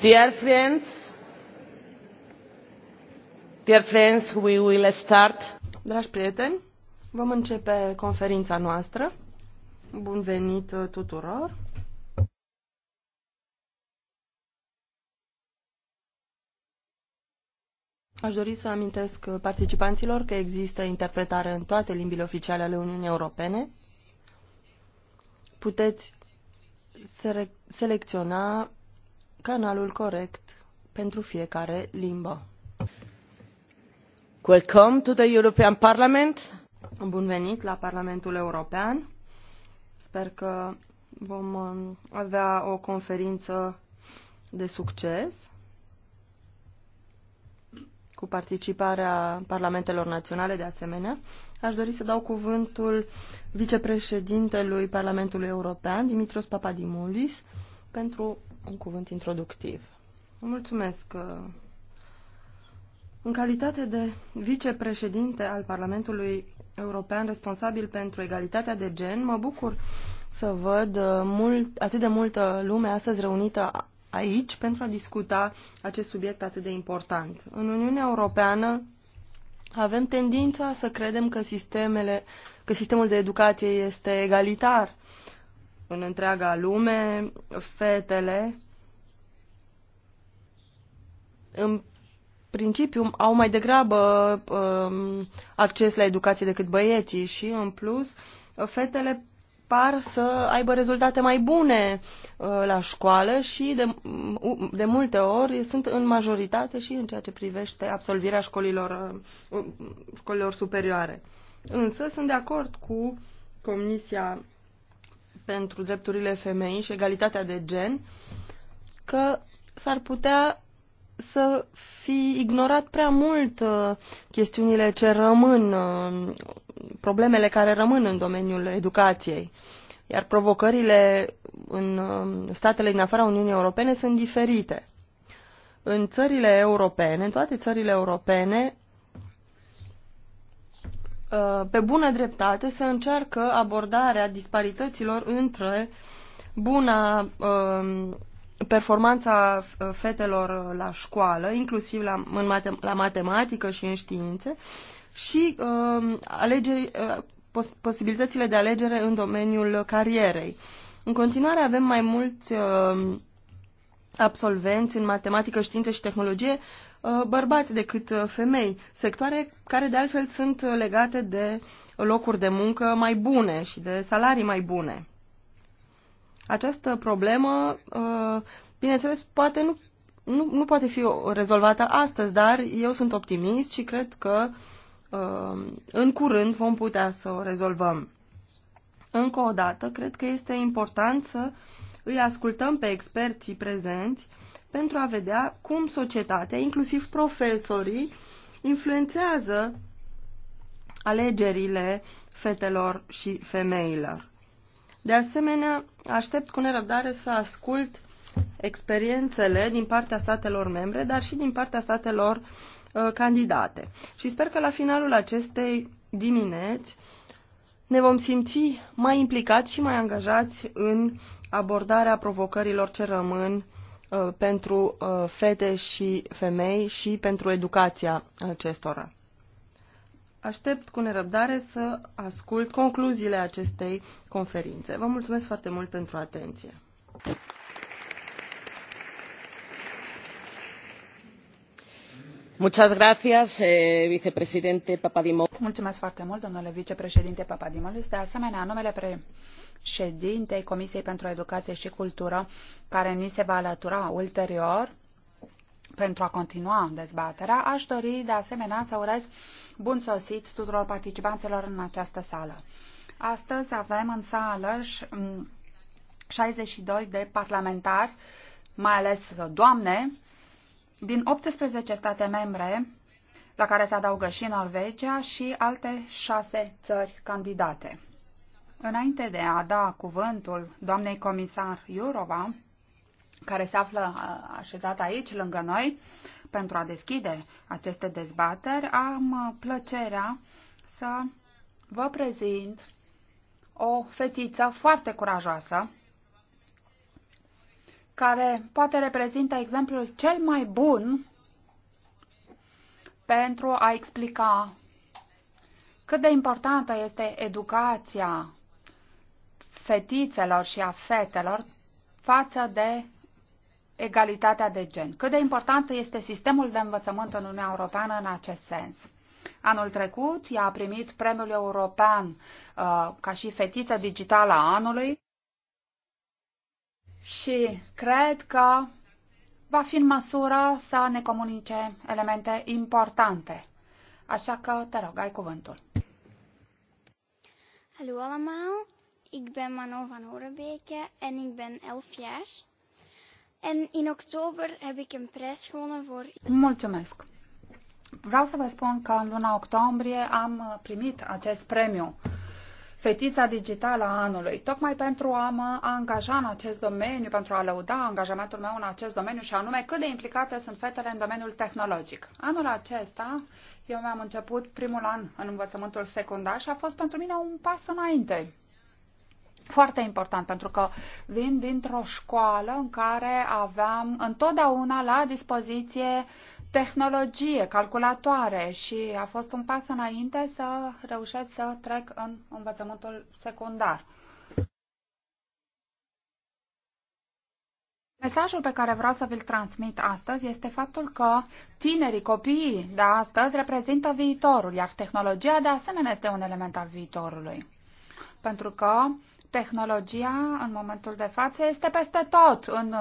Dear friends, dear friends, we will start. Dragi prieteni, vom începe conferința noastră. Bun venit uh, tuturor! Aș dori să amintesc uh, participanților că există interpretare în toate limbile oficiale ale Uniunii Europene. Puteți selecționa canalul corect pentru fiecare limbă. Welcome to the European Parliament. Bun venit la Parlamentul European. Sper că vom um, avea o conferință de succes cu participarea parlamentelor naționale de asemenea. Aș dori să dau cuvântul vicepreședintelui Parlamentului European, Dimitros Papadimoulis, pentru un cuvânt introductiv. Mulțumesc. În calitate de vicepreședinte al Parlamentului European responsabil pentru egalitatea de gen, mă bucur să văd uh, mult, atât de multă lume astăzi reunită aici pentru a discuta acest subiect atât de important. În Uniunea Europeană avem tendința să credem că, sistemele, că sistemul de educație este egalitar, în întreaga lume, fetele în principiu au mai degrabă um, acces la educație decât băieții și în plus fetele par să aibă rezultate mai bune uh, la școală și de, um, de multe ori sunt în majoritate și în ceea ce privește absolvirea școlilor, uh, școlilor superioare. Însă sunt de acord cu Comisia pentru drepturile femeii și egalitatea de gen că s-ar putea să fi ignorat prea mult uh, chestiunile ce rămân, uh, problemele care rămân în domeniul educației. Iar provocările în uh, statele din afara Uniunii Europene sunt diferite. În țările europene, în toate țările europene, Uh, pe bună dreptate se încearcă abordarea disparităților între buna uh, performanța uh, fetelor la școală, inclusiv la, în matem la matematică și în științe, și uh, alegeri, uh, pos, posibilitățile de alegere în domeniul carierei. În continuare avem mai mulți uh, absolvenți în matematică, științe și tehnologie Uh, bărbați decât uh, femei, sectoare care de altfel sunt uh, legate de locuri de muncă mai bune și de salarii mai bune. Această problemă, bineînțeles, poate nu, nu, nu poate fi rezolvată astăzi, dar eu sunt optimist și cred că în curând vom putea să o rezolvăm. Încă o dată, cred că este important să îi ascultăm pe experții prezenți pentru a vedea cum societatea, inclusiv profesorii, influențează alegerile fetelor și femeilor. De asemenea, aștept cu nerăbdare să ascult experiențele din partea statelor membre, dar și din partea statelor uh, candidate. Și sper că la finalul acestei dimineți ne vom simți mai implicați și mai angajați în abordarea provocărilor ce rămân Uh, pentru uh, fete și femei și pentru educația acestora. Aștept cu nerăbdare să ascult concluziile acestei conferințe. Vă mulțumesc foarte mult pentru atenție. Muchas gracias, eh, vicepresidente Papadimoulis. Mulțumesc foarte mult, domnule vicepreședinte Papadimoulis. De asemenea, în numele pre președintei Comisiei pentru Educație și Cultură, care ni se va alătura ulterior pentru a continua dezbaterea, aș dori de asemenea să urez bun sosit tuturor participanților în această sală. Astăzi avem în sală 62 de parlamentari, mai ales doamne, din 18 state membre, la care se adaugă și Norvegia și alte șase țări candidate. Înainte de a da cuvântul doamnei comisar Iurova, care se află așezat aici lângă noi, pentru a deschide aceste dezbateri, am uh, plăcerea să vă prezint o fetiță foarte curajoasă, care poate reprezintă exemplul cel mai bun pentru a explica cât de importantă este educația fetițelor și a fetelor față de egalitatea de gen. Cât de important este sistemul de învățământ în Uniunea Europeană în acest sens? Anul trecut ea a primit premiul european uh, ca și fetiță digitală a anului și cred că va fi în măsură să ne comunice elemente importante. Așa că te rog, ai cuvântul. Hello, allemaal. Ik ben Manon van Orenbeke en ik ben 11 jaar. En in oktober heb ik een prijs gewonnen voor... Mulțumesc! Vreau să vă spun că în luna octombrie am uh, primit acest premiu, Fetița Digitală a Anului, tocmai pentru a mă angaja în acest domeniu, pentru a lăuda angajamentul meu în acest domeniu și anume cât de implicate sunt fetele în domeniul tehnologic. Anul acesta eu mi-am început primul an în învățământul secundar și a fost pentru mine un pas înainte foarte important, pentru că vin dintr-o școală în care aveam întotdeauna la dispoziție tehnologie, calculatoare și a fost un pas înainte să reușesc să trec în învățământul secundar. Mesajul pe care vreau să vi-l transmit astăzi este faptul că tinerii, copiii de astăzi reprezintă viitorul, iar tehnologia de asemenea este un element al viitorului. Pentru că tehnologia în momentul de față este peste tot, în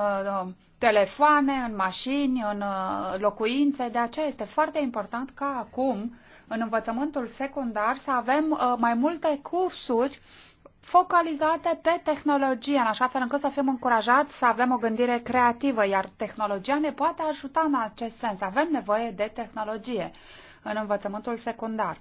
uh, telefoane, în mașini, în uh, locuințe. De aceea este foarte important ca acum, în învățământul secundar, să avem uh, mai multe cursuri focalizate pe tehnologie, în așa fel încât să fim încurajați să avem o gândire creativă, iar tehnologia ne poate ajuta în acest sens. Avem nevoie de tehnologie în învățământul secundar.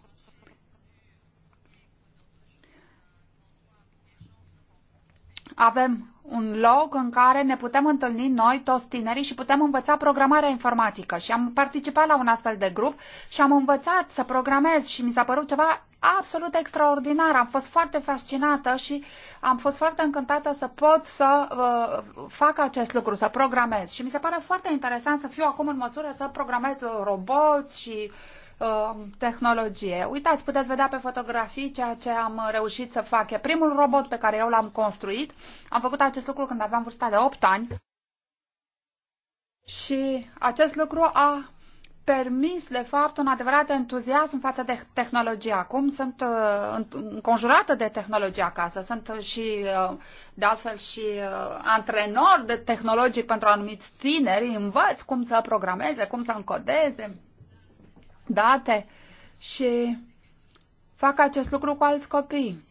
avem un loc în care ne putem întâlni noi, toți tinerii, și putem învăța programarea informatică. Și am participat la un astfel de grup și am învățat să programez și mi s-a părut ceva absolut extraordinar. Am fost foarte fascinată și am fost foarte încântată să pot să uh, fac acest lucru, să programez. Și mi se pare foarte interesant să fiu acum în măsură să programez roboți și uh, Um, tehnologie. Uitați, puteți vedea pe fotografii ceea ce am reușit să fac. E primul robot pe care eu l-am construit. Am făcut acest lucru când aveam vârsta de 8 ani. Și acest lucru a permis, de fapt, un adevărat entuziasm față de tehnologie. Acum sunt uh, înconjurată de tehnologie acasă, sunt și, uh, de altfel, și uh, antrenor de tehnologii pentru anumiți tineri, învăț cum să programeze, cum să încodeze date și fac acest lucru cu alți copii.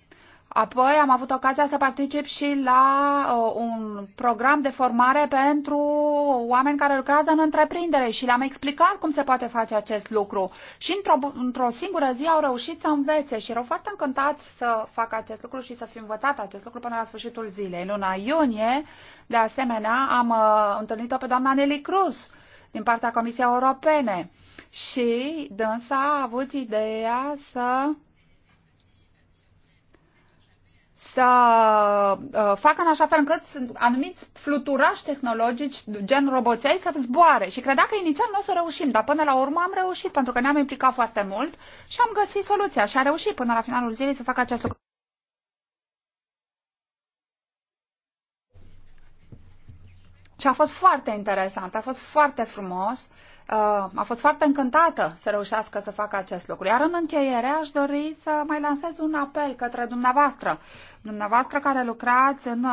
Apoi am avut ocazia să particip și la uh, un program de formare pentru oameni care lucrează în întreprindere și le-am explicat cum se poate face acest lucru. Și într-o, într-o singură zi au reușit să învețe și erau foarte încântați să facă acest lucru și să fi învățat acest lucru până la sfârșitul zilei. În luna iunie, de asemenea, am uh, întâlnit-o pe doamna Nelly Cruz din partea Comisiei Europene și dânsa a avut ideea să să uh, facă în așa fel încât anumiți fluturași tehnologici, gen roboței, să zboare. Și credea că inițial nu o să reușim, dar până la urmă am reușit, pentru că ne-am implicat foarte mult și am găsit soluția. Și a reușit până la finalul zilei să facă acest lucru. Și a fost foarte interesant, a fost foarte frumos Uh, a fost foarte încântată să reușească să facă acest lucru. Iar în încheiere aș dori să mai lansez un apel către dumneavoastră, dumneavoastră care lucrați în uh,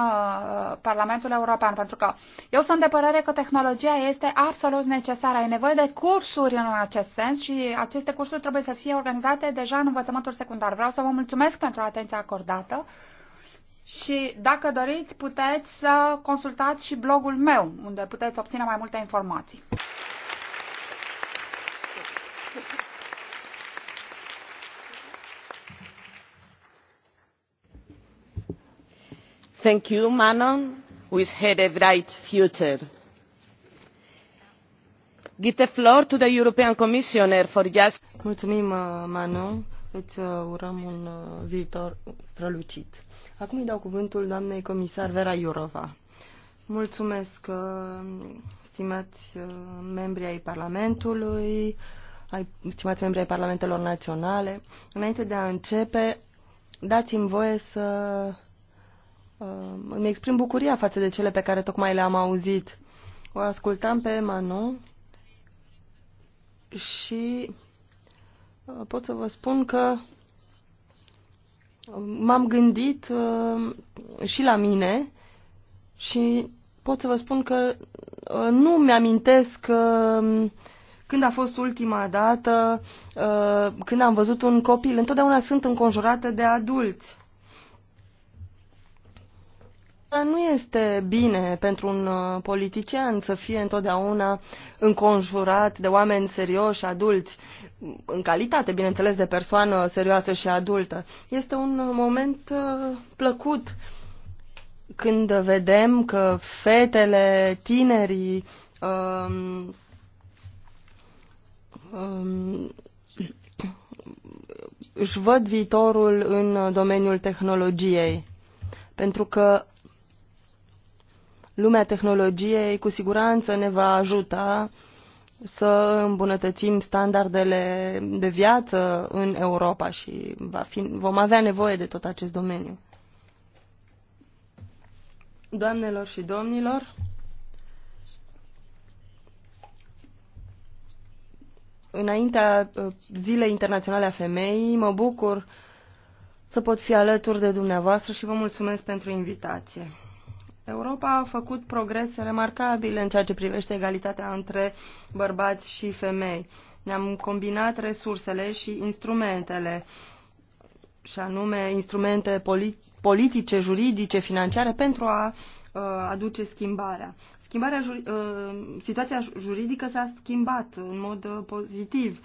Parlamentul European, pentru că eu sunt de părere că tehnologia este absolut necesară. Ai nevoie de cursuri în acest sens și aceste cursuri trebuie să fie organizate deja în învățământul secundar. Vreau să vă mulțumesc pentru atenția acordată. Și dacă doriți, puteți să consultați și blogul meu, unde puteți obține mai multe informații. manon future. european for mulțumim uh, manon îți uh, urăm un uh, viitor strălucit. Acum îi dau cuvântul doamnei comisar Vera Iurova. Mulțumesc, stimați membri ai Parlamentului, ai, stimați membri ai Parlamentelor Naționale. Înainte de a începe, dați-mi voie să Uh, îmi exprim bucuria față de cele pe care tocmai le-am auzit. O ascultam pe Manon și uh, pot să vă spun că uh, m-am gândit și la mine și pot să vă spun că nu mi-amintesc când a fost ultima dată când am văzut un copil. Întotdeauna sunt înconjurată de adulți nu este bine pentru un uh, politician să fie întotdeauna înconjurat de oameni serioși, adulți, în calitate, bineînțeles, de persoană serioasă și adultă. Este un uh, moment uh, plăcut când vedem că fetele, tinerii, um, um, își văd viitorul în domeniul tehnologiei. Pentru că Lumea tehnologiei cu siguranță ne va ajuta să îmbunătățim standardele de viață în Europa și va fi, vom avea nevoie de tot acest domeniu. Doamnelor și domnilor, înaintea uh, Zilei Internaționale a Femeii, mă bucur să pot fi alături de dumneavoastră și vă mulțumesc pentru invitație. Europa a făcut progrese remarcabile în ceea ce privește egalitatea între bărbați și femei. Ne-am combinat resursele și instrumentele, și anume instrumente politice, juridice, financiare, pentru a uh, aduce schimbarea. schimbarea uh, situația juridică s-a schimbat în mod uh, pozitiv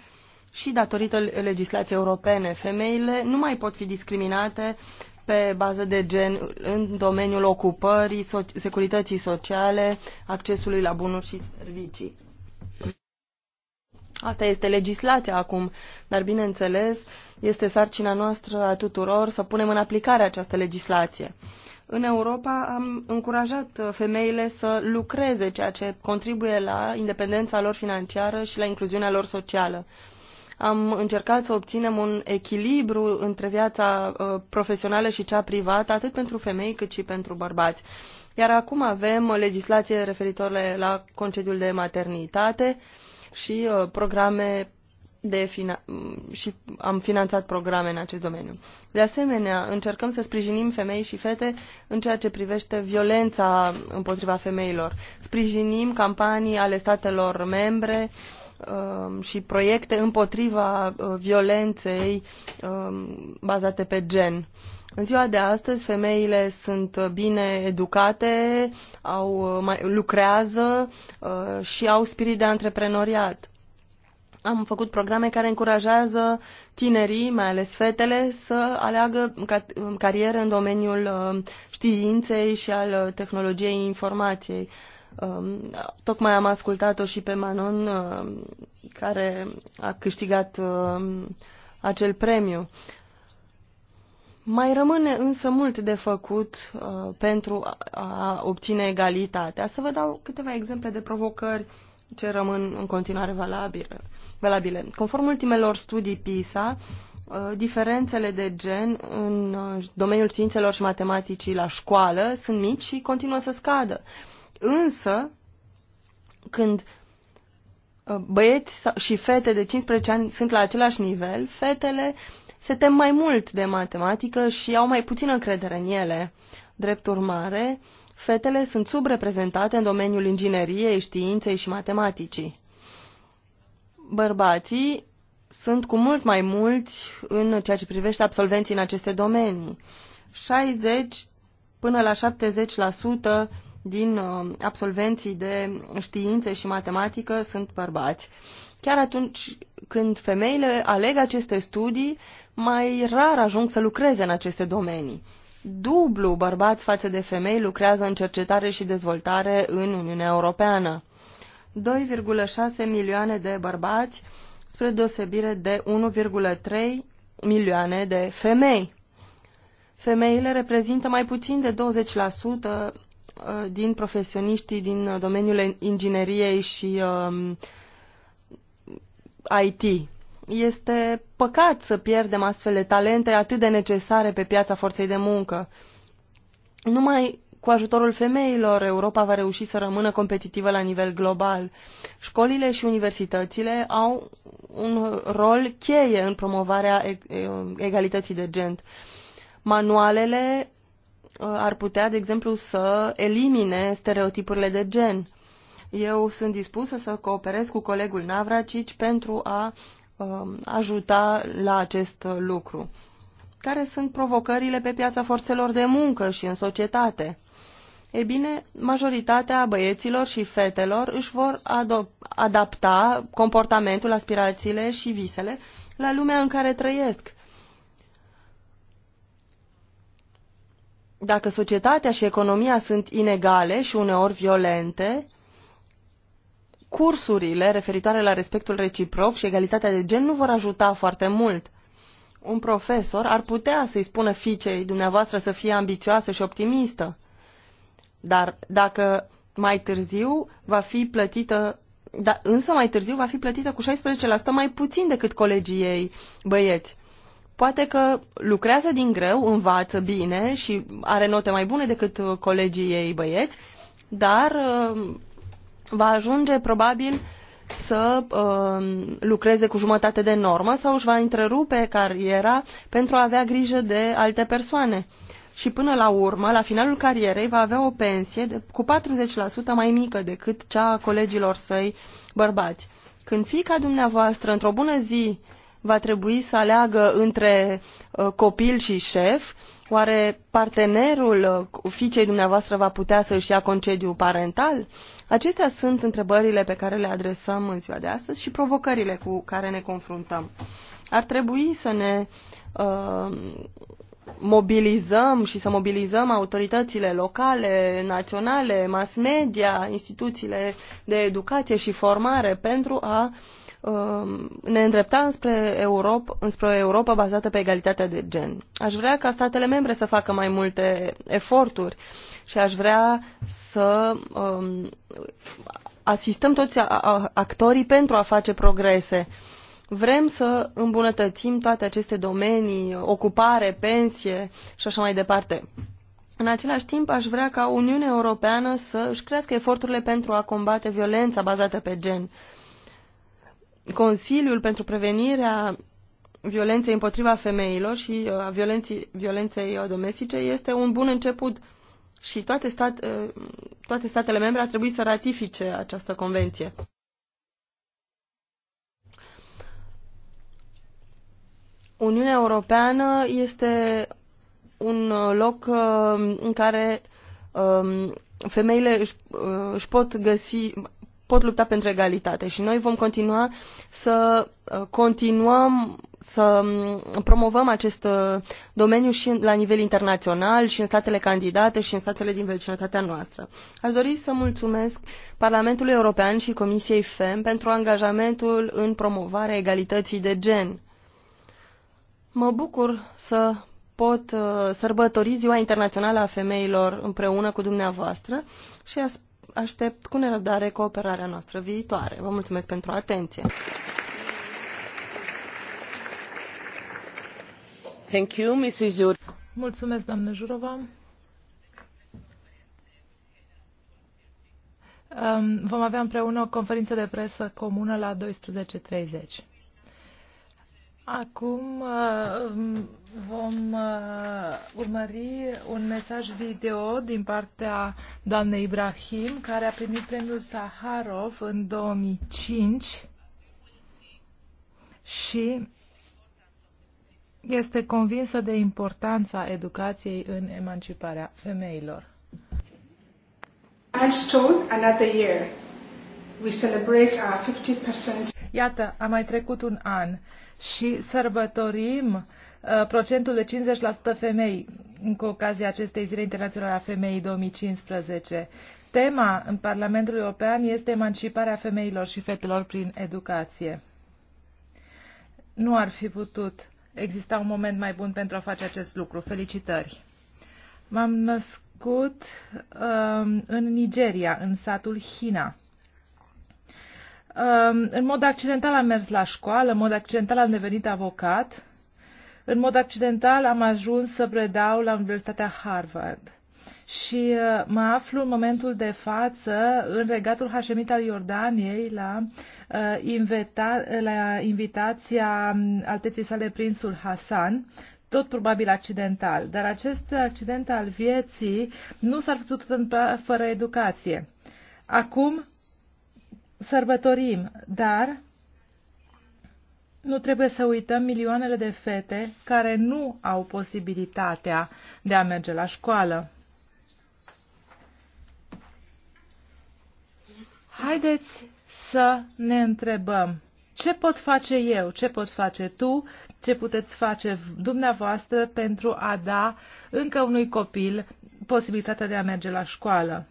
și datorită legislației europene. Femeile nu mai pot fi discriminate pe bază de gen în domeniul ocupării, so- securității sociale, accesului la bunuri și servicii. Asta este legislația acum, dar bineînțeles este sarcina noastră a tuturor să punem în aplicare această legislație. În Europa am încurajat femeile să lucreze, ceea ce contribuie la independența lor financiară și la incluziunea lor socială am încercat să obținem un echilibru între viața uh, profesională și cea privată, atât pentru femei cât și pentru bărbați. Iar acum avem legislație referitoare la concediul de maternitate și uh, programe de fina- mm, și am finanțat programe în acest domeniu. De asemenea, încercăm să sprijinim femei și fete în ceea ce privește violența împotriva femeilor. Sprijinim campanii ale statelor membre Um, și proiecte împotriva uh, violenței um, bazate pe gen. În ziua de astăzi, femeile sunt bine educate, au, uh, mai, lucrează uh, și au spirit de antreprenoriat. Am făcut programe care încurajează tinerii, mai ales fetele, să aleagă cariere în domeniul științei și al tehnologiei informației. Um, tocmai am ascultat-o și pe Manon, um, care a câștigat um, acel premiu. Mai rămâne însă mult de făcut uh, pentru a obține egalitatea. Să vă dau câteva exemple de provocări ce rămân în continuare valabile. valabile. Conform ultimelor studii PISA, uh, diferențele de gen în uh, domeniul științelor și matematicii la școală sunt mici și continuă să scadă. Însă, când uh, băieți și fete de 15 ani sunt la același nivel, fetele se tem mai mult de matematică și au mai puțină credere în ele. Drept urmare, fetele sunt subreprezentate în domeniul ingineriei, științei și matematicii. Bărbații sunt cu mult mai mulți în ceea ce privește absolvenții în aceste domenii. 60 până la 70% din uh, absolvenții de științe și matematică sunt bărbați. Chiar atunci când femeile aleg aceste studii, mai rar ajung să lucreze în aceste domenii. Dublu bărbați față de femei lucrează în cercetare și dezvoltare în Uniunea Europeană. 2,6 milioane de bărbați spre deosebire de 1,3 milioane de femei. Femeile reprezintă mai puțin de 20% Uh, din profesioniștii din uh, domeniul ingineriei și um, IT. Este păcat să pierdem astfel de talente atât de necesare pe piața forței de muncă. Numai cu ajutorul femeilor, Europa va reuși să rămână competitivă la nivel global. Școlile și universitățile au un rol cheie în promovarea egalității de gen. Manualele Uh, ar putea, de exemplu, să elimine stereotipurile de gen. Eu sunt dispusă să cooperez cu colegul Navracici pentru a um, ajuta la acest lucru. Care sunt provocările pe piața forțelor de muncă și în societate? Ei bine, majoritatea băieților și fetelor își vor adapta comportamentul, aspirațiile și visele la lumea în care trăiesc Dacă societatea și economia sunt inegale și uneori violente, cursurile referitoare la respectul reciproc și egalitatea de gen nu vor ajuta foarte mult. Un profesor ar putea să-i spună fiicei dumneavoastră să fie ambițioasă și optimistă, dar dacă mai târziu va fi plătită da, însă mai târziu va fi plătită cu 16% mai puțin decât colegii ei băieți poate că lucrează din greu, învață bine și are note mai bune decât uh, colegii ei băieți, dar uh, va ajunge probabil să uh, lucreze cu jumătate de normă sau își va întrerupe cariera pentru a avea grijă de alte persoane. Și până la urmă, la finalul carierei, va avea o pensie de, cu 40% mai mică decât cea a colegilor săi bărbați. Când fica dumneavoastră, într-o bună zi, va trebui să aleagă între uh, copil și șef. Oare partenerul uh, fiicei dumneavoastră va putea să-și ia concediu parental? Acestea sunt întrebările pe care le adresăm în ziua de astăzi și provocările cu care ne confruntăm. Ar trebui să ne uh, mobilizăm și să mobilizăm autoritățile locale, naționale, mass media, instituțiile de educație și formare pentru a uh, Um, ne îndrepta înspre Europa, înspre o Europa bazată pe egalitatea de gen. Aș vrea ca statele membre să facă mai multe eforturi și aș vrea să um, asistăm toți actorii pentru a face progrese. Vrem să îmbunătățim toate aceste domenii, ocupare, pensie și așa mai departe. În același timp, aș vrea ca Uniunea Europeană să își crească eforturile pentru a combate violența bazată pe gen. Uh, Consiliul pentru prevenirea violenței împotriva femeilor și uh, a violenței, violenței uh, domestice este un bun început și toate, stat, uh, toate statele membre ar trebui să ratifice această convenție. Uniunea Europeană este un loc în care um, femeile își pot găsi, pot lupta pentru egalitate și noi vom continua să uh, continuăm să mm, promovăm acest uh, domeniu și la nivel internațional și în statele candidate și în statele din vecinătatea noastră. Aș dori să mulțumesc Parlamentului European și Comisiei FEM pentru angajamentul în promovarea egalității de gen. Mă bucur să pot uh, sărbători Ziua Internațională a Femeilor împreună cu dumneavoastră și a aștept cu nerăbdare cooperarea noastră viitoare. Vă mulțumesc pentru atenție. Thank you, Mrs. Jur. Mulțumesc, doamnă Jurova. Um, vom avea împreună o conferință de presă comună la 12.30. Acum uh, vom uh, urmări un mesaj video din partea doamnei Ibrahim, care a primit premiul Saharov în 2005 și este convinsă de importanța educației în emanciparea femeilor. Milestone another year. We celebrate our 50% Iată, a mai trecut un an și sărbătorim uh, procentul de 50% femei cu ocazia acestei zile internaționale a femeii 2015. Tema în Parlamentul European este emanciparea femeilor și fetelor prin educație. Nu ar fi putut exista un moment mai bun pentru a face acest lucru. Felicitări! M-am născut um, în Nigeria, în satul Hina. Um, în mod accidental am mers la școală, în mod accidental am devenit avocat, în mod accidental am ajuns să predau la Universitatea Harvard. Și uh, mă aflu în momentul de față în regatul Hașemit al Iordaniei la, uh, la invitația um, alteții sale prințul Hasan, tot probabil accidental, dar acest accident al vieții nu s-ar fi putut întâmpla fără educație. Acum sărbătorim, dar nu trebuie să uităm milioanele de fete care nu au posibilitatea de a merge la școală. Haideți să ne întrebăm ce pot face eu, ce pot face tu, ce puteți face dumneavoastră pentru a da încă unui copil posibilitatea de a merge la școală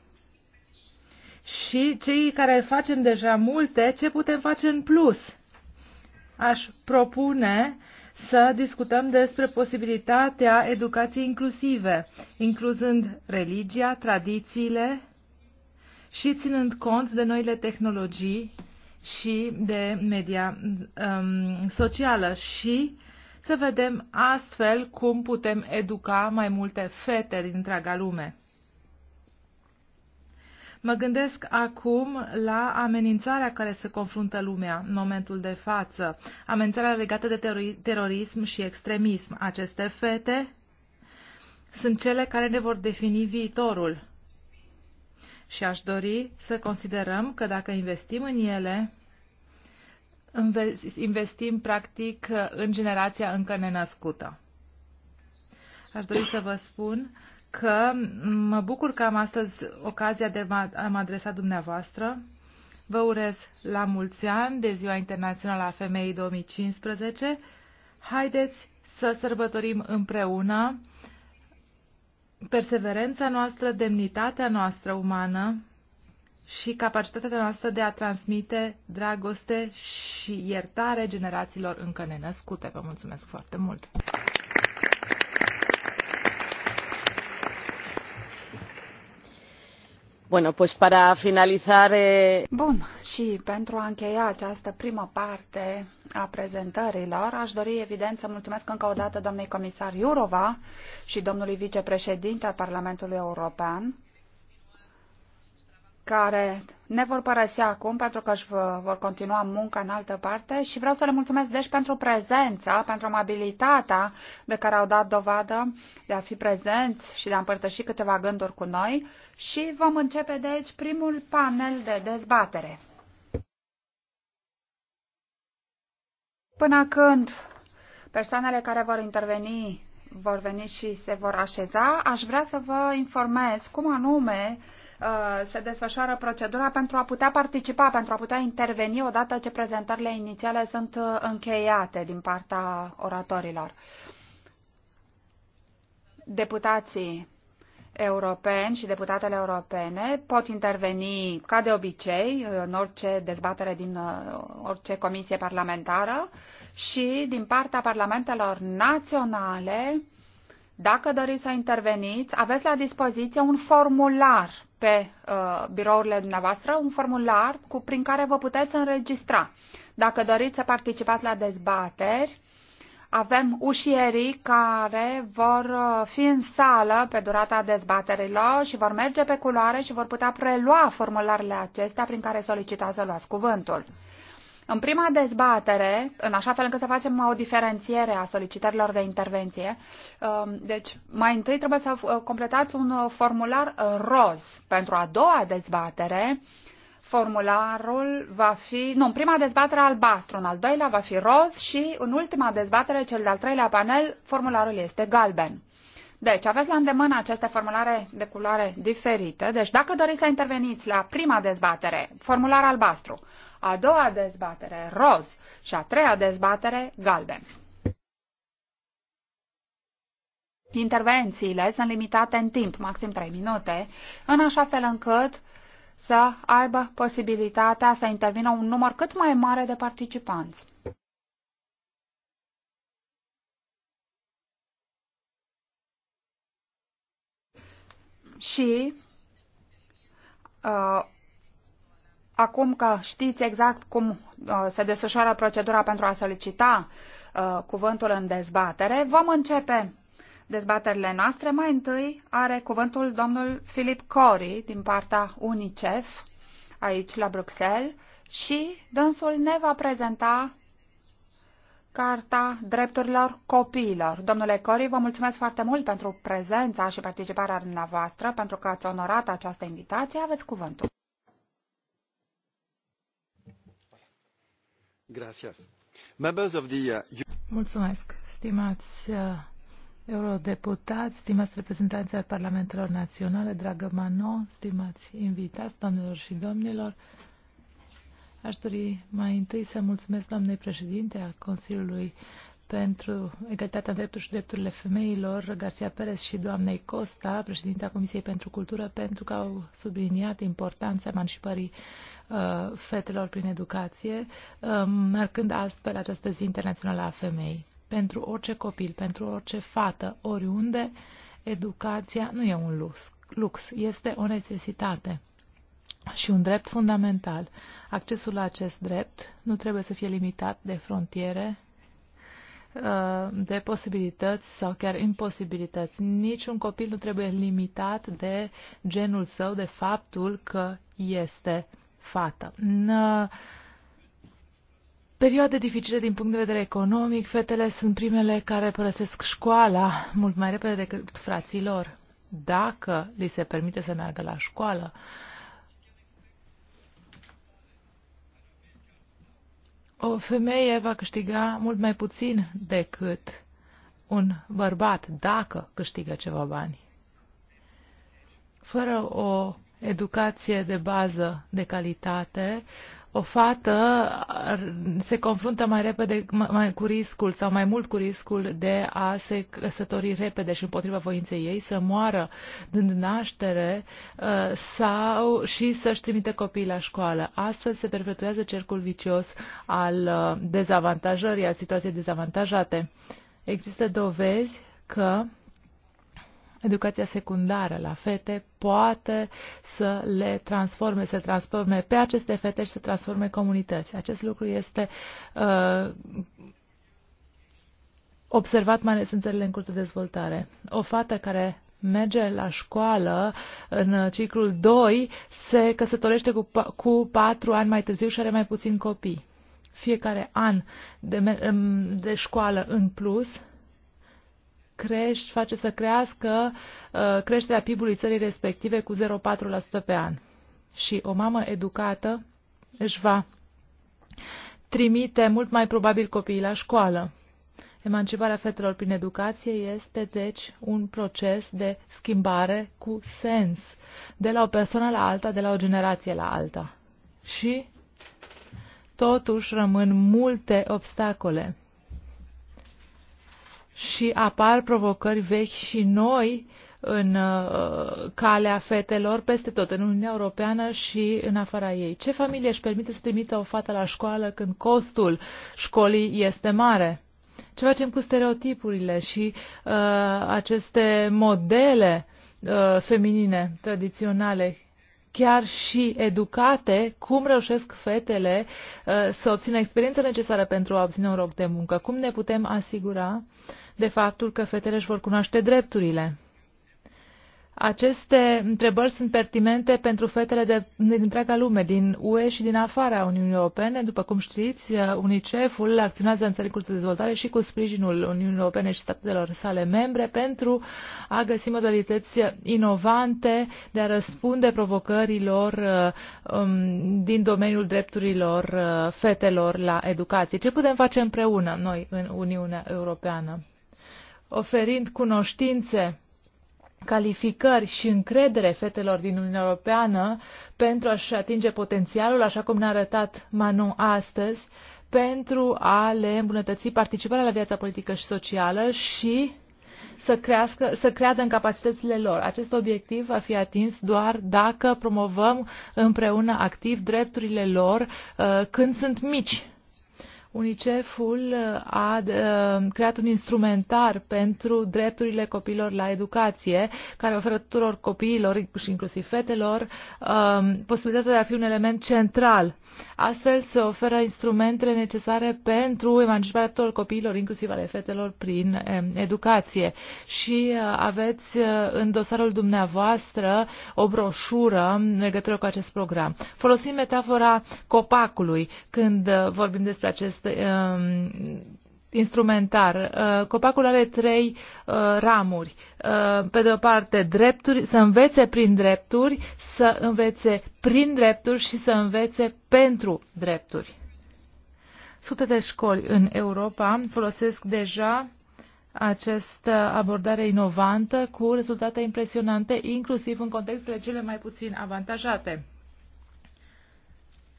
și cei care facem deja multe, ce putem face în plus. Aș propune să discutăm despre posibilitatea educației inclusive, incluzând religia, tradițiile și ținând cont de noile tehnologii și de media um, socială și să vedem astfel cum putem educa mai multe fete din întreaga lume. Mă gândesc acum la amenințarea care se confruntă lumea în momentul de față, amenințarea legată de terorism și extremism. Aceste fete sunt cele care ne vor defini viitorul. Și aș dori să considerăm că dacă investim în ele, investim practic în generația încă nenăscută. Aș dori să vă spun că mă bucur că am astăzi ocazia de a mă adresa dumneavoastră. Vă urez la mulți ani de Ziua Internațională a Femeii 2015. Haideți să sărbătorim împreună perseverența noastră, demnitatea noastră umană și capacitatea noastră de a transmite dragoste și iertare generațiilor încă nenăscute. Vă mulțumesc foarte mult! Bueno, pues para finalizar... Eh... Bun, și pentru a încheia această primă parte a prezentărilor, aș dori evident să mulțumesc încă o dată doamnei comisar Iurova și domnului vicepreședinte al Parlamentului European care ne vor părăsi acum pentru că își vor continua munca în altă parte și vreau să le mulțumesc deci pentru prezența, pentru amabilitatea de care au dat dovadă de a fi prezenți și de a împărtăși câteva gânduri cu noi și vom începe deci primul panel de dezbatere. Până când persoanele care vor interveni vor veni și se vor așeza, aș vrea să vă informez cum anume Uh, se desfășoară procedura pentru a putea participa, pentru a putea interveni odată ce prezentările inițiale sunt uh, încheiate din partea oratorilor. Deputații europeni și deputatele europene pot interveni ca de obicei în orice dezbatere din uh, orice comisie parlamentară și din partea parlamentelor naționale, dacă doriți să interveniți, aveți la dispoziție un formular pe uh, birourile dumneavoastră un formular cu, prin care vă puteți înregistra. Dacă doriți să participați la dezbateri, avem ușierii care vor uh, fi în sală pe durata dezbaterilor și vor merge pe culoare și vor putea prelua formularele acestea prin care solicitați să luați cuvântul. În prima dezbatere, în așa fel încât să facem o diferențiere a solicitărilor de intervenție, um, deci mai întâi trebuie să uh, completați un uh, formular roz. Pentru a doua dezbatere, formularul va fi, nu, în prima dezbatere albastru, în al doilea va fi roz și în ultima dezbatere, cel de-al treilea panel, formularul este galben. Deci, aveți la îndemână aceste formulare de culoare diferite. Deci, dacă doriți să interveniți la prima dezbatere, formular albastru, a doua dezbatere roz și a treia dezbatere galben. Intervențiile sunt limitate în timp, maxim 3 minute, în așa fel încât să aibă posibilitatea să intervină un număr cât mai mare de participanți. Și uh, acum că știți exact cum uh, se desfășoară procedura pentru a solicita uh, cuvântul în dezbatere, vom începe dezbaterile noastre. Mai întâi are cuvântul domnul Filip Cori din partea UNICEF aici la Bruxelles și dânsul ne va prezenta Carta Drepturilor Copiilor. Domnule Cori, vă mulțumesc foarte mult pentru prezența și participarea dumneavoastră, pentru că ați onorat această invitație. Aveți cuvântul. Uh, mulțumesc, stimați uh, eurodeputați, stimați reprezentanți ai Parlamentelor Naționale, dragă Manon, stimați invitați, doamnelor și domnilor. Aș dori mai întâi să mulțumesc doamnei președinte a Consiliului pentru Egalitatea drepturilor și Drepturile Femeilor, Garcia Perez și doamnei Costa, președinta Comisiei pentru Cultură, pentru că au subliniat importanța emancipării uh, fetelor prin educație, uh, um, marcând astfel această zi internațională a femei. Pentru orice copil, pentru orice fată, oriunde, educația nu e un lux, lux este o necesitate și un drept fundamental. Accesul la acest drept nu trebuie să fie limitat de frontiere Uh, de posibilități sau chiar imposibilități. Niciun copil nu trebuie limitat de genul său, de faptul că este fată. În uh, perioade dificile din punct de vedere economic, fetele sunt primele care părăsesc școala mult mai repede decât fraților. Dacă li se permite să meargă la școală, uh, o femeie va câștiga mult mai puțin decât un bărbat dacă câștigă ceva bani. Fără o educație de bază de calitate, o fată se confruntă mai repede mai cu riscul sau mai mult cu riscul de a se căsători repede și împotriva voinței ei, să moară dând naștere uh, sau și să-și trimite copiii la școală. Astfel se perpetuează cercul vicios al uh, dezavantajării, al situației dezavantajate. Există dovezi că educația secundară la fete poate să le transforme, să transforme pe aceste fete și să transforme comunități. Acest lucru este uh, observat mai ales în țările în curs de dezvoltare. O fată care merge la școală în ciclul 2 se căsătorește cu, cu 4 ani mai târziu și are mai puțin copii. Fiecare an de, de școală în plus crești, face să crească uh, creșterea PIB-ului țării respective cu 0,4% pe an. Și o mamă educată își va trimite mult mai probabil copiii la școală. Emanciparea fetelor prin educație este, deci, un proces de schimbare cu sens, de la o persoană la alta, de la o generație la alta. Și, totuși, rămân multe obstacole și apar provocări vechi și noi în uh, calea fetelor peste tot, în Uniunea Europeană și în afara ei. Ce familie își permite să trimită o fată la școală când costul școlii este mare? Ce facem cu stereotipurile și uh, aceste modele uh, feminine tradiționale chiar și educate, cum reușesc fetele uh, să obțină experiența necesară pentru a obține un loc de muncă? Cum ne putem asigura de faptul că fetele își vor cunoaște drepturile? Aceste întrebări sunt pertinente pentru fetele de, din întreaga lume, din UE și din afara Uniunii Europene. După cum știți, uh, UNICEF-ul acționează în țări de dezvoltare și cu sprijinul Uniunii Europene și statelor sale membre pentru a găsi modalități inovante de a răspunde provocărilor uh, um, din domeniul drepturilor uh, fetelor la educație. Ce putem face împreună noi în Uniunea Europeană? Oferind cunoștințe calificări și încredere fetelor din Uniunea Europeană pentru a-și atinge potențialul, așa cum ne-a arătat Manu astăzi, pentru a le îmbunătăți participarea la viața politică și socială și să, crească, să creadă în capacitățile lor. Acest obiectiv va fi atins doar dacă promovăm împreună activ drepturile lor uh, când sunt mici UNICEF-ul a uh, creat un instrumentar pentru drepturile copiilor la educație, care oferă tuturor copiilor și inclusiv fetelor um, posibilitatea de a fi un element central. Astfel se oferă instrumentele necesare pentru emanciparea tuturor copiilor, inclusiv ale fetelor, prin um, educație. Și uh, aveți uh, în dosarul dumneavoastră o broșură în legătură cu acest program. Folosim metafora copacului când vorbim despre acest acest um, instrumentar. Uh, copacul are trei uh, ramuri. Uh, pe de o parte, drepturi, să învețe prin drepturi, să învețe prin drepturi și să învețe pentru drepturi. Sute de școli în Europa folosesc deja această abordare inovantă cu rezultate impresionante, inclusiv în contextele cele mai puțin avantajate.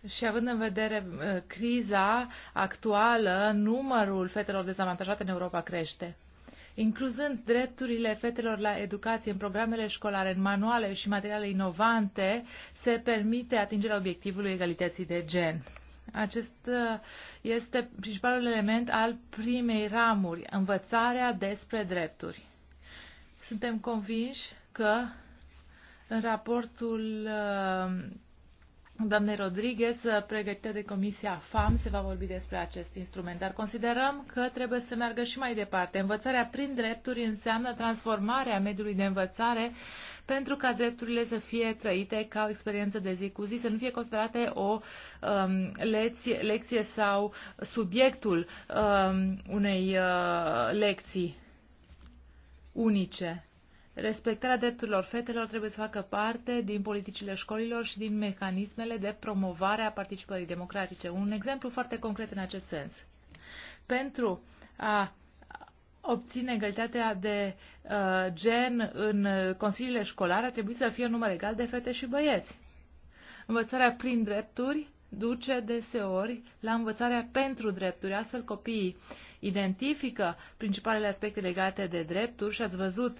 Și având în vedere uh, criza actuală, numărul fetelor dezavantajate în Europa crește. Incluzând drepturile fetelor la educație în programele școlare, în manuale și materiale inovante, se permite atingerea obiectivului egalității de gen. Acest uh, este principalul element al primei ramuri, învățarea despre drepturi. Suntem convinși că în raportul uh, Doamne Rodriguez, pregătită de Comisia FAM, se va vorbi despre acest instrument, dar considerăm că trebuie să meargă și mai departe. Învățarea prin drepturi înseamnă transformarea mediului de învățare pentru ca drepturile să fie trăite ca o experiență de zi cu zi, să nu fie considerate o um, lecție, lecție sau subiectul um, unei uh, lecții unice. Respectarea drepturilor fetelor trebuie să facă parte din politicile școlilor și din mecanismele de promovare a participării democratice. Un exemplu foarte concret în acest sens. Pentru a obține egalitatea de uh, gen în consiliile școlare ar trebui să fie un număr egal de fete și băieți. Învățarea prin drepturi duce deseori la învățarea pentru drepturi. Astfel, copiii identifică principalele aspecte legate de drepturi și ați văzut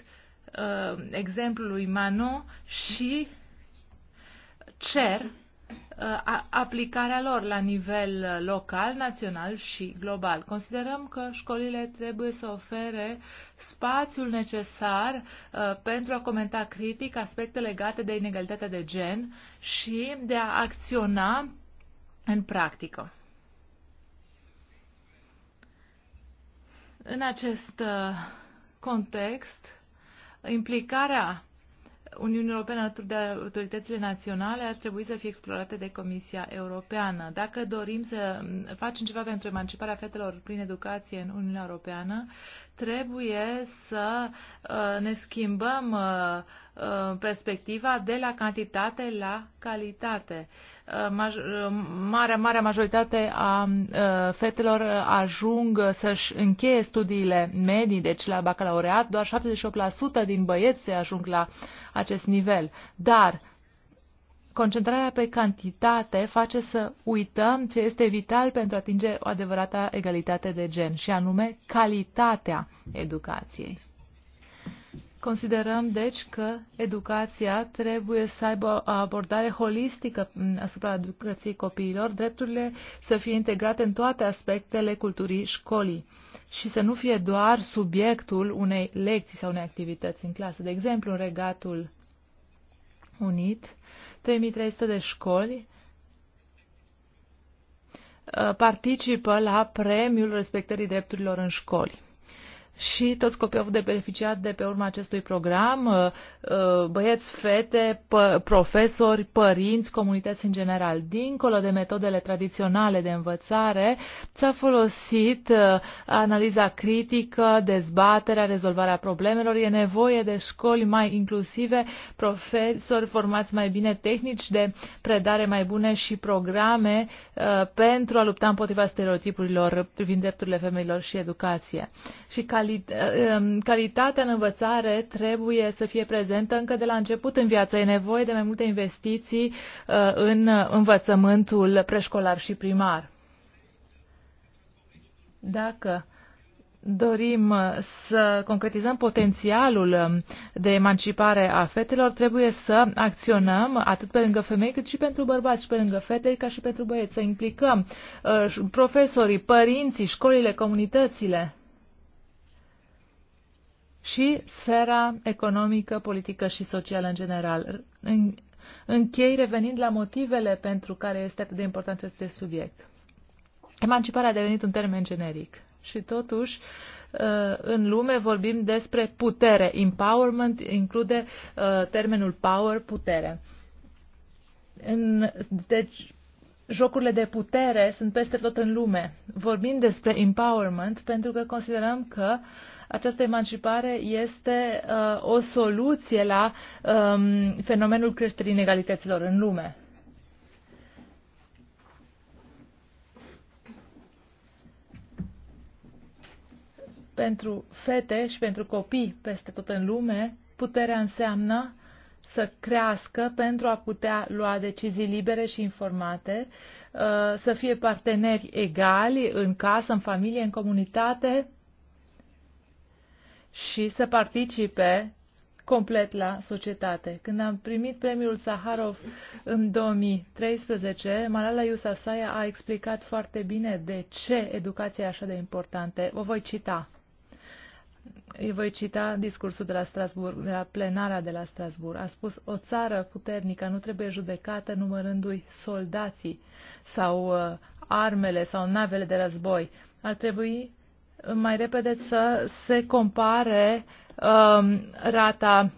uh, exemplului Mano și cer uh, aplicarea lor la nivel uh, local, național și global. Considerăm că școlile trebuie să ofere spațiul necesar uh, pentru a comenta critic aspecte legate de inegalitatea de gen și de a acționa în practică. În acest uh, context, Implicarea Uniunii Europene alături de autoritățile naționale ar trebui să fie explorate de Comisia Europeană. Dacă dorim să facem ceva pentru emanciparea fetelor prin educație în Uniunea Europeană, trebuie să uh, ne schimbăm uh, Uh, perspectiva de la cantitate la calitate. Uh, uh, marea, marea majoritate a fetelor ajung să-și încheie studiile medii, deci la bacalaureat, doar 78% din băieți se ajung la acest nivel. Dar concentrarea pe cantitate face să uităm ce este vital pentru a atinge o adevărată egalitate de gen, și anume calitatea educației. Considerăm, deci, că educația trebuie să aibă o abordare holistică asupra educației copiilor, drepturile să fie integrate în toate aspectele culturii școlii și să nu fie doar subiectul unei lecții sau unei activități în clasă. De exemplu, în Regatul Unit, 3300 de școli uh, participă la premiul respectării drepturilor în școli și toți copiii au avut de beneficiat de pe urma acestui program, uh, uh, băieți, fete, profesori, părinți, comunități în general. Dincolo de metodele tradiționale de învățare, s-a folosit uh, analiza critică, dezbaterea, rezolvarea problemelor. E nevoie de școli mai inclusive, profesori formați mai bine, tehnici de predare mai bune și programe pentru a lupta împotriva stereotipurilor privind drepturile femeilor și educație. Și cali Um, calitatea în învățare trebuie să fie prezentă încă de la început în viață. E nevoie de mai multe investiții uh, în învățământul preșcolar și primar. Dacă dorim uh, să concretizăm potențialul um, de emancipare a fetelor, trebuie să acționăm atât pe lângă femei cât și pentru bărbați și pe lângă fete ca și pentru băieți, să implicăm uh, profesorii, părinții, școlile, comunitățile și sfera economică, politică și socială în general. În Închei revenind la motivele pentru care este atât de important acest subiect. Emanciparea a devenit un termen generic și totuși uh, în lume vorbim despre putere. Empowerment include uh, termenul power, putere. În, deci, jocurile de putere sunt peste tot în lume. Vorbim despre empowerment pentru că considerăm că această emancipare este uh, o soluție la um, fenomenul creșterii inegalităților în lume. Pentru fete și pentru copii peste tot în lume, puterea înseamnă să crească pentru a putea lua decizii libere și informate, uh, să fie parteneri egali în casă, în familie, în comunitate și să participe complet la societate. Când am primit premiul Saharov în 2013, Malala Yousafzai a explicat foarte bine de ce educația e așa de importantă. O voi cita. Îi voi cita discursul de la Strasburg, de la plenara de la Strasburg. A spus, o țară puternică nu trebuie judecată numărându-i soldații sau uh, armele sau navele de război. Ar trebui uh, mai repede să se compare uh, rata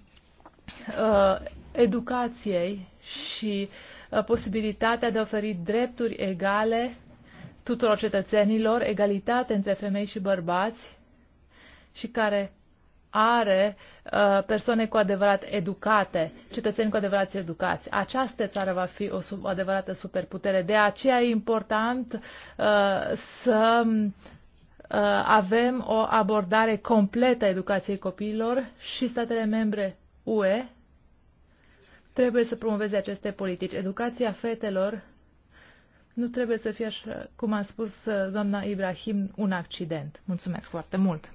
uh, educației și uh, posibilitatea de a oferi drepturi egale tuturor cetățenilor, egalitate între femei și bărbați, și care are uh, persoane cu adevărat educate, cetățeni cu adevărat educați. Această țară va fi o sub, adevărată superputere. De aceea e important uh, să uh, avem o abordare completă a educației copiilor și statele membre UE trebuie să promoveze aceste politici. Educația fetelor nu trebuie să fie, așa, cum a spus uh, doamna Ibrahim, un accident. Mulțumesc foarte mult!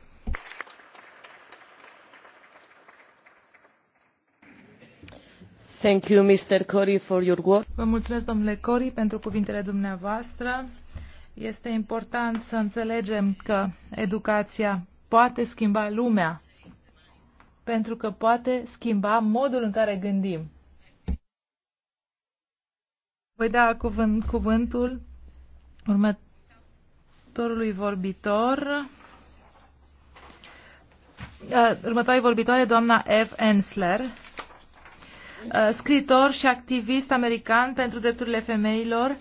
Vă mulțumesc, domnule Cori, pentru cuvintele dumneavoastră. Este important să înțelegem că educația poate schimba lumea, pentru că poate schimba modul în care gândim. Voi da cuvânt, cuvântul următorului vorbitor. Următoarea vorbitoare, doamna Ev Ensler, Uh, scritor și activist american pentru drepturile femeilor,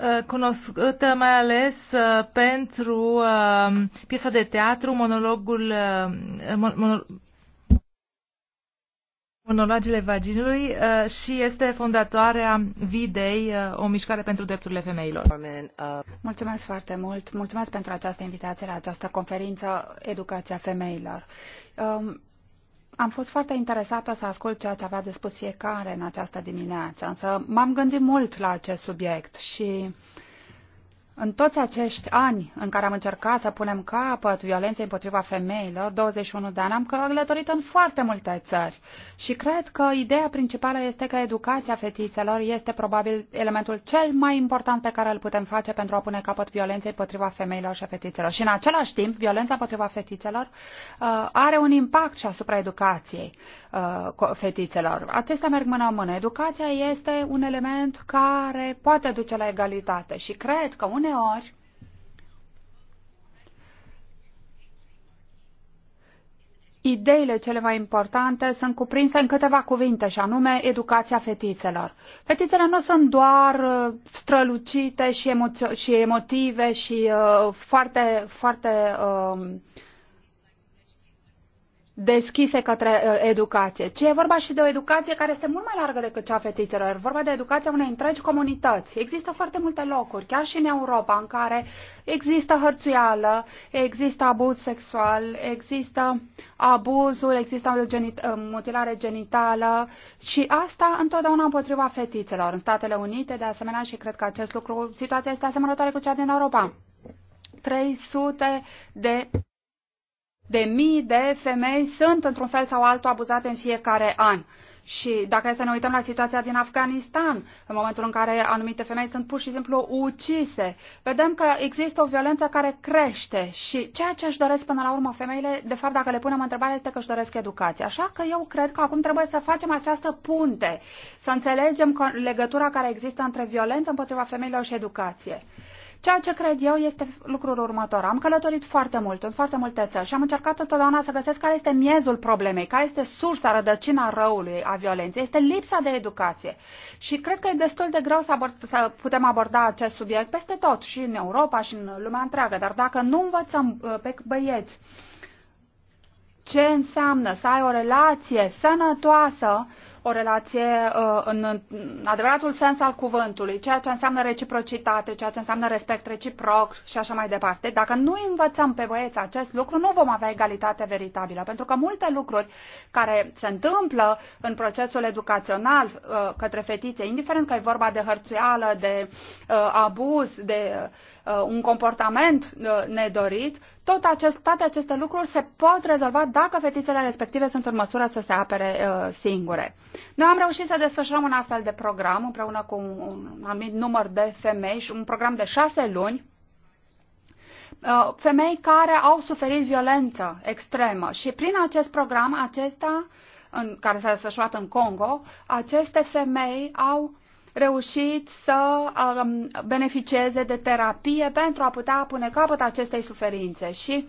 uh, cunoscută mai ales uh, pentru piesa de teatru, monologul, monologele vaginului și este fondatoarea Videi, o mișcare pentru drepturile femeilor. Mulțumesc foarte mult, mulțumesc pentru această invitație la această conferință Educația Femeilor. Um, am fost foarte interesată să ascult ceea ce avea de spus fiecare în această dimineață, însă m-am gândit mult la acest subiect și uh, în toți acești ani în care am încercat să punem capăt violenței împotriva femeilor, 21 de ani, am călătorit în foarte multe țări și cred că ideea principală este că educația fetițelor este probabil elementul cel mai important pe care îl putem face pentru a pune capăt violenței împotriva femeilor și fetițelor. Și în același timp, violența împotriva fetițelor uh, are un impact și asupra educației uh, fetițelor. Acestea merg mână în mână. Educația este un element care poate duce la egalitate și cred că un uneori Ideile cele mai importante sunt cuprinse în câteva cuvinte, și anume educația fetițelor. Fetițele nu sunt doar uh, strălucite și, emo- și emotive și uh, foarte, foarte uh, deschise către uh, educație, ci e vorba și de o educație care este mult mai largă decât cea a fetițelor. E vorba de educația unei întregi comunități. Există foarte multe locuri, chiar și în Europa, în care există hărțuială, există abuz sexual, există abuzul, există genit- uh, mutilare genitală și asta întotdeauna împotriva fetițelor. În Statele Unite, de asemenea, și cred că acest lucru, situația este asemănătoare cu cea din Europa. 300 de de mii de femei sunt într-un fel sau altul abuzate în fiecare an. Și dacă e să ne uităm la situația din Afganistan, în momentul în care anumite femei sunt pur și simplu ucise, vedem că există o violență care crește și ceea ce își doresc până la urmă femeile, de fapt, dacă le punem întrebarea, este că își doresc educație. Așa că eu cred că acum trebuie să facem această punte, să înțelegem legătura care există între violență împotriva femeilor și educație. Ceea ce cred eu este lucrul următor. Am călătorit foarte mult, în foarte multe țări și am încercat întotdeauna să găsesc care este miezul problemei, care este sursa, rădăcina răului a violenței. Este lipsa de educație. Și cred că e destul de greu să, abord, să putem aborda acest subiect peste tot, și în Europa, și în lumea întreagă. Dar dacă nu învățăm uh, pe băieți ce înseamnă să ai o relație sănătoasă o relație uh, în adevăratul sens al cuvântului, ceea ce înseamnă reciprocitate, ceea ce înseamnă respect reciproc și așa mai departe. Dacă nu învățăm pe băieți acest lucru, nu vom avea egalitate veritabilă, pentru că multe lucruri care se întâmplă în procesul educațional uh, către fetițe, indiferent că e vorba de hărțuială, de uh, abuz, de Uh, un comportament uh, nedorit, tot acest, toate aceste lucruri se pot rezolva dacă fetițele respective sunt în măsură să se apere uh, singure. Noi am reușit să desfășurăm un astfel de program împreună cu un anumit număr de femei și un program de șase luni uh, femei care au suferit violență extremă și prin acest program acesta, în, care s-a desfășurat în Congo, aceste femei au reușit să um, beneficieze de terapie pentru a putea pune capăt acestei suferințe și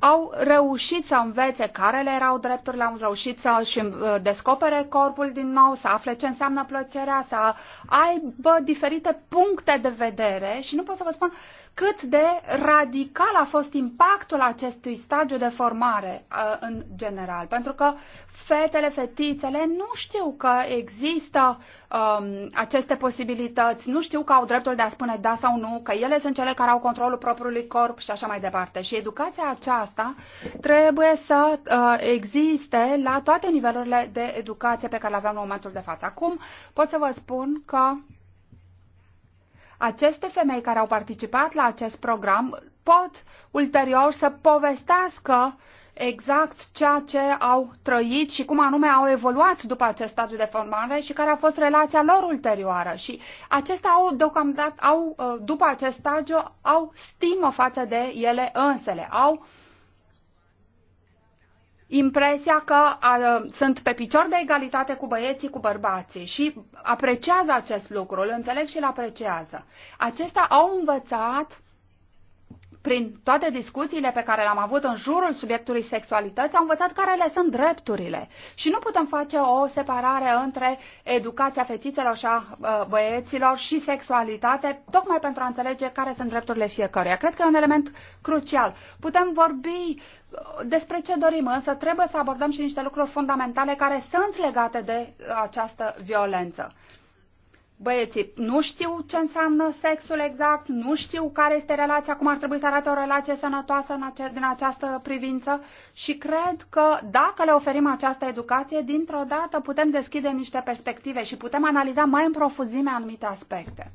au reușit să învețe care le erau drepturile, au reușit să și uh, descopere corpul din nou, să afle ce înseamnă plăcerea, să aibă diferite puncte de vedere și nu pot să vă spun cât de radical a fost impactul acestui stagiu de formare uh, în general. Pentru că fetele, fetițele nu știu că există um, aceste posibilități, nu știu că au dreptul de a spune da sau nu, că ele sunt cele care au controlul propriului corp și așa mai departe. Și educația aceasta trebuie să uh, existe la toate nivelurile de educație pe care le avem în momentul de față. Acum pot să vă spun că aceste femei care au participat la acest program pot ulterior să povestească exact ceea ce au trăit și cum anume au evoluat după acest stadiu de formare și care a fost relația lor ulterioară. Și acestea au, deocamdată, au, uh, după acest stadiu, au stimă față de ele însele, au impresia că a, sunt pe picior de egalitate cu băieții, cu bărbații și apreciază acest lucru, îl înțeleg și îl apreciază. Acestea au învățat prin toate discuțiile pe care le-am avut în jurul subiectului sexualități, am învățat care le sunt drepturile. Și nu putem face o separare între educația fetițelor și a uh, băieților și sexualitate, tocmai pentru a înțelege care sunt drepturile fiecăruia. Cred că e un element crucial. Putem vorbi uh, despre ce dorim, însă trebuie să abordăm și niște lucruri fundamentale care sunt legate de uh, această violență. Băieții nu știu ce înseamnă sexul exact, nu știu care este relația, cum ar trebui să arate o relație sănătoasă în ace- din această privință și cred că dacă le oferim această educație, dintr-o dată putem deschide niște perspective și putem analiza mai în profuzime anumite aspecte.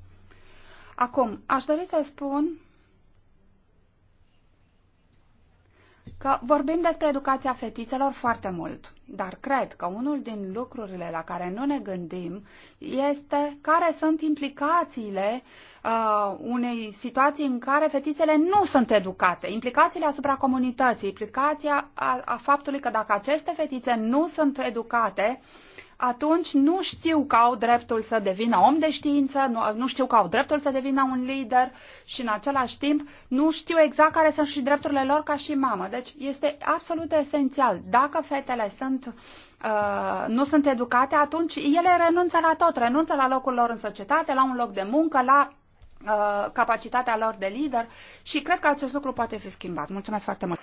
Acum, aș dori să spun că vorbim despre educația fetițelor foarte mult, dar cred că unul din lucrurile la care nu ne gândim este care sunt implicațiile uh, unei situații în care fetițele nu sunt educate, implicațiile asupra comunității, implicația a, a faptului că dacă aceste fetițe nu sunt educate, uh, atunci nu știu că au dreptul să devină om de știință, nu, nu știu că au dreptul să devină un lider și în același timp nu știu exact care sunt și drepturile lor ca și mamă. Deci este absolut esențial. Dacă fetele sunt, uh, nu sunt educate, atunci ele renunță la tot, renunță la locul lor în societate, la un loc de muncă, la uh, capacitatea lor de lider și cred că acest lucru poate fi schimbat. Mulțumesc foarte mult!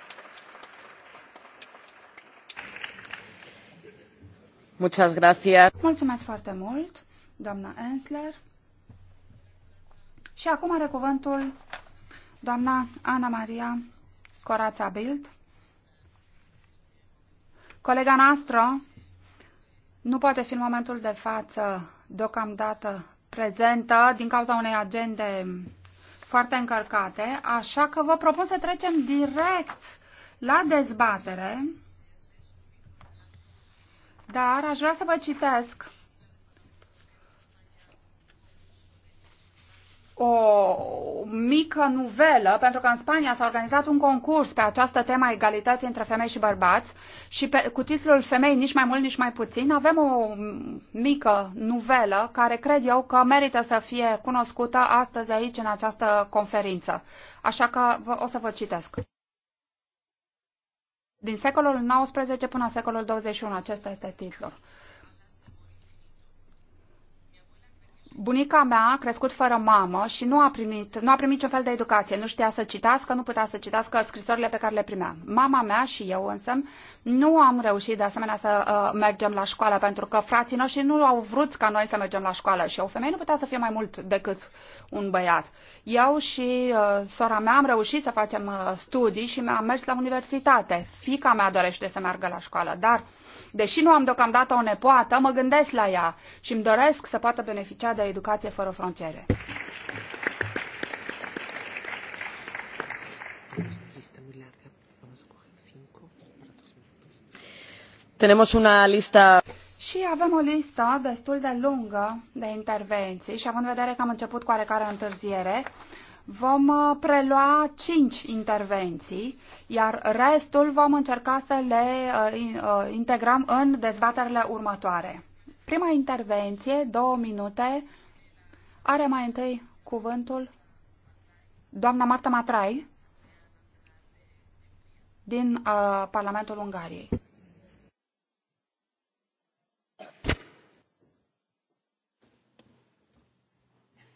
Muchas gracias. Mulțumesc foarte mult, doamna Ensler. Și acum are cuvântul doamna Ana Maria Corața Bild. Colega noastră nu poate fi în momentul de față deocamdată prezentă din cauza unei agende foarte încărcate, așa că vă propun să trecem direct la dezbatere dar aș vrea să vă citesc o mică nuvelă, pentru că în Spania s-a organizat un concurs pe această temă a egalității între femei și bărbați și pe, cu titlul Femei nici mai mult, nici mai puțin, avem o mică nuvelă care cred eu că merită să fie cunoscută astăzi aici în această conferință. Așa că o să vă citesc din secolul XIX până în secolul 21. Acesta este titlul. bunica mea a crescut fără mamă și nu a primit, nu a primit niciun fel de educație. Nu știa să citească, nu putea să citească scrisorile pe care le primeam. Mama mea și eu însă nu am reușit de asemenea să uh, mergem la școală pentru că frații noștri nu au vrut ca noi să mergem la școală și o femeie nu putea să fie mai mult decât un băiat. Eu și uh, sora mea am reușit să facem uh, studii și am mers la universitate. Fica mea dorește să meargă la școală, dar uh, Deși nu am deocamdată o nepoată, mă gândesc la ea și îmi doresc să poată beneficia de educație fără frontiere. Tenemos una lista și avem o listă destul de lungă de intervenții și având în vedere că am început cu oarecare întârziere, Vom uh, prelua cinci intervenții, iar restul vom încerca să le uh, uh, integrăm în dezbaterile următoare. Prima intervenție, două minute, are mai întâi cuvântul doamna Marta Matrai din Parlamentul Ungariei.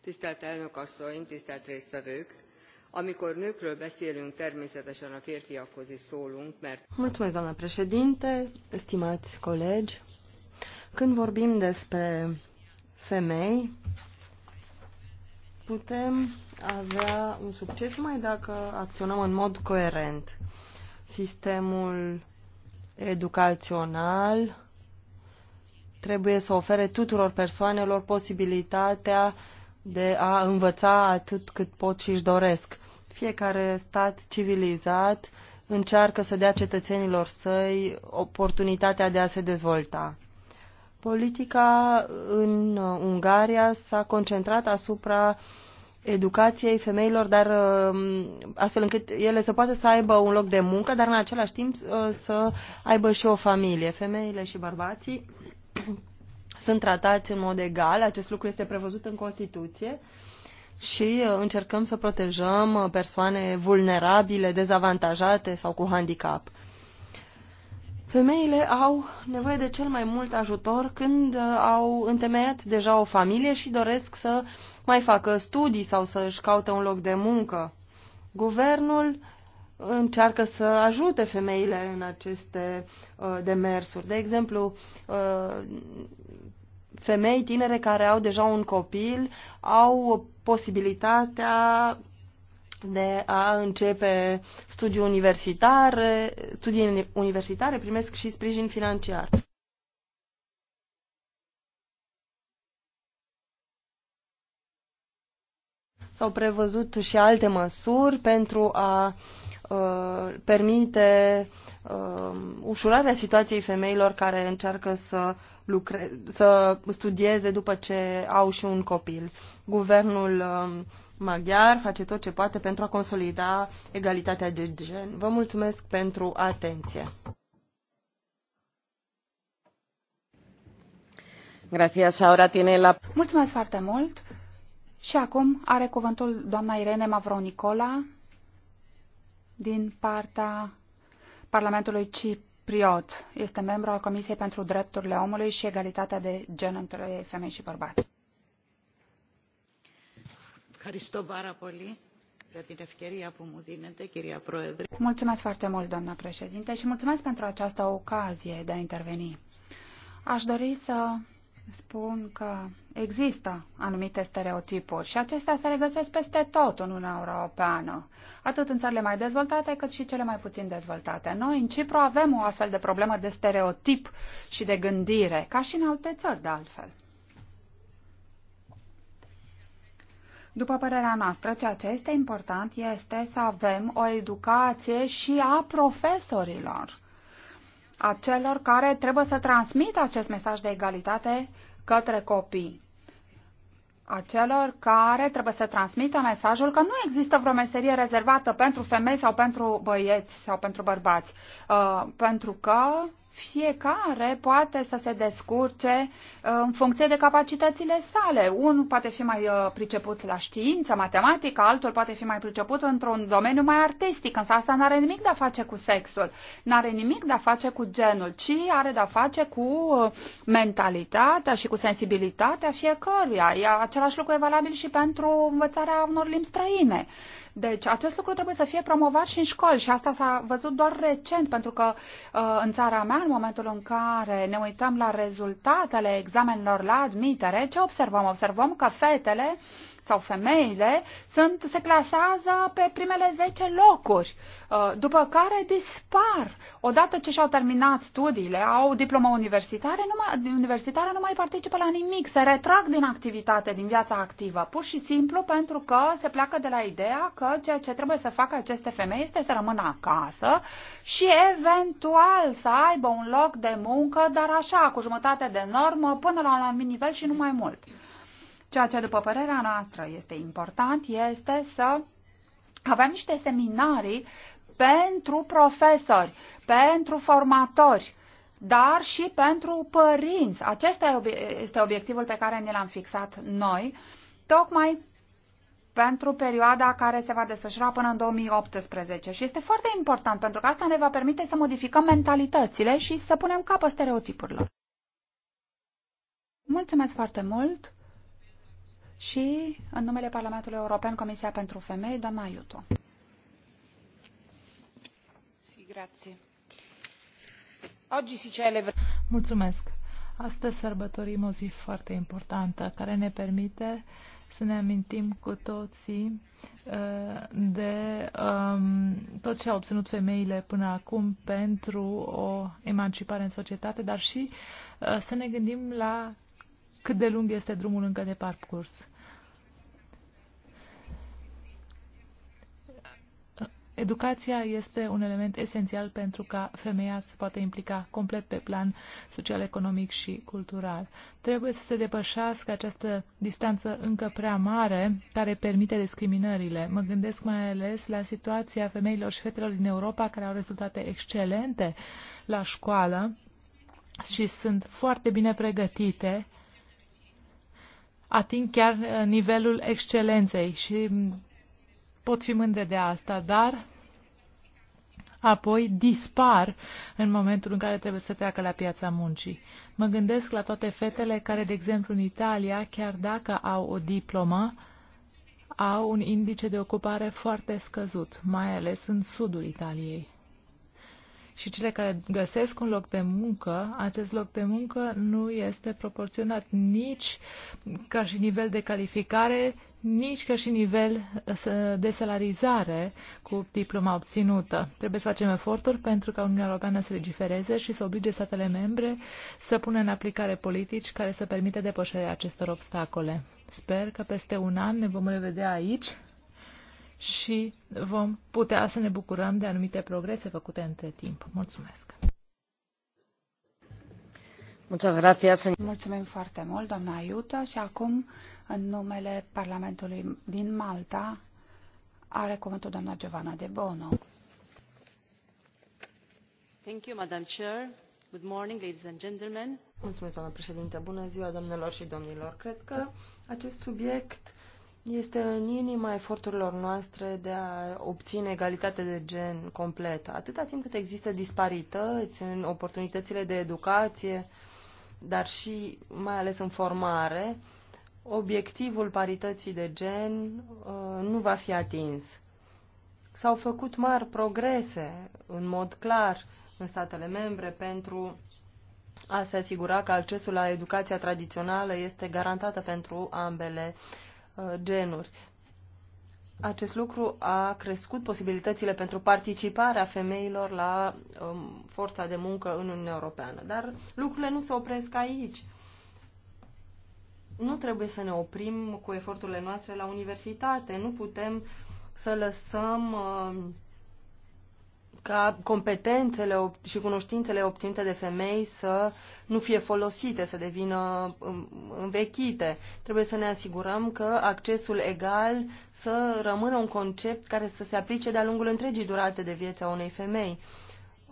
tisztelt elnök asszony tisztelt résztvevők! amikor nőkről beszélünk természetesen a férfiakhoz is szólunk mert. Mulțumesc, doamnă președinte, stimați colegi. Când vorbim despre femei, putem avea un succes mai dacă acționăm în mod coerent. Sistemul educațional trebuie să ofere tuturor persoanelor posibilitatea de a învăța atât cât pot și își doresc. Fiecare stat civilizat încearcă să dea cetățenilor săi oportunitatea de a se dezvolta. Politica în Ungaria s-a concentrat asupra educației femeilor, dar um, astfel încât ele să poată să aibă un loc de muncă, dar în același timp uh, să aibă și o familie. Femeile și bărbații sunt tratați în mod egal. Acest lucru este prevăzut în Constituție și uh, încercăm să protejăm uh, persoane vulnerabile, dezavantajate sau cu handicap. Femeile au nevoie de cel mai mult ajutor când uh, au întemeiat deja o familie și doresc să mai facă studii sau să-și caute un loc de muncă. Guvernul încearcă să ajute femeile în aceste uh, demersuri. De exemplu, uh, femei tinere care au deja un copil au posibilitatea de a începe studii universitare, studii universitare primesc și sprijin financiar. S-au prevăzut și alte măsuri pentru a uh, permite uh, ușurarea situației femeilor care încearcă să lucre, să studieze după ce au și un copil. Guvernul um, maghiar face tot ce poate pentru a consolida egalitatea de gen. Vă mulțumesc pentru atenție. Gracias. Ahora tiene la... Mulțumesc foarte mult. Și acum are cuvântul doamna Irene Mavronicola din partea Parlamentului Cip. Priot este membru al Comisiei pentru Drepturile Omului și Egalitatea de Gen între Femei și Bărbați. Mulțumesc foarte mult, doamna președinte, și mulțumesc pentru această ocazie de a interveni. Aș dori să spun că există anumite stereotipuri și acestea se regăsesc peste tot în Uniunea Europeană, atât în țările mai dezvoltate cât și cele mai puțin dezvoltate. Noi în Cipru avem o astfel de problemă de stereotip și de gândire, ca și în alte țări de altfel. După părerea noastră, ceea ce este important este să avem o educație și a profesorilor a celor care trebuie să transmită acest mesaj de egalitate către copii. A celor care trebuie să transmită mesajul că nu există vreo meserie rezervată pentru femei sau pentru băieți sau pentru bărbați. Uh, pentru că fiecare poate să se descurce uh, în funcție de capacitățile sale. Unul poate fi mai uh, priceput la știință, matematică, altul poate fi mai priceput într-un domeniu mai artistic, însă asta nu are nimic de a face cu sexul, nu are nimic de a face cu genul, ci are de a face cu uh, mentalitatea și cu sensibilitatea fiecăruia. Același lucru e valabil și pentru învățarea unor limbi străine. Deci acest lucru trebuie să fie promovat și în școli și asta s-a văzut doar recent, pentru că uh, în țara mea, în momentul în care ne uităm la rezultatele examenilor la admitere, ce observăm? Observăm că fetele uh, sau femeile sunt, se clasează pe primele 10 locuri, uh, după care dispar. Odată ce și-au terminat studiile, au diploma universitară, nu mai, universitară, nu mai participă la nimic, se retrag din activitate, din viața activă, pur și simplu pentru că se pleacă de la ideea că ceea ce trebuie să facă aceste femei este să rămână acasă și eventual să aibă un loc de muncă, dar așa, cu jumătate de normă, până la un anumit nivel și nu mai mult. Ceea ce, după părerea noastră, este important este să avem niște seminarii pentru profesori, pentru formatori, dar și pentru părinți. Acesta este obiectivul pe care ne l-am fixat noi, tocmai pentru perioada care se va desfășura până în 2018. Și este foarte important, pentru că asta ne va permite să modificăm mentalitățile și să punem capăt stereotipurilor. Mulțumesc foarte mult! și în numele Parlamentului European Comisia pentru Femei, doamna Iuto. Mulțumesc. Astăzi sărbătorim o zi foarte importantă care ne permite să ne amintim cu toții uh, de um, tot ce au obținut femeile până acum pentru o emancipare în societate, dar și uh, să ne gândim la cât de lung este drumul încă de parcurs. Educația este un element esențial pentru ca femeia să poată implica complet pe plan social, economic și cultural. Trebuie să se depășească această distanță încă prea mare care permite discriminările. Mă gândesc mai ales la situația femeilor și fetelor din Europa care au rezultate excelente la școală și sunt foarte bine pregătite ating chiar uh, nivelul excelenței și mm, pot fi mândre de asta, dar apoi dispar în momentul în care trebuie să treacă la piața muncii. Mă gândesc la toate fetele care, de exemplu, în Italia, chiar dacă au o diplomă, au un indice de ocupare foarte scăzut, mai ales în sudul Italiei și cele care găsesc un loc de muncă, acest loc de muncă nu este proporționat nici ca și nivel de calificare, nici ca și nivel de salarizare cu diploma obținută. Trebuie să facem eforturi pentru ca Uniunea Europeană să legifereze și să oblige statele membre să pună în aplicare politici care să permite depășirea acestor obstacole. Sper că peste un an ne vom revedea aici și vom putea să ne bucurăm de anumite progrese făcute între timp. Mulțumesc! Mulțumim foarte mult, doamna Iuta, și acum, în numele Parlamentului din Malta, are cuvântul doamna Giovanna de Bono. Thank you, Madam Chair. Good morning, ladies and gentlemen. Mulțumesc, doamna președinte. Bună ziua, domnilor și domnilor. Cred că acest subiect este în inima eforturilor noastre de a obține egalitate de gen completă. Atâta timp cât există disparități în oportunitățile de educație, dar și mai ales în formare, obiectivul parității de gen uh, nu va fi atins. S-au făcut mari progrese, în mod clar, în statele membre pentru a se asigura că accesul la educația tradițională este garantată pentru ambele uh, Uh, genuri. Acest lucru a crescut posibilitățile pentru participarea femeilor la um, forța de muncă în Uniunea Europeană. Dar lucrurile nu se opresc aici. Nu trebuie să ne oprim cu eforturile noastre la universitate. Nu putem să lăsăm uh, ca competențele și cunoștințele obținute de femei să nu fie folosite, să devină um, învechite. Trebuie să ne asigurăm că accesul egal să rămână un concept care să se aplice de-a lungul întregii durate de viață a unei femei.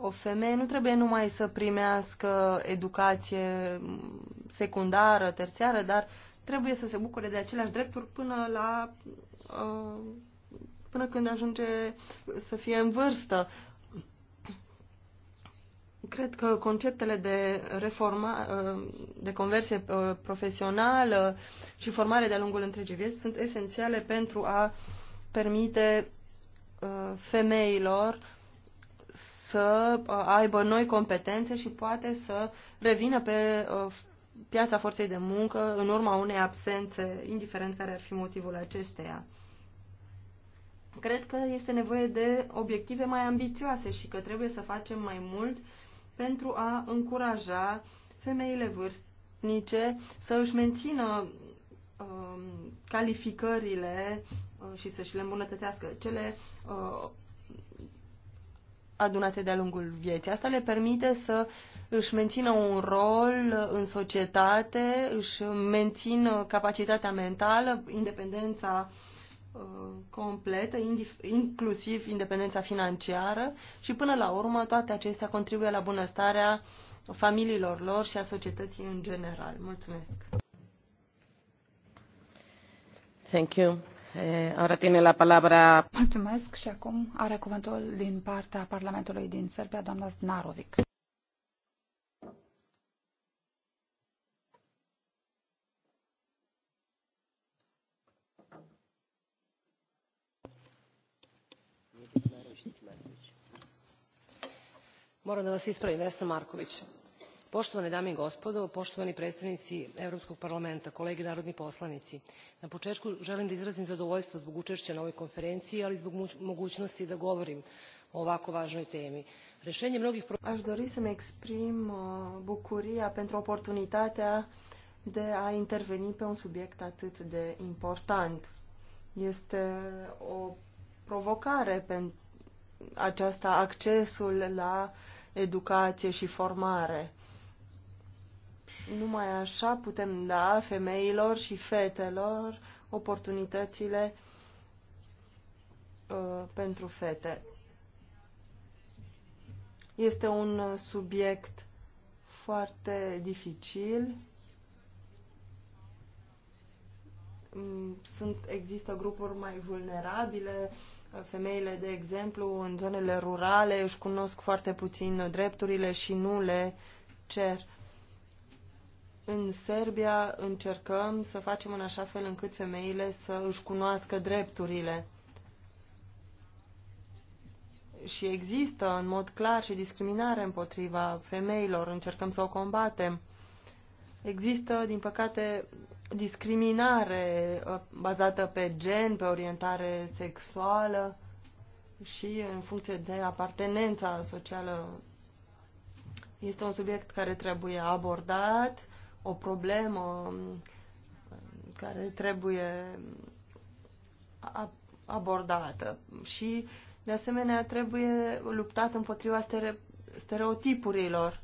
O femeie nu trebuie numai să primească educație um, secundară, terțiară, dar trebuie să se bucure de aceleași drepturi până la uh, până când ajunge să fie în vârstă. Cred că conceptele de reforma, uh, de conversie uh, profesională și formare de-a lungul întregii vieți sunt esențiale pentru a permite uh, femeilor să aibă noi competențe și poate să revină pe piața forței de muncă în urma unei absențe, indiferent care ar fi motivul acesteia. Cred că este nevoie de obiective mai ambițioase și că trebuie să facem mai mult pentru a încuraja femeile vârstnice să își mențină um, uh, calificările și să și le îmbunătățească cele uh, adunate de-a lungul vieții. Asta le permite să își mențină un rol în societate, își mențin uh, capacitatea mentală, independența uh, completă, inclusiv independența financiară și până la urmă toate acestea contribuie la bunăstarea familiilor lor și a societății în general. Mulțumesc! Thank you. Eh, ahora tiene la palabra. Mulțumesc și acum are cuvântul din partea Parlamentului din Serbia, doamna Snarovic. moram da vas ispravim vesna marković poštovane dame i gospodo poštovani predstavnici evropskog parlamenta kolege narodni poslanici na početku želim da izrazim zadovoljstvo zbog učešća na ovoj konferenciji ali i zbog mogućnosti da govorim o ovako važnoj temi. Rešenje mnogih problema Aș dori să-mi exprim uh, bucuria pentru oportunitatea de a interveni pe un subiect atât de important. Este uh, o provocare pentru aceasta accesul la educație și formare. Numai așa putem da femeilor și fetelor oportunitățile uh, pentru fete. Este un subiect foarte dificil. Mm, sunt, există grupuri mai vulnerabile, Femeile, de exemplu, în zonele rurale își cunosc foarte puțin drepturile și nu le cer. În Serbia încercăm să facem în așa fel încât femeile să își cunoască drepturile. Și există în mod clar și discriminare împotriva femeilor, încercăm să o combatem Există, din păcate, discriminare uh, bazată pe gen, pe orientare sexuală și în funcție de apartenența socială. Este un subiect care trebuie abordat, o problemă um, care trebuie abordată și, de asemenea, trebuie luptat împotriva stereotipurilor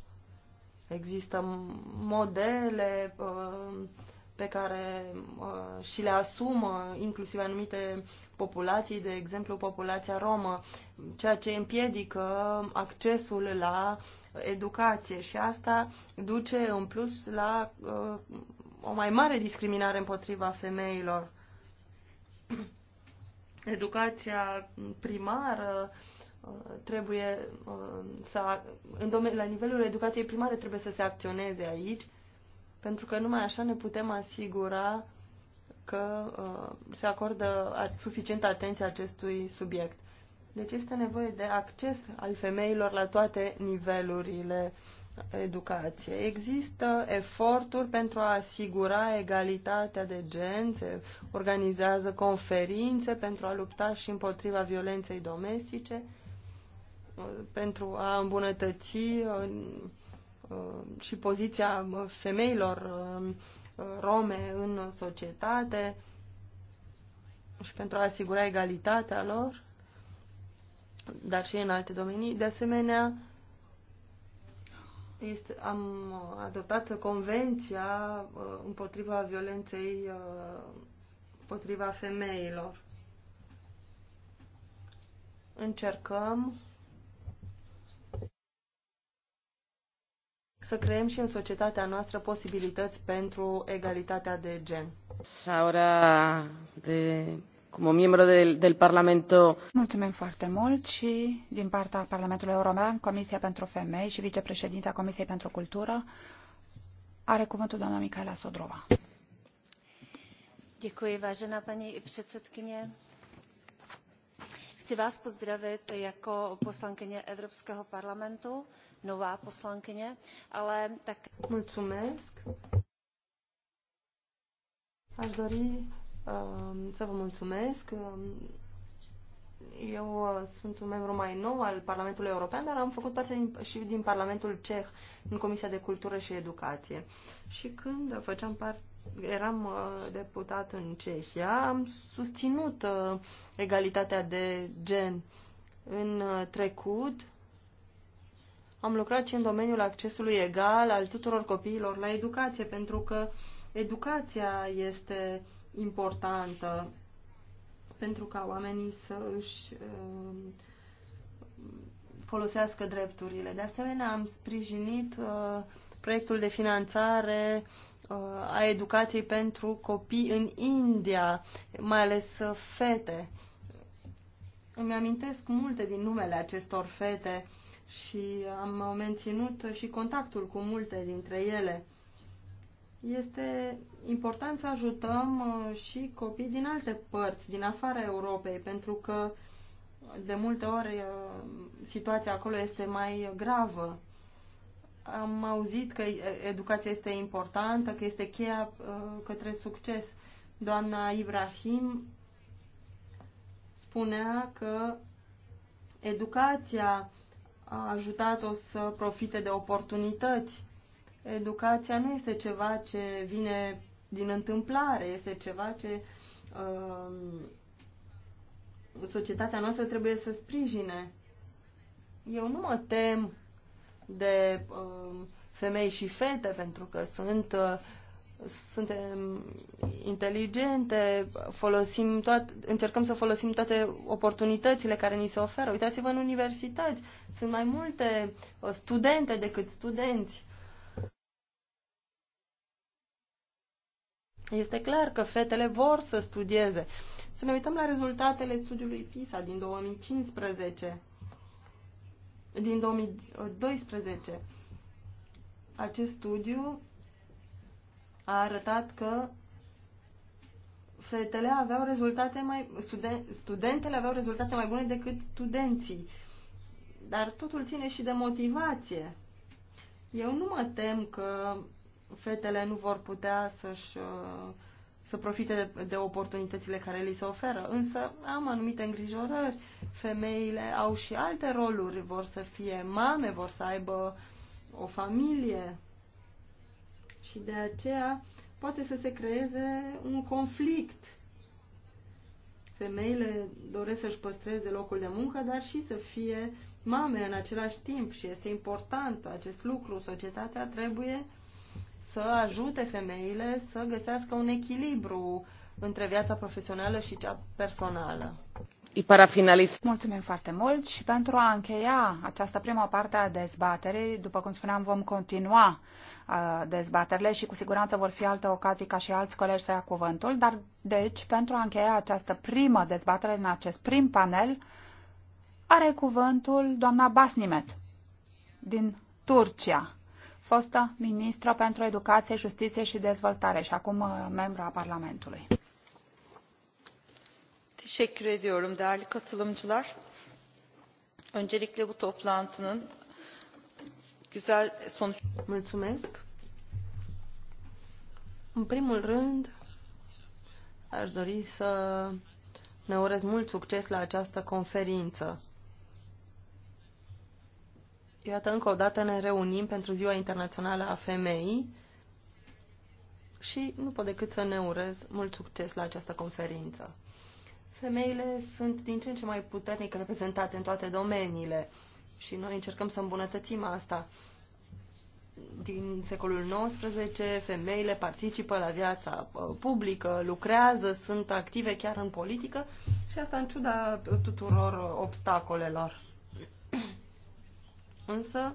Există modele uh, pe care uh, și le asumă inclusiv anumite populații, de exemplu populația romă, ceea ce împiedică accesul la educație și asta duce în plus la uh, o mai mare discriminare împotriva femeilor. Educația primară, uh, Uh, trebuie uh, să, în la nivelul educației primare trebuie să se acționeze aici, pentru că numai așa ne putem asigura că uh, se acordă suficientă atenție acestui subiect. Deci este nevoie de acces al femeilor la toate nivelurile educație. Există eforturi pentru a asigura egalitatea de gen, se organizează conferințe pentru a lupta și împotriva violenței domestice, pentru a îmbunătăți uh, și poziția uh, femeilor uh, rome în societate și pentru a asigura egalitatea lor, dar și în alte domenii. De asemenea, este, am adoptat convenția împotriva violenței împotriva femeilor. Încercăm să creăm și în societatea noastră posibilități pentru egalitatea de gen. Ahora de como miembro del, del Parlamento. Mulțumim foarte mult și din partea Parlamentului European, Comisia pentru Femei și vicepreședinta Comisiei pentru Cultură, are cuvântul doamna Micaela Sodrova. Děkuji, vážená paní předsedkyně chci vás pozdravit jako poslankyně Evropského parlamentu, nová poslankyně, ale také... Aș dori um, să vă mulțumesc. Um, eu uh, sunt un membru mai nou al Parlamentului European, dar am făcut parte și din Parlamentul Ceh, în Comisia de Cultură și Educație. Și când făceam parte eram uh, deputat în Cehia, am susținut uh, egalitatea de gen în uh, trecut. Am lucrat și în domeniul accesului egal al tuturor copiilor la educație, pentru că educația este importantă pentru ca oamenii să își folosească drepturile. De asemenea, am sprijinit proiectul de finanțare uh, Uh, a educației pentru copii în India, mai ales uh, fete. Îmi amintesc multe din numele acestor fete și am menținut și contactul cu multe dintre ele. Este important să ajutăm uh, și copii din alte părți, din afara Europei, pentru că de multe ori situația acolo este mai gravă am auzit că educația este importantă, că este cheia uh, către succes. Doamna Ibrahim spunea că educația a ajutat-o să profite de oportunități. Educația nu este ceva ce vine din întâmplare, este ceva ce uh, societatea noastră trebuie să sprijine. Eu nu mă tem de um, femei și fete, pentru că sunt, uh, suntem inteligente, folosim toat, încercăm să folosim toate oportunitățile care ni se oferă. Uitați-vă în universități, sunt mai multe uh, studente decât studenți. Este clar că fetele vor să studieze. Să ne uităm la rezultatele studiului PISA din 2015 din 2012. Acest studiu a arătat că fetele aveau rezultate mai, studen, studentele aveau rezultate mai bune decât studenții. Dar totul ține și de motivație. Eu nu mă tem că fetele nu vor putea să-și uh, să profite de, de oportunitățile care li se oferă. Însă am anumite îngrijorări. Femeile au și alte roluri. Vor să fie mame, vor să aibă o familie. Și de aceea poate să se creeze un conflict. Femeile doresc să-și păstreze locul de muncă, dar și să fie mame în același timp și este important acest lucru. Societatea trebuie uh, să ajute femeile să găsească un echilibru între viața profesională și cea personală. Mulțumim foarte mult și pentru a încheia această prima parte a dezbaterii, după cum spuneam, vom continua dezbaterile și cu siguranță vor fi alte ocazii ca și alți colegi să ia cuvântul, dar deci pentru a încheia această primă dezbatere în acest prim panel, are cuvântul doamna Basnimet din Turcia fostă ministră pentru Educație, Justiție și Dezvoltare și acum uh, membru a Parlamentului. Teşekkür ediyorum değerli katılımcılar. Öncelikle bu toplantının güzel sonuç... Mulțumesc. În primul rând, aș dori să ne urez mult succes la această conferință. Iată, încă o dată ne reunim pentru Ziua Internațională a Femeii și nu pot decât să ne urez mult succes la această conferință. Femeile sunt din ce în ce mai puternic reprezentate în toate domeniile și noi încercăm să îmbunătățim asta. Din secolul XIX, femeile participă la viața uh, publică, lucrează, sunt active chiar în politică și asta în ciuda tuturor obstacolelor. Însă,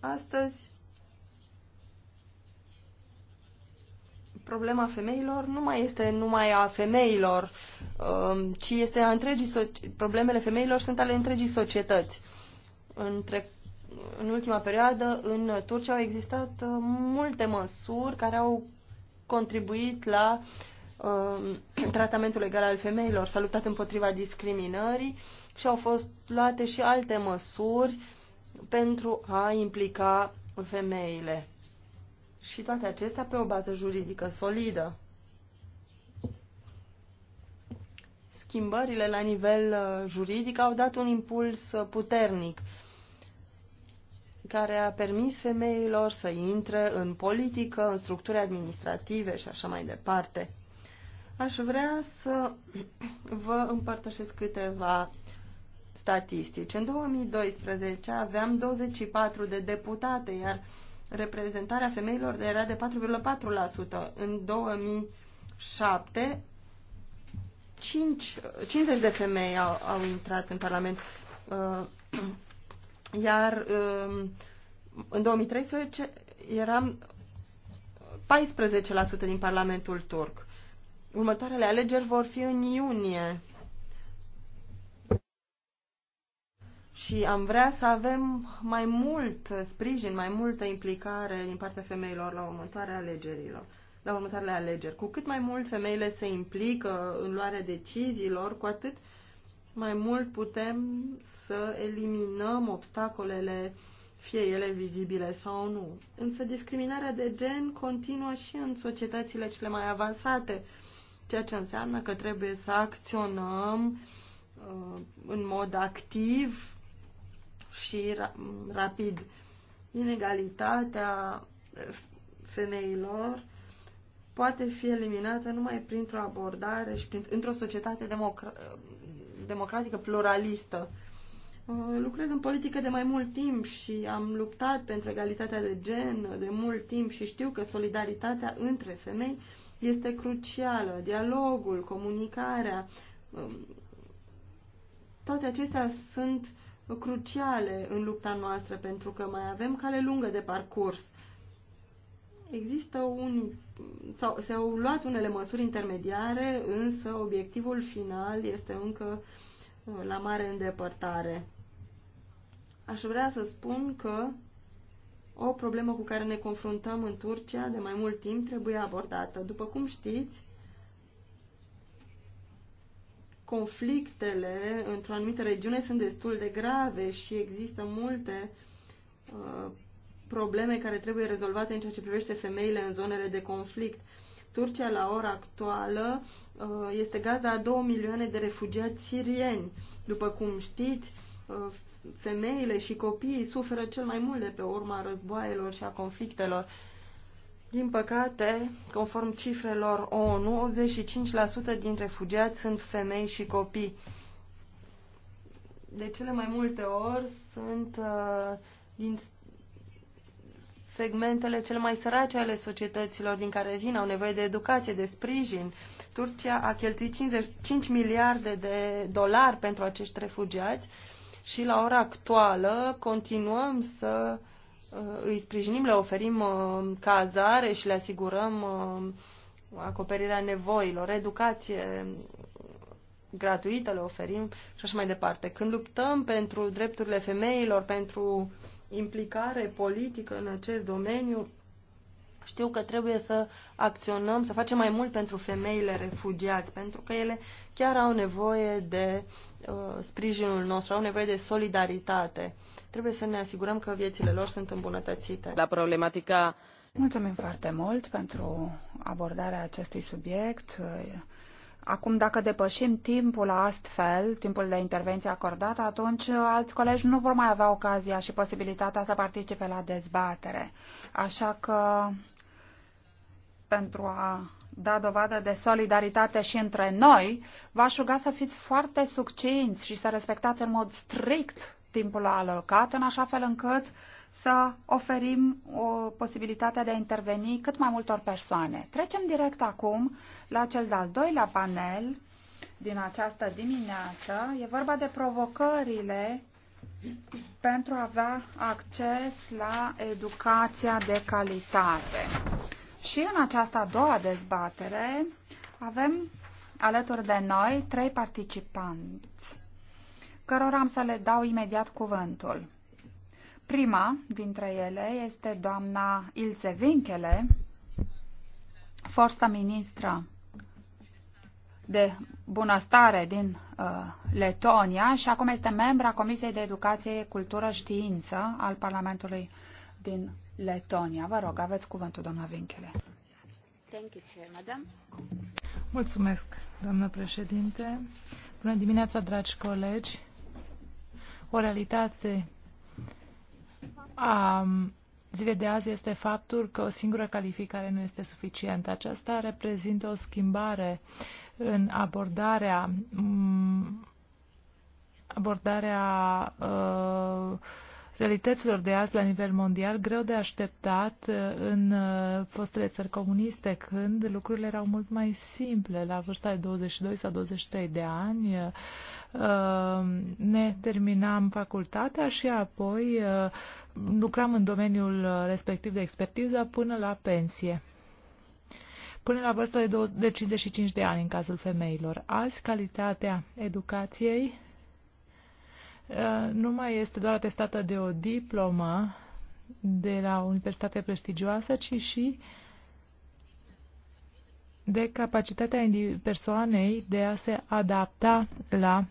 astăzi, problema femeilor nu mai este numai a femeilor, um, ci este a întregii so problemele femeilor sunt ale întregii societăți. Între, în ultima perioadă, în Turcia au existat uh, multe măsuri care au contribuit la uh, tratamentul legal al femeilor, s-a luptat împotriva discriminării și au fost luate și alte măsuri uh, pentru a implica femeile. Și toate acestea pe o bază juridică solidă. Schimbările la nivel uh, juridic au dat un impuls uh, puternic care a permis femeilor să intre în politică, în structuri administrative și așa mai departe. Aș vrea să vă împărtășesc câteva statistici. În 2012 aveam 24 de deputate, iar reprezentarea femeilor era de 4,4%. În 2007, 5, 50 de femei au, au intrat în Parlament. Uh, iar um, în 2013 eram 14% din Parlamentul turc. Următoarele alegeri vor fi în iunie. și am vrea să avem mai mult sprijin, mai multă implicare din partea femeilor la următoarea alegerilor la următoarele alegeri. Cu cât mai mult femeile se implică în luarea deciziilor, cu atât mai mult putem să eliminăm obstacolele, fie ele vizibile sau nu. Însă discriminarea de gen continuă și în societățile cele mai avansate, ceea ce înseamnă că trebuie să acționăm uh, în mod activ și rapid. Inegalitatea femeilor poate fi eliminată numai printr-o abordare și printr- într-o societate democra- democratică pluralistă. Uh, lucrez în politică de mai mult timp și am luptat pentru egalitatea de gen de mult timp și știu că solidaritatea între femei este crucială. Dialogul, comunicarea, um, toate acestea sunt cruciale în lupta noastră, pentru că mai avem cale lungă de parcurs. Există un, sau, s-au luat unele măsuri intermediare, însă obiectivul final este încă uh, la mare îndepărtare. Aș vrea să spun că o problemă cu care ne confruntăm în Turcia de mai mult timp trebuie abordată. După cum știți, conflictele într-o anumită regiune sunt destul de grave și există multe uh, probleme care trebuie rezolvate în ceea ce privește femeile în zonele de conflict. Turcia, la ora actuală, uh, este gazda a două milioane de refugiați sirieni. După cum știți, uh, femeile și copiii suferă cel mai mult de pe urma războaielor și a conflictelor din păcate, conform cifrelor ONU, 85% din refugiați sunt femei și copii. De cele mai multe ori sunt uh, din segmentele cele mai sărace ale societăților din care vin, au nevoie de educație, de sprijin. Turcia a cheltuit 55 miliarde de dolari pentru acești refugiați și la ora actuală continuăm să uh, Uh, îi sprijinim, le oferim uh, cazare și le asigurăm uh, acoperirea nevoilor, educație gratuită le oferim și așa mai departe. Când luptăm pentru drepturile femeilor, pentru implicare politică în acest domeniu, știu că trebuie să acționăm, să facem mai mult pentru femeile refugiați, pentru că ele chiar au nevoie de uh, sprijinul nostru, au nevoie de solidaritate. Uh, Trebuie să ne asigurăm că viețile lor sunt îmbunătățite. La problematica. Mulțumim foarte mult pentru abordarea acestui subiect. Acum, dacă depășim timpul astfel, timpul de intervenție acordat, atunci alți colegi nu vor mai avea ocazia și posibilitatea să participe la dezbatere. Așa că, pentru a da dovadă de solidaritate și între noi, v-aș ruga să fiți foarte succinți și să respectați în mod strict timpul alocat, în așa fel încât să oferim o posibilitatea de a interveni cât mai multor persoane. Trecem direct acum la cel de-al doilea panel din această dimineață. E vorba de provocările pentru a avea acces la educația de calitate. Și în această a doua dezbatere avem alături de noi trei participanți cărora am să le dau imediat cuvântul. Prima dintre ele este doamna Ilse Winkele, fosta ministră de bunăstare din uh, Letonia și acum este membra Comisiei de Educație, Cultură, Știință al Parlamentului din Letonia. Vă rog, aveți cuvântul, doamna Winkele. Thank you, Chair, Madam. Mulțumesc, doamnă președinte. Bună dimineața, dragi colegi. O realitate a zilei de azi este faptul că o singură calificare nu este suficientă. Aceasta reprezintă o schimbare în abordarea abordarea uh, realităților de azi la nivel mondial, greu de așteptat uh, în uh, fostele țări comuniste, când lucrurile erau mult mai simple. La vârsta de 22 sau 23 de ani uh, ne terminam facultatea și apoi lucram în domeniul respectiv de expertiză până la pensie până la vârsta de 55 de ani în cazul femeilor. Azi, calitatea educației Uh, nu mai este doar atestată de o diplomă de la o universitate prestigioasă, ci și de capacitatea persoanei de a se adapta la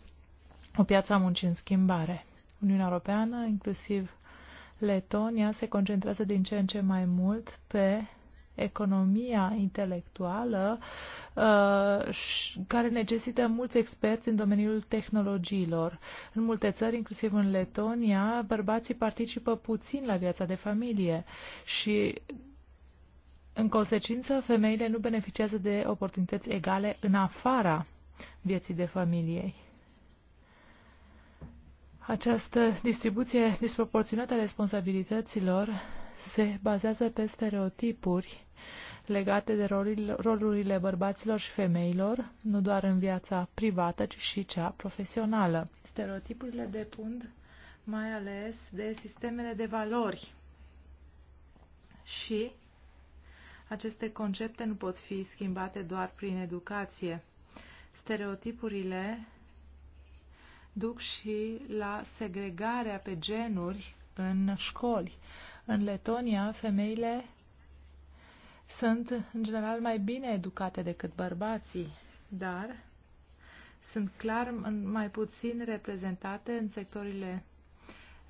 o piață a muncii în schimbare. Uniunea Europeană, inclusiv Letonia, se concentrează din ce în ce mai mult pe economia intelectuală uh, care necesită mulți experți în domeniul tehnologiilor. În multe țări, inclusiv în Letonia, bărbații participă puțin la viața de familie și în consecință, femeile nu beneficiază de oportunități egale în afara vieții de familie. Această distribuție disproporționată a responsabilităților se bazează pe stereotipuri legate de rolurile bărbaților și femeilor, nu doar în viața privată, ci și cea profesională. Stereotipurile depund mai ales de sistemele de valori și aceste concepte nu pot fi schimbate doar prin educație. Stereotipurile duc și la segregarea pe genuri în școli. În Letonia, femeile sunt, în general, mai bine educate decât bărbații, dar sunt clar mai puțin reprezentate în sectorile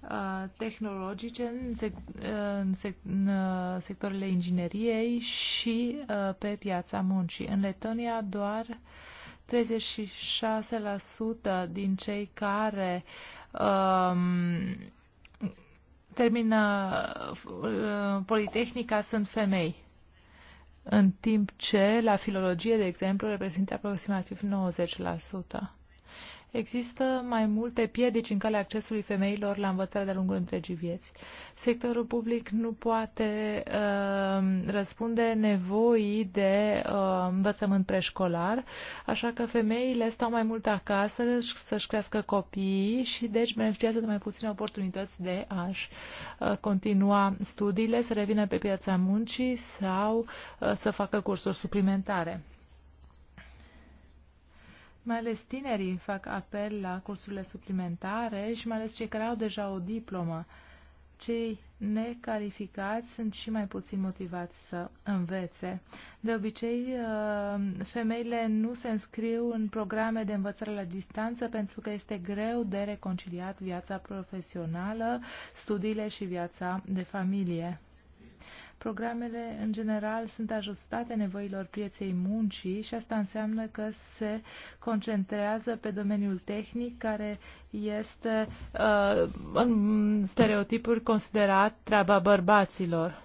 uh, tehnologice în, sec- uh, în, sec- în uh, sectorile ingineriei și pe piața muncii. În Letonia doar 36% din cei care um, termină uh, uh, Politehnica sunt femei, în timp ce la filologie, de exemplu, reprezintă aproximativ 90%. Există mai multe piedici în calea accesului femeilor la învățare de-a lungul întregii vieți. Sectorul public nu poate uh, răspunde nevoii de uh, învățământ preșcolar, așa că femeile stau mai mult acasă să-și crească copiii și deci beneficiază de mai puține oportunități de a-și uh, continua studiile, să revină pe piața muncii sau uh, să facă cursuri suplimentare. Mai ales tinerii fac apel la cursurile suplimentare și mai ales cei care au deja o diplomă. Cei necalificați sunt și mai puțin motivați să învețe. De obicei, uh, femeile nu se înscriu în programe de învățare la distanță pentru că este greu de reconciliat viața profesională, studiile și viața de familie. Programele, în general, sunt ajustate nevoilor pieței muncii și asta înseamnă că se concentrează pe domeniul tehnic, care este uh, în stereotipuri considerat treaba bărbaților.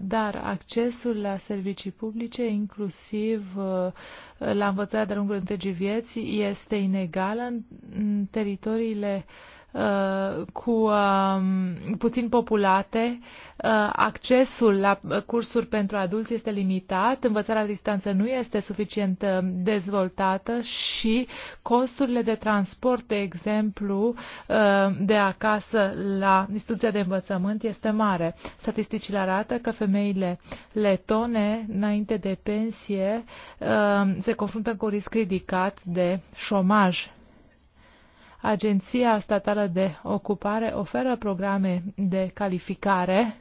dar accesul la servicii publice, inclusiv uh, la învățarea de-a lungul întregii vieți, este inegal în teritoriile uh, Uh, cu um, puțin populate, uh, accesul la cursuri pentru adulți este limitat, învățarea la distanță nu este suficient uh, dezvoltată și costurile de transport, de exemplu, de acasă la instituția de învățământ este mare. Statisticile arată că femeile letone, înainte de pensie, se confruntă cu un risc ridicat de șomaj Agenția Statală de Ocupare oferă programe de calificare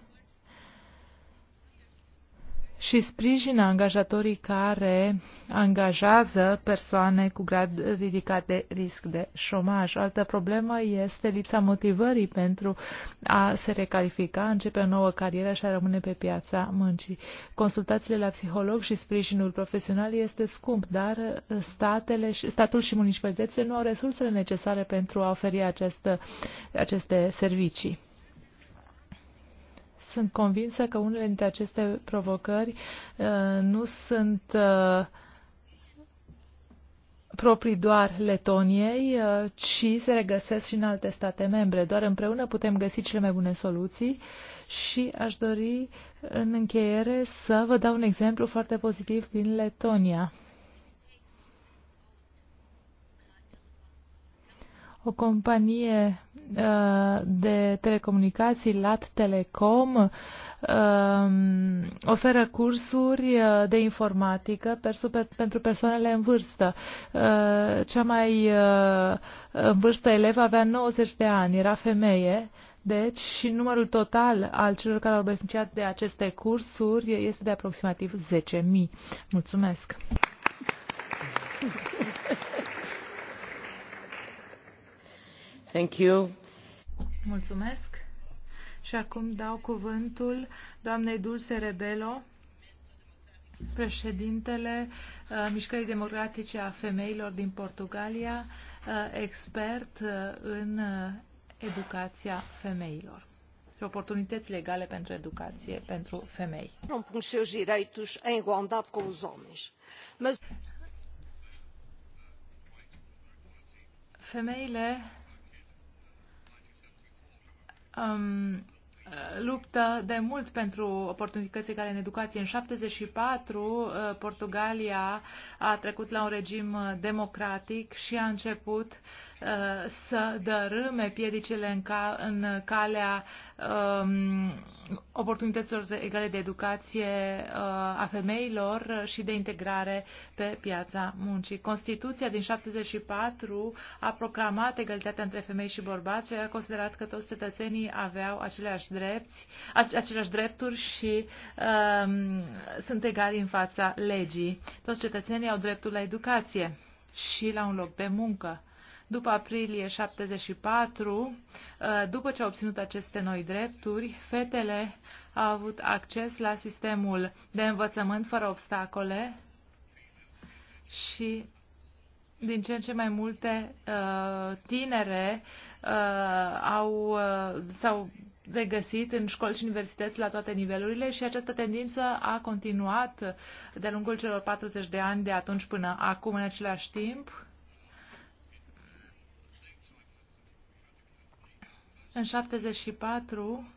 și sprijină angajatorii care angajează persoane cu grad ridicat de risc de șomaj. Altă problemă este lipsa motivării pentru a se recalifica, începe o nouă carieră și a rămâne pe piața muncii. Consultațiile la psiholog și sprijinul profesional este scump, dar statele, statul și municipalitățile nu au resursele necesare pentru a oferi această, aceste servicii. Sunt convinsă că unele dintre aceste provocări uh, nu sunt uh, proprii doar Letoniei, uh, ci se regăsesc și în alte state membre. Doar împreună putem găsi cele mai bune soluții și aș dori în încheiere să vă dau un exemplu foarte pozitiv din Letonia. o companie uh, de telecomunicații, LAT Telecom, uh, oferă cursuri uh, de informatică pentru persoanele în vârstă. Uh, cea mai uh, în vârstă elevă avea 90 de ani, era femeie, deci și numărul total al celor care au beneficiat de aceste cursuri este de aproximativ 10.000. Mulțumesc! Thank you. Thank you. Mulțumesc. Și acum dau cuvântul doamnei Dulce Rebelo, președintele uh, Mișcării Democratice a Femeilor din Portugalia, uh, expert uh, în uh, educația femeilor și oportunități legale pentru educație pentru femei. cu Femeile um, luptă de mult pentru oportunități care în educație. În 74, uh, Portugalia a trecut la un regim uh, democratic și a început uh, să dărâme piedicele în, ca, în calea um, oportunităților egale de educație uh, a femeilor și de integrare pe piața muncii. Constituția din 74 a proclamat egalitatea între femei și bărbați și a considerat că toți cetățenii aveau aceleași, drepți, aceleași drepturi și um, sunt egali în fața legii. Toți cetățenii au dreptul la educație și la un loc de muncă după aprilie 74, uh, după ce au obținut aceste noi drepturi, fetele au avut acces la sistemul de învățământ fără obstacole și din ce în ce mai multe uh, tinere uh, au, sau s-au regăsit în școli și universități la toate nivelurile și această tendință a continuat de-a lungul celor 40 de ani de atunci până acum în același timp. În 74,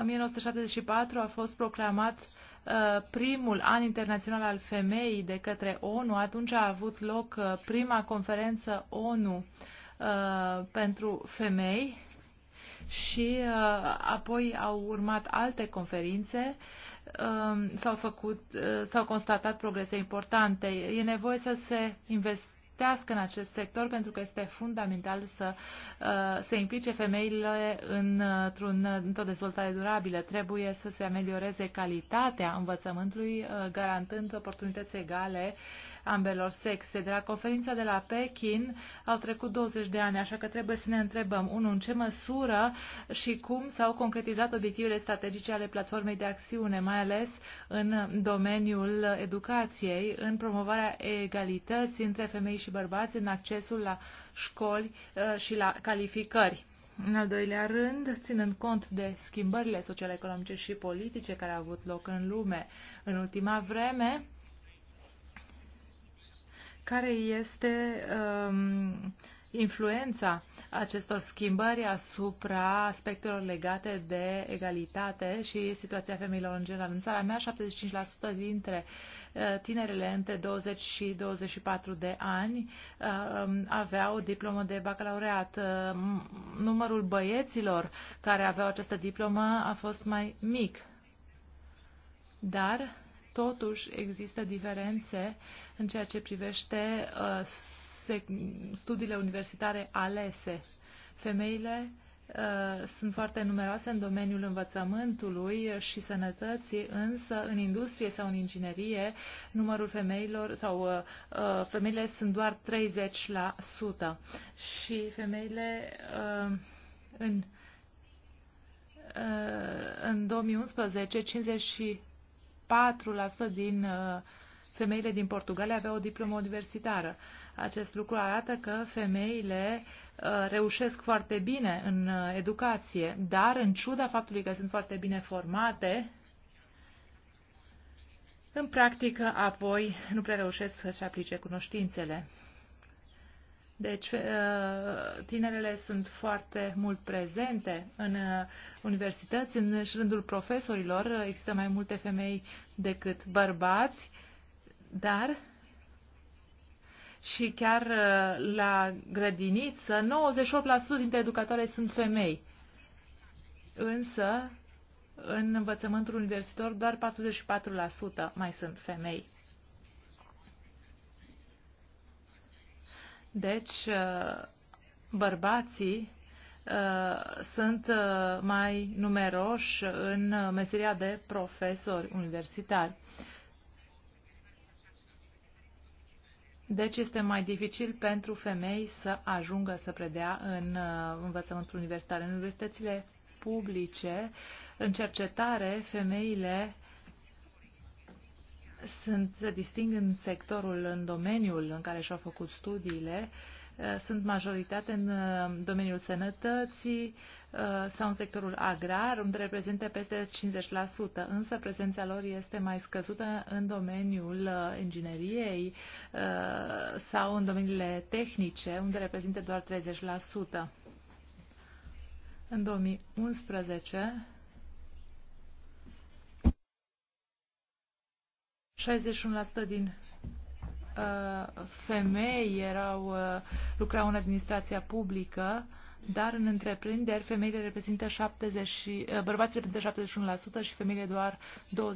1974 a fost proclamat uh, primul an internațional al femeii de către ONU. Atunci a avut loc uh, prima conferență ONU uh, pentru femei și apoi au urmat alte conferințe s-au făcut, s-au constatat progrese importante. E nevoie să se investească investească în acest sector pentru că este fundamental să uh, se implice femeile într-un, într-o dezvoltare durabilă. Trebuie să se amelioreze calitatea învățământului, uh, garantând oportunități egale uh, ambelor sexe. De la conferința de la Pekin au trecut 20 de ani, așa că trebuie să ne întrebăm, unul, în ce măsură și cum s-au concretizat obiectivele strategice ale platformei de acțiune, mai ales în domeniul educației, în promovarea egalității între femei și bărbați, în accesul la școli uh, și la calificări. În al doilea rând, ținând cont de schimbările sociale, economice și politice care au avut loc în lume în ultima vreme, care este um, influența acestor schimbări asupra aspectelor legate de egalitate și situația femeilor în general. În țara mea, 75% dintre uh, tinerele între 20 și 24 de ani uh, um, aveau diplomă de bacalaureat. Uh, numărul băieților care aveau această diplomă a fost mai mic. Dar totuși există diferențe în ceea ce privește uh, studiile universitare alese. Femeile uh, sunt foarte numeroase în domeniul învățământului și sănătății, însă în industrie sau în inginerie numărul femeilor sau uh, femeile sunt doar 30% și femeile în în 2011, 50 4% din uh, femeile din Portugalia aveau o diplomă universitară. Acest lucru arată că femeile uh, reușesc foarte bine în uh, educație, dar în ciuda faptului că sunt foarte bine formate, în practică apoi nu prea reușesc să-și aplice cunoștințele. Deci, uh, tinerele sunt foarte mult prezente în uh, universități, în rândul profesorilor există mai multe femei decât bărbați, dar și chiar uh, la grădiniță, 98% dintre educatoare sunt femei. Însă, în învățământul universitar, doar 44% mai sunt femei. Deci, uh, bărbații uh, sunt uh, mai numeroși în meseria de profesori universitari. Deci este mai dificil pentru femei să ajungă să predea în învățământul universitar. În universitățile publice, în cercetare, femeile sunt, se disting în sectorul, în domeniul în care și-au făcut studiile, uh, sunt majoritate în uh, domeniul sănătății uh, sau în sectorul agrar, unde reprezintă peste 50%, însă prezența lor este mai scăzută în domeniul ingineriei sau în domeniile tehnice, unde reprezintă doar 30%. În 2011, 61% din uh, femei erau, uh, lucrau în administrația publică, dar în întreprinderi femeile reprezintă 70 uh, bărbații reprezintă 71% și femeile doar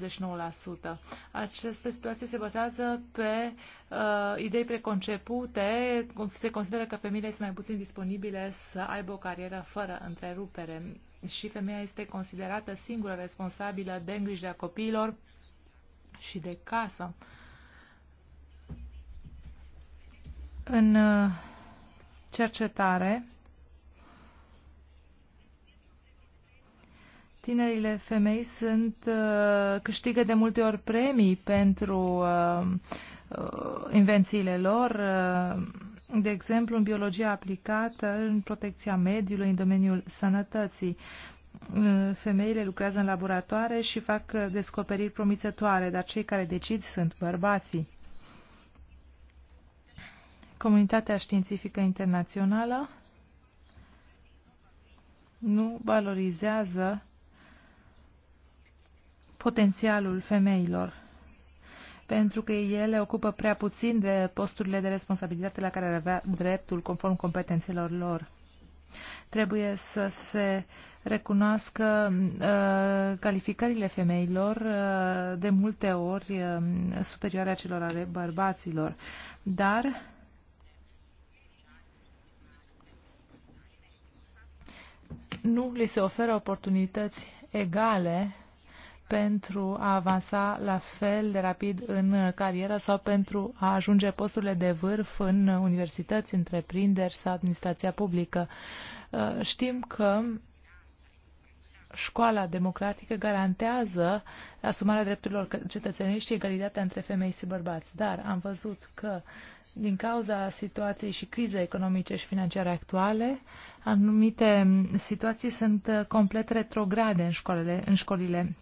29%. Această situație se bazează pe uh, idei preconcepute. Se consideră că femeile sunt mai puțin disponibile să aibă o carieră fără întrerupere și femeia este considerată singura responsabilă de îngrijirea copiilor, și de casă. În uh, cercetare, tinerile femei sunt uh, câștigă de multe ori premii pentru uh, invențiile lor, de exemplu, în biologia aplicată, în protecția mediului, în domeniul sănătății femeile lucrează în laboratoare și fac uh, descoperiri promițătoare, dar cei care decid sunt bărbații. Comunitatea științifică internațională nu valorizează potențialul femeilor, pentru că ele ocupă prea puțin de posturile de responsabilitate la care ar avea dreptul conform competențelor lor. Trebuie să se recunoască uh, calificările femeilor uh, de multe ori uh, superioare a celor ale bărbaților. Dar nu li se oferă oportunități egale pentru a avansa la fel de rapid în carieră sau pentru a ajunge posturile de vârf în universități, întreprinderi sau administrația publică. Uh, știm că școala democratică garantează asumarea drepturilor cetățenești și egalitatea între femei și bărbați. Dar am văzut că din cauza situației și crizei economice și financiare actuale, anumite situații sunt complet retrograde în școlile, în școlile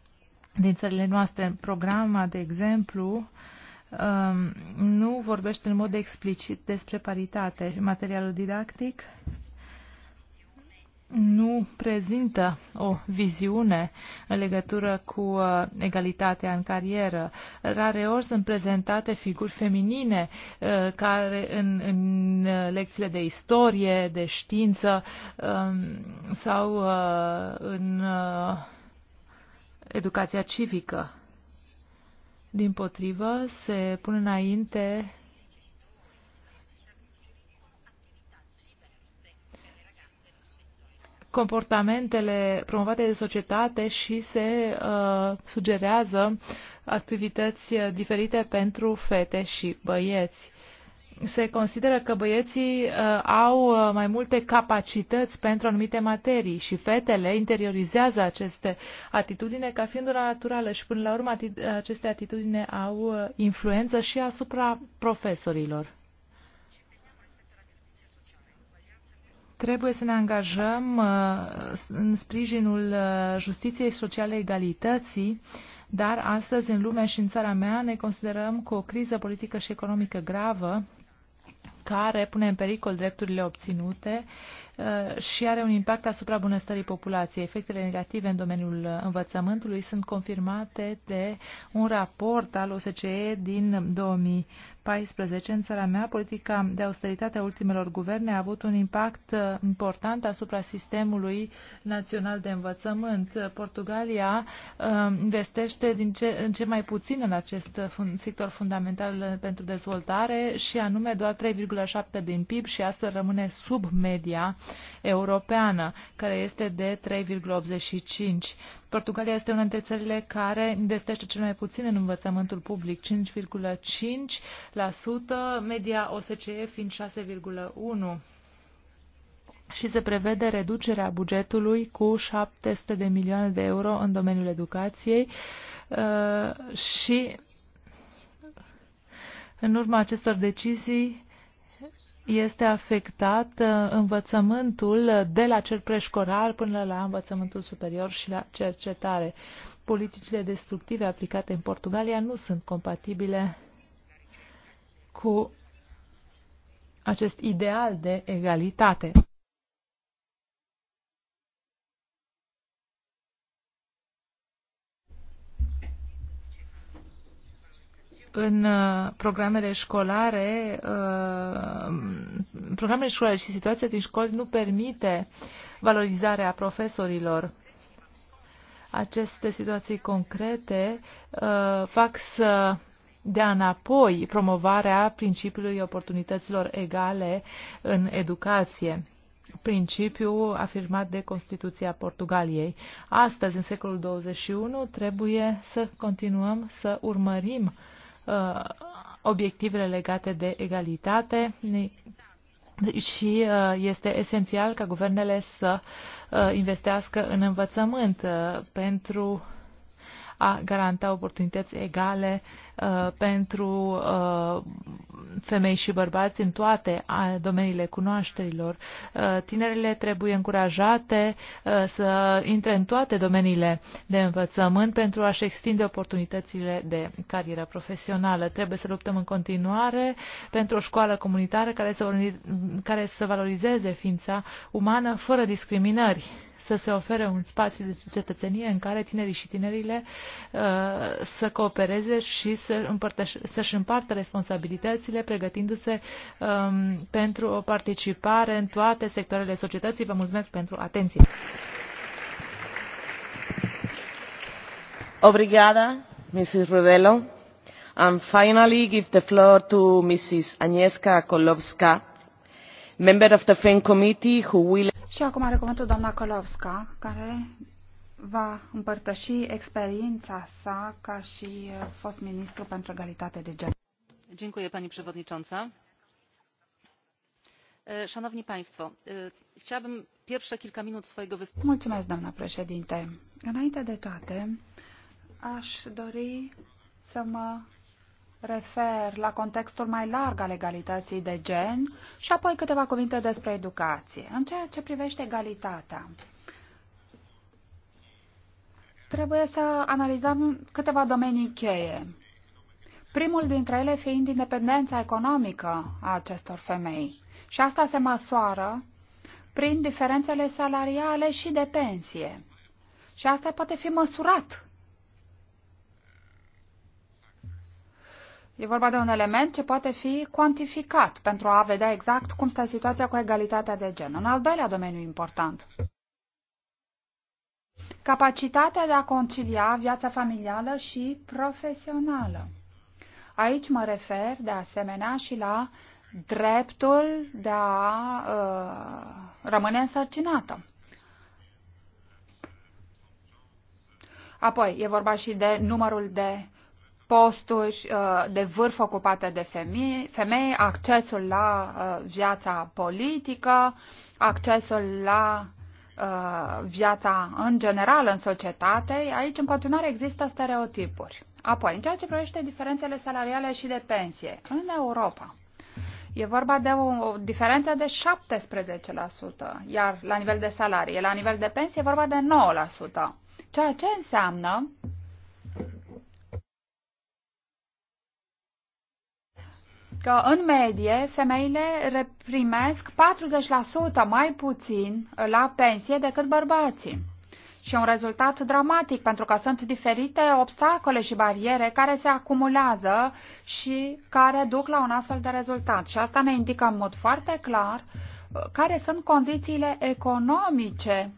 din țările noastre. Programa, de exemplu, um, nu vorbește în mod explicit despre paritate. Materialul didactic nu prezintă o viziune în legătură cu uh, egalitatea în carieră. Rareori sunt prezentate figuri feminine uh, care în, în uh, lecțiile de istorie, de știință um, sau în educația civică. Din potrivă, se pun înainte comportamentele promovate de societate și se uh, sugerează activități diferite pentru fete și băieți se consideră că băieții uh, au uh, mai multe capacități pentru anumite materii și fetele interiorizează aceste atitudine ca fiind una naturală și până la urmă ati aceste atitudine au uh, influență și asupra profesorilor. Trebuie să ne angajăm uh, în sprijinul uh, justiției sociale egalității dar astăzi în lume și în țara mea ne considerăm cu o criză politică și economică gravă care pune în pericol drepturile obținute Uh, și are un impact asupra bunăstării populației. Efectele negative în domeniul uh, învățământului sunt confirmate de un raport al OSCE din 2014. În țara mea, politica de austeritate a ultimelor guverne a avut un impact uh, important asupra sistemului național de învățământ. Portugalia investește din ce, în ce mai puțin în acest sector fundamental pentru dezvoltare și anume doar 3,7 din PIB și astfel rămâne sub media europeană, care este de 3,85. Portugalia este una dintre țările care investește cel mai puțin în învățământul public, 5,5%, media OSCE fiind 6,1% și se prevede reducerea bugetului cu 700 de milioane de euro în domeniul educației uh, și în urma acestor decizii este afectat uh, învățământul de la cel preșcolar până la învățământul superior și la cercetare. Politicile destructive aplicate în Portugalia nu sunt compatibile cu acest ideal de egalitate. în uh, programele școlare, uh, programele școlare și situația din școli nu permite valorizarea profesorilor. Aceste situații concrete uh, fac să dea înapoi promovarea principiului oportunităților egale în educație principiu afirmat de Constituția Portugaliei. Astăzi, în secolul 21, trebuie să continuăm să urmărim uh, uh, obiectivele legate de egalitate și uh, este esențial ca guvernele să uh, investească în învățământ uh, pentru a garanta oportunități egale pentru femei și bărbați în toate domeniile cunoașterilor. Uh, tinerile trebuie încurajate uh, să intre în toate domeniile de învățământ pentru a-și extinde oportunitățile de carieră profesională. Trebuie să luptăm în continuare pentru o școală comunitară care să, care să valorizeze ființa umană fără discriminări să se ofere un spațiu de cetățenie în care tinerii și tinerile uh, să coopereze și să împărtăș- să-și împartă responsabilitățile țările, pregătindu-se um, pentru o participare în toate sectoarele societății. Vă mulțumesc pentru atenție. Obrigada, Mrs. Rubello. And finally, give the floor to Mrs. Agnieszka Kolowska, member of the FEN committee, who will... Și acum are cuvântul doamna Kolowska, care va împărtăși experiența sa ca și uh, fost ministru pentru egalitate de gen pani przewodnicząca! chciałabym pierwsze kilka minut swojego wystąpienia. înainte de toate aș dori să mă refer la contextul mai larg al egalității de gen și apoi câteva cuvinte despre educație. În ceea ce privește egalitatea, trebuie să analizăm câteva domenii cheie primul dintre ele fiind independența economică a acestor femei. Și asta se măsoară prin diferențele salariale și de pensie. Și asta poate fi măsurat. E vorba de un element ce poate fi cuantificat pentru a vedea exact cum stă situația cu egalitatea de gen. În al doilea domeniu important. Capacitatea de a concilia viața familială și profesională. Aici mă refer de asemenea și la dreptul de a uh, rămâne însărcinată. Apoi, e vorba și de numărul de posturi uh, de vârf ocupate de femei, femei accesul la uh, viața politică, accesul la uh, viața în general în societate, aici în continuare există stereotipuri. Apoi, în ceea ce privește diferențele salariale și de pensie, în Europa e vorba de o diferență de 17%, iar la nivel de salarii, la nivel de pensie e vorba de 9%, ceea ce înseamnă că în medie femeile reprimesc 40% mai puțin la pensie decât bărbații și un rezultat dramatic, pentru că sunt diferite obstacole și bariere care se acumulează și care duc la un astfel de rezultat. Și asta ne indică în mod foarte clar uh, care sunt condițiile economice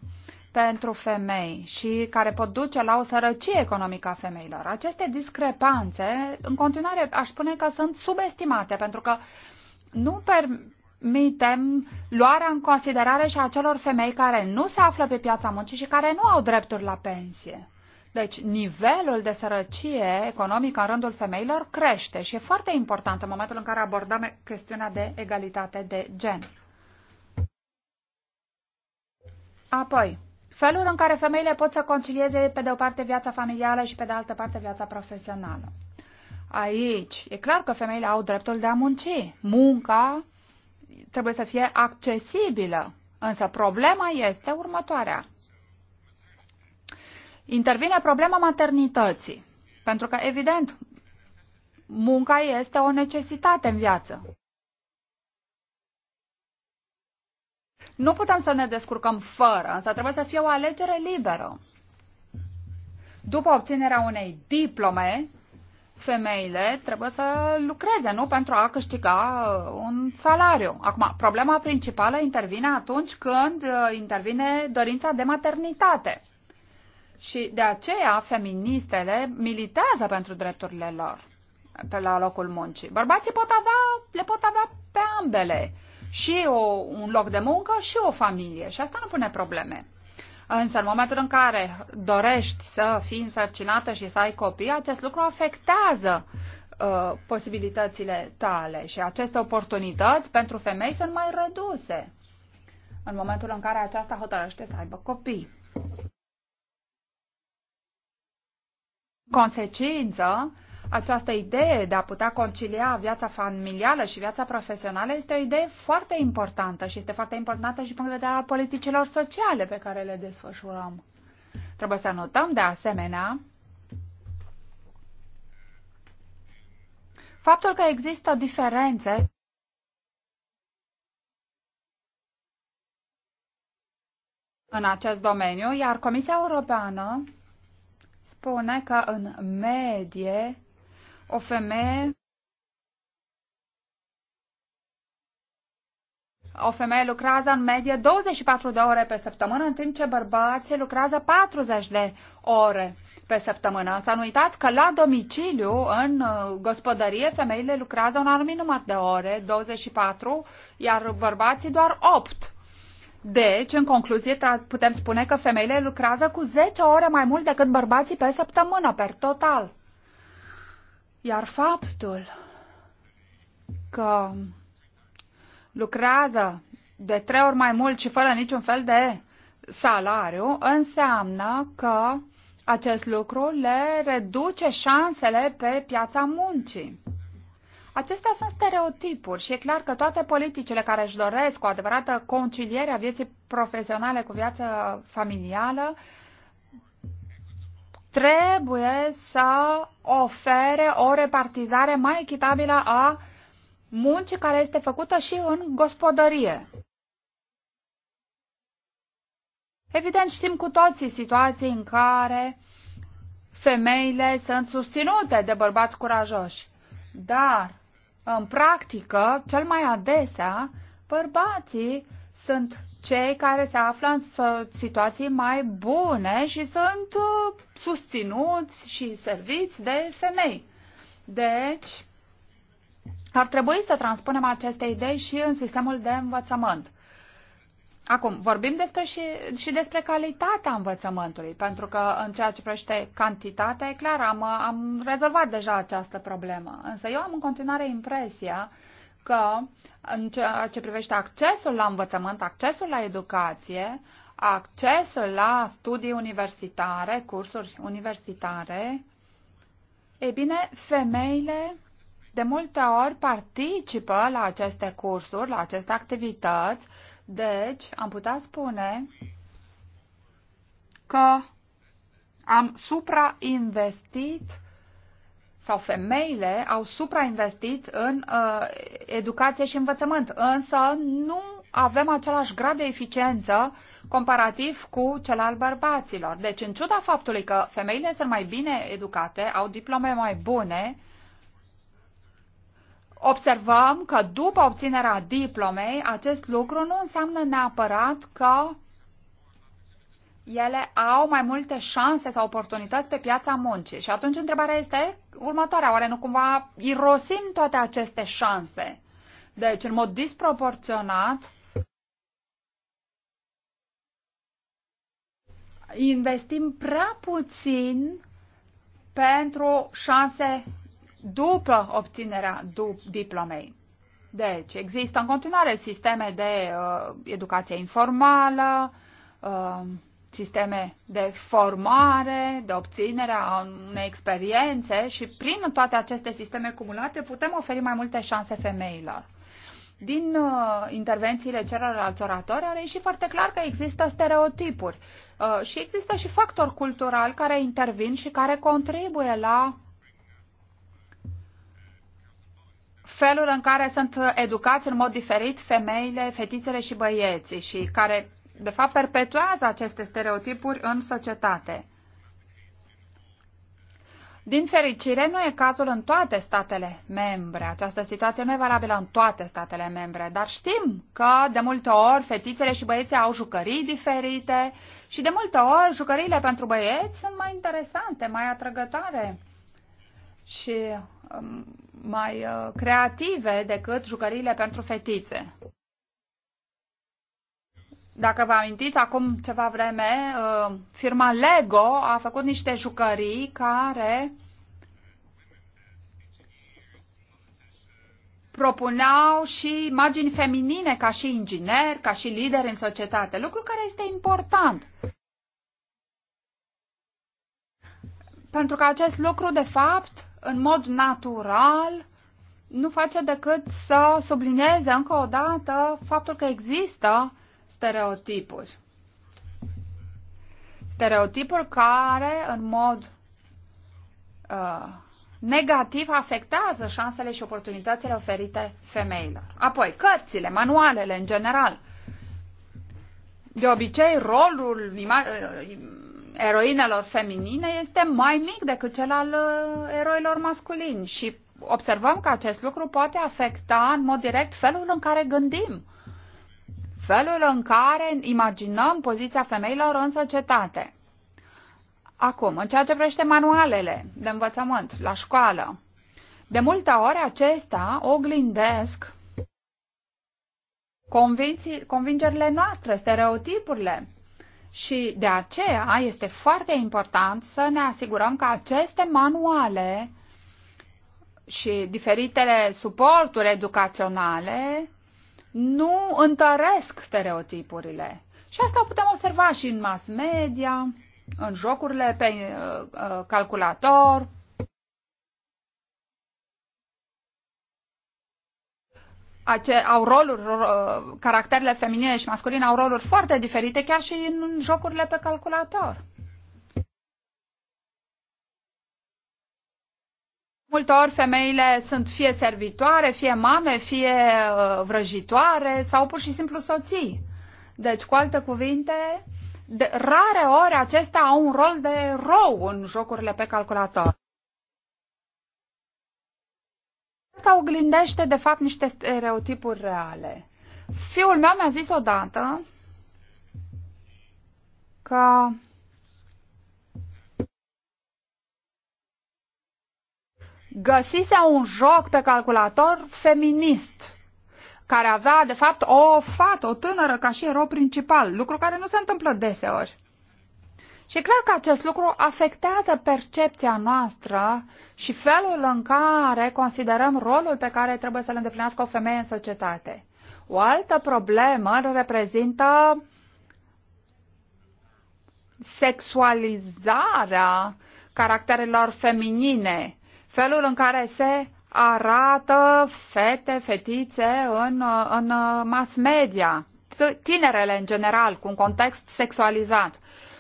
pentru femei și care pot duce la o sărăcie economică a femeilor. Aceste discrepanțe, în continuare, aș spune că sunt subestimate, pentru că nu per- permitem luarea în considerare și a celor femei care nu se află pe piața muncii și care nu au drepturi la pensie. Deci nivelul de sărăcie economică în rândul femeilor crește și e foarte important în momentul în care abordăm chestiunea de egalitate de gen. Apoi, felul în care femeile pot să concilieze pe de o parte viața familială și pe de altă parte viața profesională. Aici, e clar că femeile au dreptul de a munci. Munca trebuie să fie accesibilă. Însă problema este următoarea. Intervine problema maternității, pentru că, evident, munca este o necesitate în viață. Nu putem să ne descurcăm fără, însă trebuie să fie o alegere liberă. După obținerea unei diplome, femeile trebuie să lucreze, nu pentru a câștiga uh, un salariu. Acum, problema principală intervine atunci când uh, intervine dorința de maternitate. Și de aceea feministele militează pentru drepturile lor pe la locul muncii. Bărbații pot avea, le pot avea pe ambele și o, un loc de muncă și o familie și asta nu pune probleme. Însă în momentul în care dorești să fii însărcinată și să ai copii, acest lucru afectează uh, posibilitățile tale și aceste oportunități pentru femei sunt mai reduse în momentul în care aceasta hotărăște să aibă copii. Consecință, această idee de a putea concilia viața familială și viața profesională este o idee foarte importantă și este foarte importantă și punct de vedere al politicilor sociale pe care le desfășurăm. Trebuie să notăm de asemenea faptul că există diferențe în acest domeniu, iar Comisia Europeană spune că în medie o femeie O femeie lucrează în medie 24 de ore pe săptămână, în timp ce bărbații lucrează 40 de ore pe săptămână. Să nu uitați că la domiciliu, în uh, gospodărie, femeile lucrează un anumit număr de ore, 24, iar bărbații doar 8. Deci, în concluzie, putem spune că femeile lucrează cu 10 ore mai mult decât bărbații pe săptămână, per total. Iar faptul că lucrează de trei ori mai mult și fără niciun fel de salariu, înseamnă că acest lucru le reduce șansele pe piața muncii. Acestea sunt stereotipuri și e clar că toate politicile care își doresc o adevărată conciliere a vieții profesionale cu viața familială trebuie să ofere o repartizare mai echitabilă a muncii care este făcută și în gospodărie. Evident, știm cu toții situații în care femeile sunt susținute de bărbați curajoși, dar, în practică, cel mai adesea, bărbații sunt cei care se află în situații mai bune și sunt uh, susținuți și serviți de femei. Deci, ar trebui să transpunem aceste idei și în sistemul de învățământ. Acum, vorbim despre și, și despre calitatea învățământului, pentru că în ceea ce privește cantitatea, e clar, am, am rezolvat deja această problemă. Însă eu am în continuare impresia că în ceea ce privește accesul la învățământ, accesul la educație, accesul la studii universitare, cursuri universitare, e bine, femeile de multe ori participă la aceste cursuri, la aceste activități, deci am putea spune că am suprainvestit sau femeile au suprainvestit în uh, educație și învățământ, însă nu avem același grad de eficiență comparativ cu cel al bărbaților. Deci, în ciuda faptului că femeile sunt mai bine educate, au diplome mai bune, observăm că după obținerea diplomei, acest lucru nu înseamnă neapărat că ele au mai multe șanse sau oportunități pe piața muncii. Și atunci întrebarea este următoarea, oare nu cumva irosim toate aceste șanse? Deci, în mod disproporționat, investim prea puțin pentru șanse după obținerea diplomei. Deci, există în continuare sisteme de uh, educație informală, uh, sisteme de formare, de obținere a unei experiențe și prin toate aceste sisteme cumulate putem oferi mai multe șanse femeilor. Din uh, intervențiile celorlalți oratori a și foarte clar că există stereotipuri uh, și există și factori culturali care intervin și care contribuie la felul în care sunt educați în mod diferit femeile, fetițele și băieții și care de fapt, perpetuează aceste stereotipuri în societate. Din fericire, nu e cazul în toate statele membre. Această situație nu e valabilă în toate statele membre, dar știm că de multe ori fetițele și băieții au jucării diferite și de multe ori jucăriile pentru băieți sunt mai interesante, mai atrăgătoare și um, mai uh, creative decât jucăriile pentru fetițe. Dacă vă amintiți, acum ceva vreme, uh, firma Lego a făcut niște jucării care propuneau și imagini feminine ca și inginer, ca și lider în societate, lucru care este important. Pentru că acest lucru, de fapt, în mod natural, nu face decât să sublinieze încă o dată faptul că există uh, stereotipuri. Stereotipuri care, în mod uh, negativ, afectează șansele și oportunitățile oferite femeilor. Apoi, cărțile, manualele, în general. De obicei, rolul uh, eroinelor feminine este mai mic decât cel al uh, eroilor masculini și observăm că acest lucru poate afecta în mod direct felul în care gândim felul în care imaginăm poziția femeilor în societate. Acum, în ceea ce privește manualele de învățământ la școală, de multe ori acestea oglindesc convingerile noastre, stereotipurile. Și de aceea este foarte important să ne asigurăm că aceste manuale și diferitele suporturi educaționale nu întăresc stereotipurile. Și asta o putem observa și în mass media, în jocurile pe uh, uh, calculator. Ace- au roluri, uh, caracterele feminine și masculine au roluri foarte diferite chiar și în jocurile pe calculator. multe ori femeile sunt fie servitoare, fie mame, fie uh, vrăjitoare sau pur și simplu soții. Deci, cu alte cuvinte, de rare ori acestea au un rol de rou în jocurile pe calculator. Asta oglindește, de fapt, niște stereotipuri reale. Fiul meu mi-a zis odată că găsise un joc pe calculator feminist care avea, de fapt, o fată, o tânără, ca și erou principal, lucru care nu se întâmplă deseori. Și e clar că acest lucru afectează percepția noastră și felul în care considerăm rolul pe care trebuie să-l îndeplinească o femeie în societate. O altă problemă reprezintă sexualizarea caracterelor feminine felul în care se arată fete, fetițe în, în mass media, tinerele în general, cu un context sexualizat.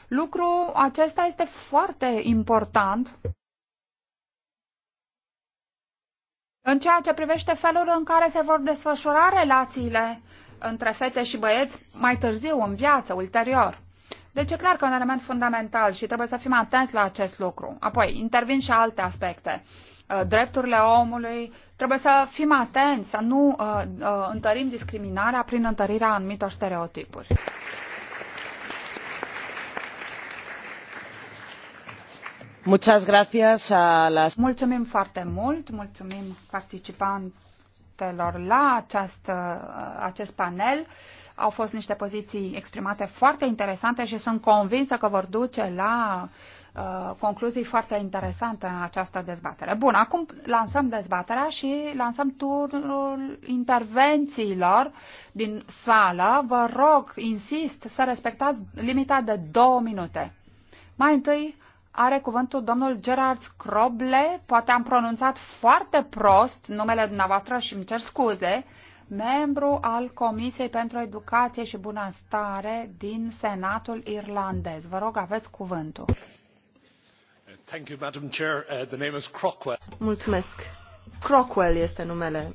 Lucru acesta este foarte important în ceea ce privește felul în care se vor desfășura relațiile între fete și băieți mai târziu în viață, ulterior. Deci e clar că e un element fundamental și trebuie să fim atenți la acest lucru. Apoi, intervin și alte aspecte. Uh, drepturile omului, trebuie să fim atenți, să nu uh, uh, întărim discriminarea prin întărirea anumitor stereotipuri. Muchas gracias a las... Mulțumim foarte mult, mulțumim participantelor la acest acest panel. Au fost niște poziții exprimate foarte interesante și sunt convinsă că vor duce la uh, concluzii foarte interesante în această dezbatere. Bun, acum lansăm dezbaterea și lansăm turul intervențiilor din sală. Vă rog, insist, să respectați limita de două minute. Mai întâi, are cuvântul domnul Gerard Scroble, poate am pronunțat foarte prost numele dumneavoastră și îmi cer scuze, membru al Comisiei pentru Educație și Bunăstare din Senatul Irlandez. Vă rog, aveți cuvântul. Uh, Mulțumesc. Crockwell este numele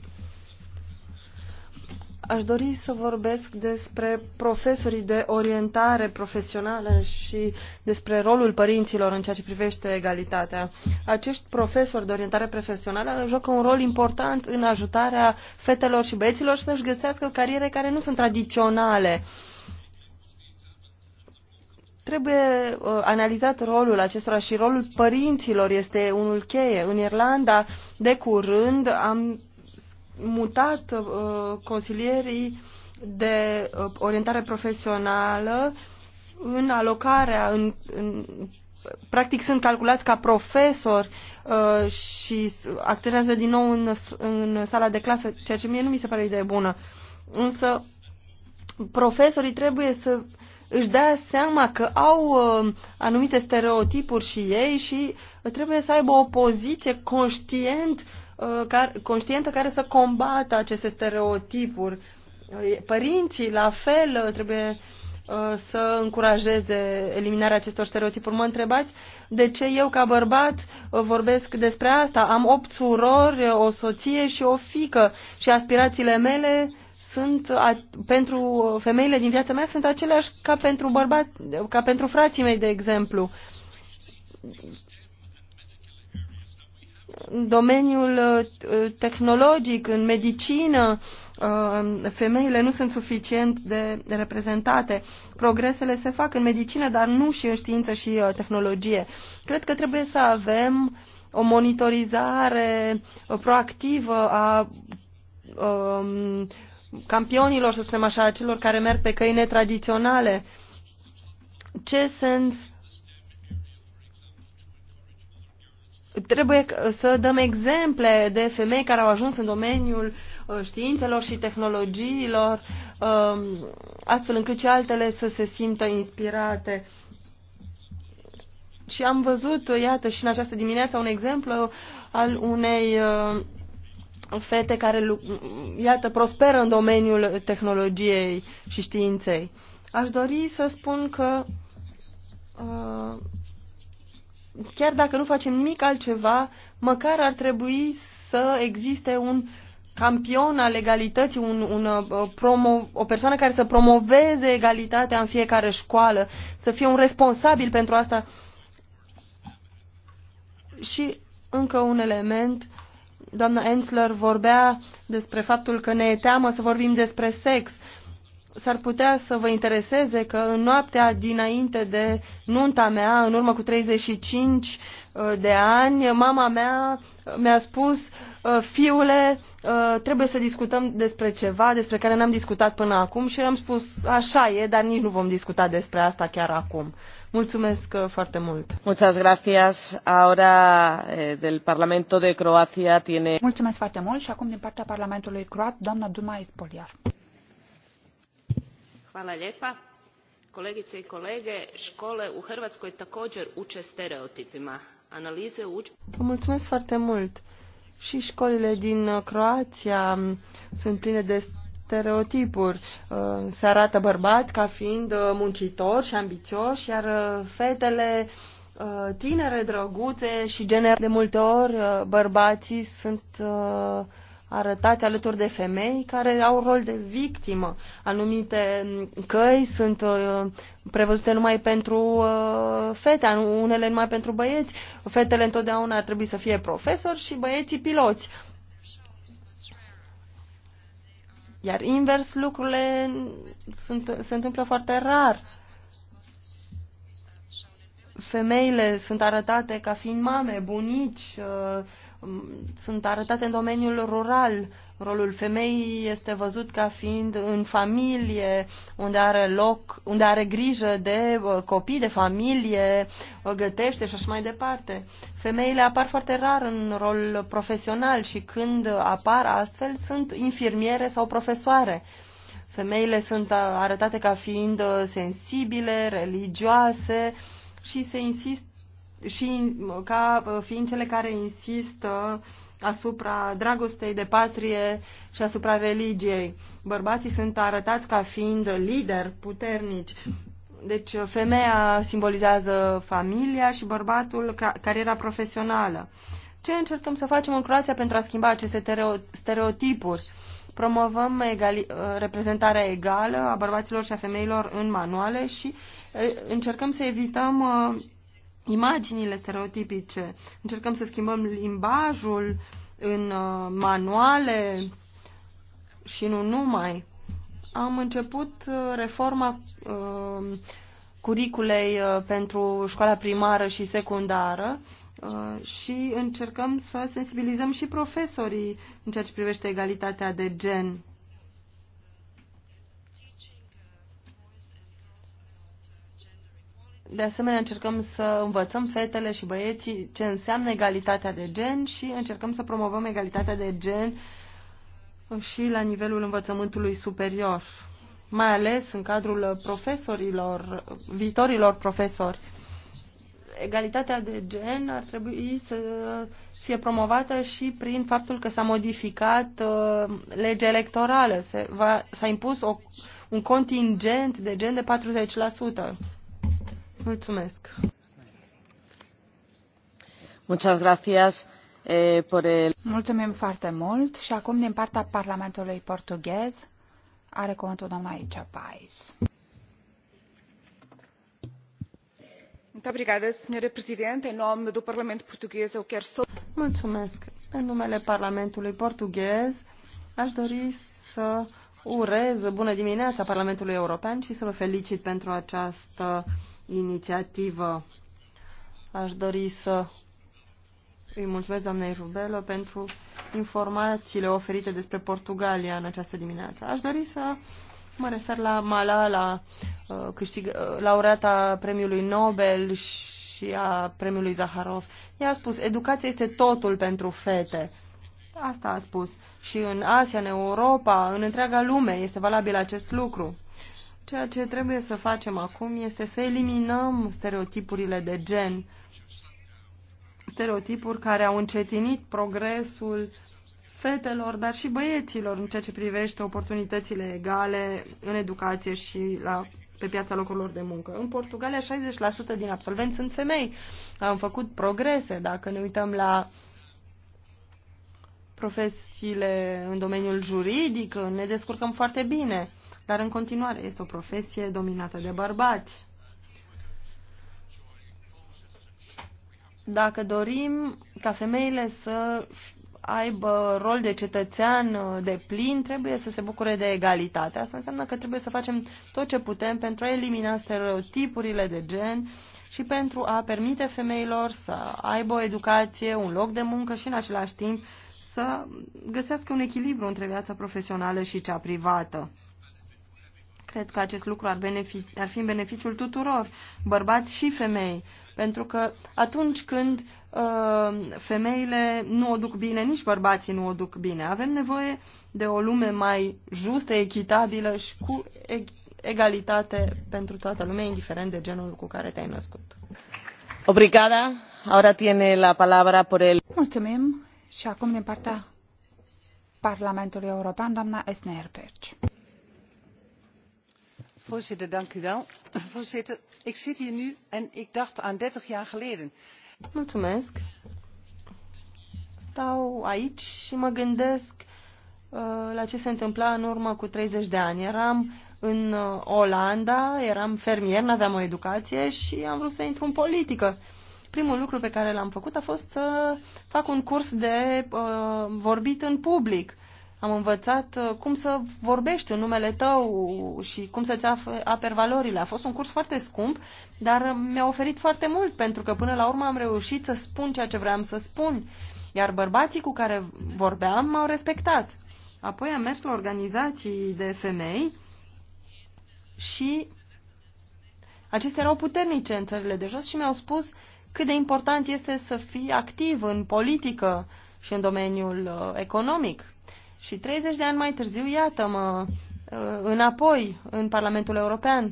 Aș dori să vorbesc despre profesorii de orientare profesională și despre rolul părinților în ceea ce privește egalitatea. Acești profesori de orientare profesională joacă un rol important în ajutarea fetelor și băieților să-și găsească cariere care nu sunt tradiționale. Trebuie uh, analizat rolul acestora și rolul părinților este unul cheie. În Irlanda, de curând, am mutat uh, consilierii de uh, orientare profesională în alocarea, în, în, practic sunt calculați ca profesori uh, și acționează din nou în, în sala de clasă, ceea ce mie nu mi se pare o idee bună. Însă profesorii trebuie să își dea seama că au uh, anumite stereotipuri și ei și trebuie să aibă o poziție conștient uh, Uh, care, conștientă care să combată aceste stereotipuri. Uh, părinții, la fel, uh, trebuie să încurajeze eliminarea acestor stereotipuri. Mă întrebați de ce eu, ca bărbat, vorbesc despre asta. Am opt surori, o soție și o fică și aspirațiile mele sunt a, pentru femeile din viața mea sunt aceleași ca pentru bărbat, ca pentru frații mei, de exemplu în domeniul uh, tehnologic, în medicină, uh, femeile nu sunt suficient de reprezentate. Progresele se fac în medicină, dar nu și în știință și uh, tehnologie. Cred că trebuie să avem o monitorizare proactivă a um, campionilor, să spunem așa, a celor care merg pe căi netradiționale. Ce sens Trebuie să dăm exemple de femei care au ajuns în domeniul uh, științelor și tehnologiilor, um, astfel încât și altele să se simtă inspirate. Și am văzut, uh, iată, și în această dimineață un exemplu al unei uh, fete care, iată, prosperă în domeniul tehnologiei și științei. Aș dori să spun că uh, chiar dacă nu facem nimic altceva, măcar ar trebui să existe un campion al egalității, un, un, uh, promo, o persoană care să promoveze egalitatea în fiecare școală, să fie un responsabil pentru asta. Și încă un element, doamna Ensler vorbea despre faptul că ne e teamă să vorbim despre sex. Uh, s-ar putea să vă intereseze că în noaptea dinainte de nunta mea, în urmă cu 35 uh, de ani, mama mea uh, mi-a spus, uh, fiule, trebuie să discutăm despre ceva despre care n-am discutat până acum și am spus, așa e, dar nici nu vom discuta despre asta chiar acum. Mulțumesc foarte mult. Muchas gracias. Ahora eh, del Parlamento de Croacia tiene... Mulțumesc foarte mult și acum din partea Parlamentului Croat, doamna Duma Poliar. Hvala lijepa. Kolegice i kolege, școle u Hrvatskoj također uče stereotipima. Analize uče... Mulțumesc foarte mult! Și școlile din uh, Croația mm, sunt pline de stereotipuri. Uh, se arată bărbat ca fiind uh, muncitor și ambițioși, iar fetele tinere, drăguțe și gener. De multe ori bărbații sunt arătați alături de femei care au rol de victimă. Anumite căi sunt uh, prevăzute numai pentru uh, fete, unele numai pentru băieți. Fetele întotdeauna ar trebui să fie profesori și băieții piloți. Iar invers, lucrurile sunt, se întâmplă foarte rar. Femeile sunt arătate ca fiind mame, bunici, uh, sunt arătate în domeniul rural. Rolul femeii este văzut ca fiind în familie, unde are loc, unde are grijă de uh, copii, de familie, uh, gătește și așa mai departe. Femeile apar foarte rar în rol profesional și când apar astfel sunt infirmiere sau profesoare. Femeile sunt uh, arătate ca fiind sensibile, religioase și se insist și ca uh, fiind cele care insistă asupra dragostei de patrie și asupra religiei. Bărbații sunt arătați ca fiind lideri puternici. Deci uh, femeia simbolizează familia și bărbatul cariera profesională. Ce încercăm să facem în Croația pentru a schimba aceste stereotipuri? Promovăm egali, uh, reprezentarea egală a bărbaților și a femeilor în manuale și încercăm să evităm imaginile stereotipice, încercăm să schimbăm limbajul în uh, manuale și nu numai. Am început uh, reforma uh, curiculei pentru școala primară și secundară și încercăm să sensibilizăm și profesorii în ceea ce privește egalitatea de gen. De asemenea, încercăm să învățăm fetele și băieții ce înseamnă egalitatea de gen și încercăm să promovăm egalitatea de gen și la nivelul învățământului superior, mai ales în cadrul profesorilor, viitorilor profesori. Egalitatea de gen ar trebui să fie promovată și prin faptul că s-a modificat uh, legea electorală, s-a impus o, un contingent de gen de 40%. Eh, Mulțumim foarte mult și acum din partea Parlamentului portughez are cuvântul doamna Aicia Pais. Mulțumesc. În numele Parlamentului portughez aș dori să urez bună dimineața Parlamentului European și să vă felicit pentru această inițiativă. Aș dori să îi mulțumesc doamnei Rubelo pentru informațiile oferite despre Portugalia în această dimineață. Aș dori să mă refer la Malala, uh, câștig, uh, laureata premiului Nobel și a premiului Zaharov. Ea a spus, educația este totul pentru fete. Asta a spus. Și în Asia, în Europa, în întreaga lume este valabil acest lucru. Ceea ce trebuie să facem acum este să eliminăm stereotipurile de gen, stereotipuri care au încetinit progresul fetelor, dar și băieților în ceea ce privește oportunitățile egale în educație și la, pe piața locurilor de muncă. În Portugalia, 60% din absolvenți sunt femei. Am făcut progrese dacă ne uităm la profesiile în domeniul juridic, ne descurcăm foarte bine dar în continuare este o profesie dominată de bărbați. Dacă dorim ca femeile să aibă rol de cetățean uh, de plin, trebuie să se bucure de egalitate. Asta înseamnă că trebuie să facem tot ce putem pentru a elimina stereotipurile de gen și pentru a permite femeilor să aibă o educație, un loc de muncă și în același timp să găsească un echilibru între viața profesională și cea privată. Cred că acest lucru ar, benefic- ar fi în beneficiul tuturor, bărbați și femei, pentru că atunci când uh, femeile nu o duc bine, nici bărbații nu o duc bine. Avem nevoie de o lume mai justă, echitabilă și cu egalitate pentru toată lumea, indiferent de genul cu care te-ai născut. Obrigada. Ahora tiene la palabra por el. Mulțumim. Și acum din partea Parlamentului European, doamna Esner Perci. Voorzitter, Voorzitter, ik zit hier nu en ik dacht aan dertig jaar geleden. Mulțumesc. Stau aici și mă gândesc uh, la ce se întâmpla în urmă cu 30 de ani. Eram în uh, Olanda, eram fermier, n-aveam o educație și am vrut să intru în politică. Primul lucru pe care l-am făcut a fost să fac un curs de uh, vorbit în public am învățat uh, cum să vorbești în numele tău și cum să-ți aperi valorile. A fost un curs foarte scump, dar uh, mi-a oferit foarte mult, pentru că până la urmă am reușit să spun ceea ce vreau să spun. Iar bărbații cu care vorbeam m-au respectat. Apoi am mers la organizații de femei și acestea erau puternice în țările de jos și mi-au spus cât de important este să fii activ în politică și în domeniul uh, economic. Și 30 de ani mai târziu, iată-mă, uh, înapoi în Parlamentul European.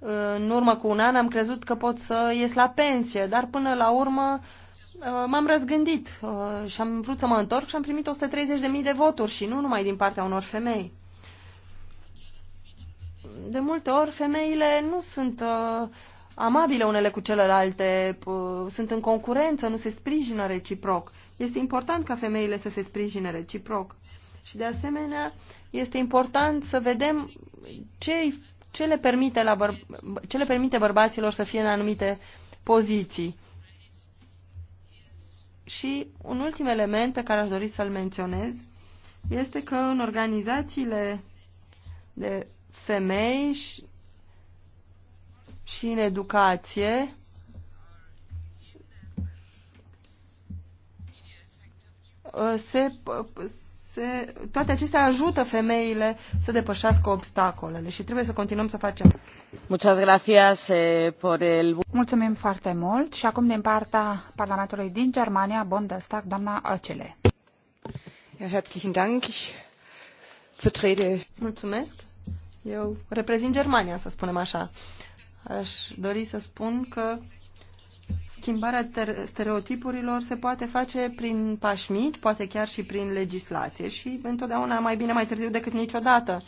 Uh, în urmă cu un an am crezut că pot să ies la pensie, dar până la urmă uh, m-am răzgândit și am vrut să mă întorc și am primit 130.000 de voturi și nu numai din partea unor femei. De multe ori femeile nu sunt amabile unele cu celelalte, sunt în concurență, nu se sprijină reciproc. Este important ca femeile să se sprijine reciproc. Și de asemenea, este important să vedem ce, ce, le, permite la băr, ce le permite bărbaților să fie în anumite poziții. Și un ultim element pe care aș dori să-l menționez este că în organizațiile de femei și, și în educație Uh, se, uh, se, toate acestea ajută femeile să depășească obstacolele și trebuie să continuăm să facem. Eh, Mulțumim foarte mult și acum din partea Parlamentului din Germania, Bundestag, doamna Acele. herzlichen Dank. Mulțumesc. Eu reprezint Germania, să spunem așa. Aș dori să spun că schimbarea stereotipurilor se poate face prin pași mici, poate chiar și prin legislație și întotdeauna mai bine mai târziu decât niciodată.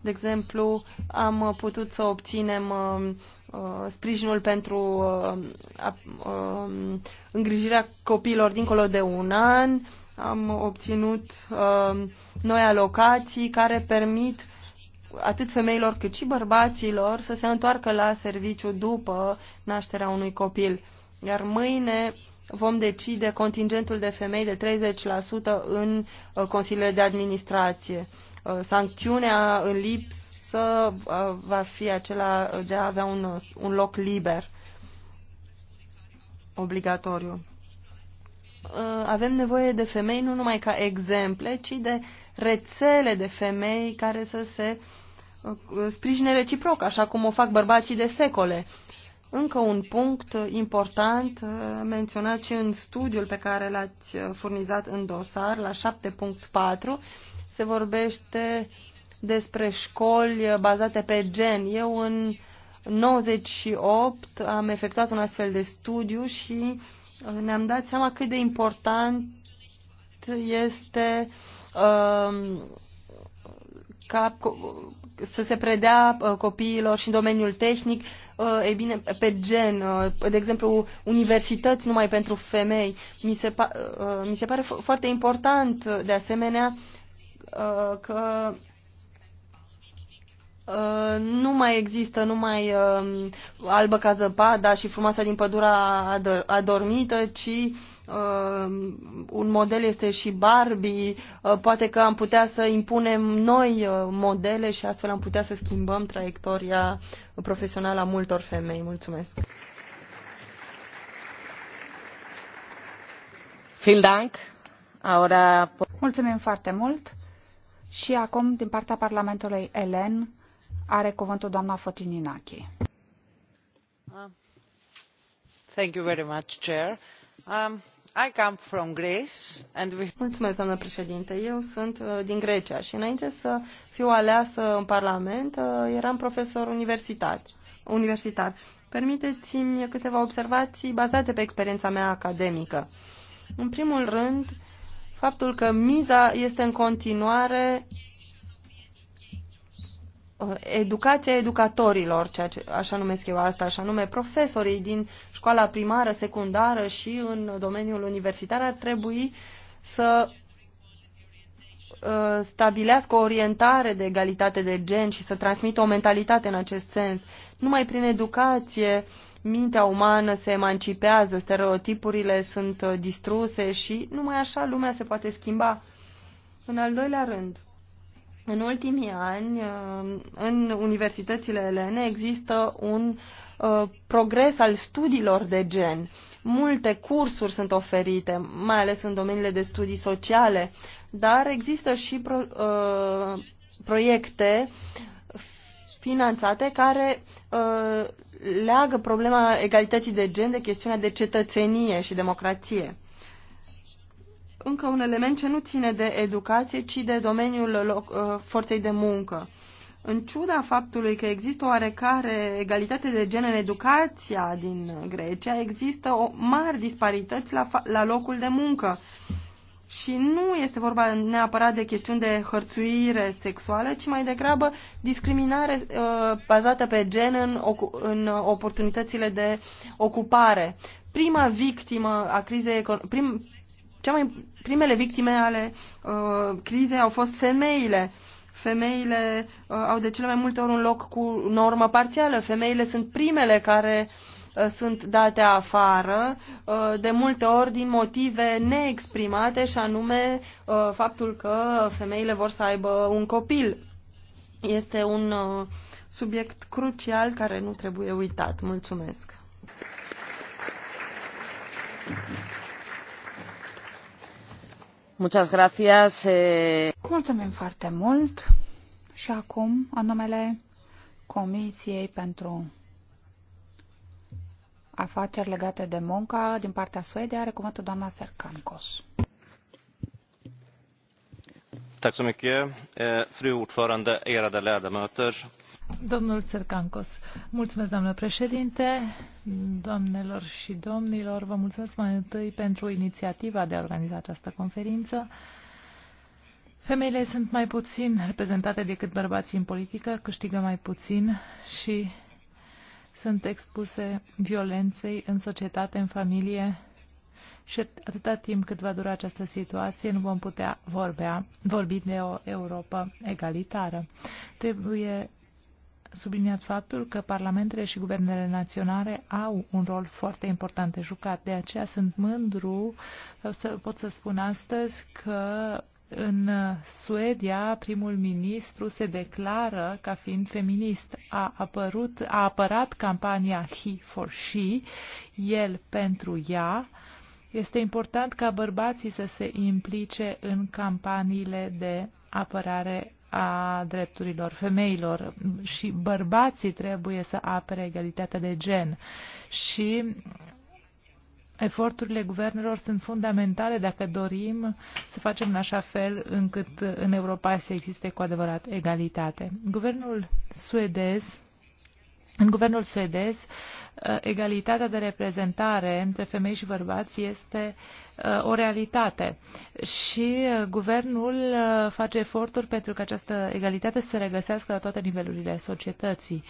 De exemplu, am putut să obținem uh, uh sprijinul pentru uh, uh, îngrijirea copiilor dincolo de un an, am obținut uh, noi alocații care permit atât femeilor cât și bărbaților să se întoarcă la serviciu după nașterea unui copil. Iar mâine vom decide contingentul de femei de 30% în uh, consiliile de administrație. Uh, sancțiunea în lipsă uh, va fi acela de a avea un, un loc liber obligatoriu. Avem nevoie de femei nu numai ca exemple, ci de rețele de femei care să se uh, sprijine reciproc, așa cum o fac bărbații de secole. Încă un punct important uh, menționat și în studiul pe care l-ați uh, furnizat în dosar, la 7.4, se vorbește despre școli uh, bazate pe gen. Eu în 98 am efectuat un astfel de studiu și ne-am dat seama cât de important este uh, ca să se predea uh, copiilor și în domeniul tehnic, uh, e bine, pe gen, uh, de exemplu, universități numai pentru femei. Mi se, pa, mi se pare foarte important, de asemenea, că nu mai există numai albă ca zăpada și frumoasa din pădura adormită, ci uh, un model este și Barbie, uh, poate că am putea să impunem noi uh, modele și astfel am putea să schimbăm traiectoria profesională a multor femei. Mulțumesc! Mulțumim foarte mult și acum din partea Parlamentului Elen are cuvântul doamna Fotininache. Ah. Thank you very much, Chair. Um, Mulțumesc, doamnă președinte. Eu sunt uh, din Grecia și înainte să fiu aleasă în Parlament, uh, eram profesor universitar. universitar. Permiteți-mi câteva observații bazate pe experiența mea academică. În primul rând, faptul că miza este în continuare Uh, educația educatorilor, ceea ce, așa numesc eu asta, așa nume profesorii din școala primară, secundară și în domeniul universitar ar trebui să uh, stabilească o orientare de egalitate de gen și să transmită o mentalitate în acest sens. Numai prin educație mintea umană se emancipează, stereotipurile sunt uh, distruse și numai așa lumea se poate schimba. În al doilea rând, în ultimii ani, uh, în universitățile elene există un uh, progres al studiilor de gen. Multe cursuri sunt oferite, mai ales în domeniile de studii sociale, dar există și pro, uh, proiecte finanțate care uh, leagă problema egalității de gen de chestiunea de cetățenie și democrație încă un element ce nu ține de educație, ci de domeniul loc, uh, forței de muncă. În ciuda faptului că există oarecare egalitate de gen în educația din Grecia, există o mari disparități la, la locul de muncă. Și nu este vorba neapărat de chestiuni de hărțuire sexuală, ci mai degrabă discriminare uh, bazată pe gen în, în oportunitățile de ocupare. Prima victimă a crizei, prim, cea mai, primele victime ale uh, crizei au fost femeile. Femeile uh, au de cele mai multe ori un loc cu normă parțială. Femeile sunt primele care uh, sunt date afară, uh, de multe ori din motive neexprimate și anume uh, faptul că femeile vor să aibă un copil. Este un uh, subiect crucial care nu trebuie uitat. Mulțumesc! Thank you. Muchas gracias. Eh. Mulțumim foarte mult. Și acum, în numele Comisiei pentru afaceri legate de muncă din partea Suediei are cuvântul doamna Serkankos. Tack så mycket, eh, fru ordförande, ärade ledamöter. Domnul Sercancos, mulțumesc, doamnă președinte, doamnelor și domnilor, vă mulțumesc mai întâi pentru inițiativa de a organiza această conferință. Femeile sunt mai puțin reprezentate decât bărbații în politică, câștigă mai puțin și sunt expuse violenței în societate, în familie și atâta timp cât va dura această situație nu vom putea vorbea, vorbi de o Europa egalitară. Trebuie subliniat faptul că parlamentele și guvernele naționale au un rol foarte important de jucat. De aceea sunt mândru, uh, să, pot să spun astăzi, că în uh, Suedia, primul ministru se declară ca fiind feminist. A, apărut, a apărat campania He for She, el pentru ea. Este important ca bărbații să se implice în campaniile de apărare a drepturilor femeilor și bărbații trebuie să apere egalitatea de gen și Eforturile guvernelor sunt fundamentale dacă dorim să facem în așa fel încât în Europa să existe cu adevărat egalitate. Guvernul suedez în guvernul suedez, uh, egalitatea de reprezentare între femei și bărbați este uh, o realitate și uh, guvernul face eforturi pentru că această egalitate să se regăsească la toate nivelurile societății.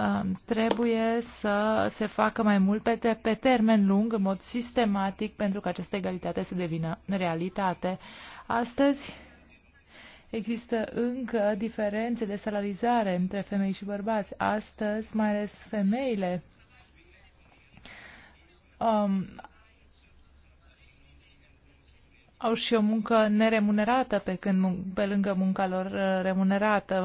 Um, trebuie să se facă mai mult pe, termen lung, în mod sistematic, pentru că această egalitate să devină realitate. Astăzi, Există încă diferențe de salarizare între femei și bărbați. Astăzi, mai ales femeile um, au și o muncă neremunerată pe, când, pe lângă munca lor uh, remunerată.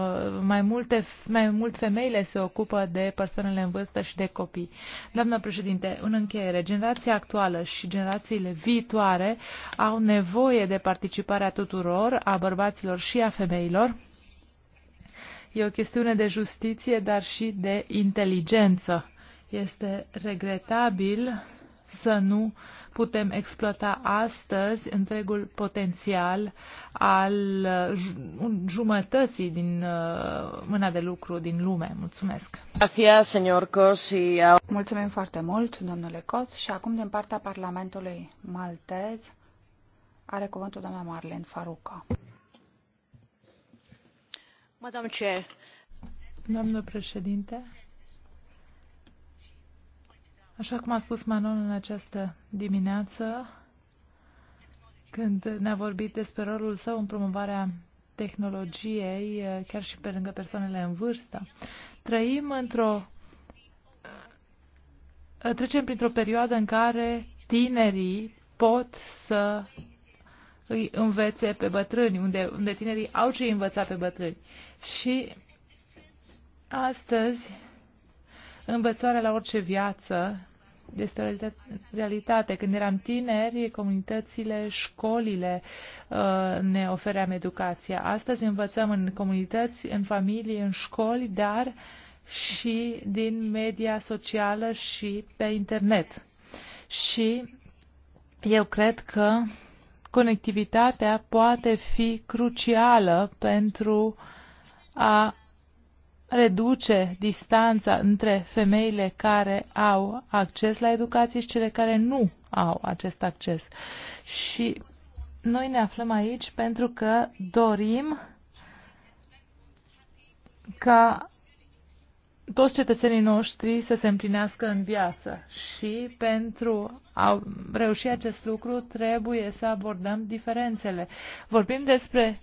Mai, multe, mai mult femeile se ocupă de persoanele în vârstă și de copii. Doamna președinte, în încheiere, generația actuală și generațiile viitoare au nevoie de participarea tuturor, a bărbaților și a femeilor. E o chestiune de justiție, dar și de inteligență. Este regretabil să nu uh, putem exploata astăzi întregul potențial al uh, jumătății din uh, mâna de lucru din lume. Mulțumesc! Mulțumim foarte mult, domnule Cos, și acum din partea Parlamentului Maltez are cuvântul doamna Marlene Faruca. Madame Chair. Domnul președinte, Așa cum a spus Manon în această dimineață, când ne-a vorbit despre rolul său în promovarea tehnologiei, chiar și pe lângă persoanele în vârstă, trăim într-o ă, trecem printr-o perioadă în care tinerii pot să îi învețe pe bătrâni, unde, unde tinerii au ce învăța pe bătrâni. Și astăzi, învățarea la orice viață este o realitate. Când eram tineri, comunitățile, școlile uh, ne ofeream educația. Astăzi învățăm în comunități, în familii, în școli, dar și din media socială și pe internet. Și eu cred că conectivitatea poate fi crucială pentru a reduce distanța între femeile care au acces la educație și cele care nu au acest acces. Și noi ne aflăm aici pentru că dorim ca toți cetățenii noștri să se împlinească în viață și pentru a reuși acest lucru trebuie să abordăm diferențele. Vorbim despre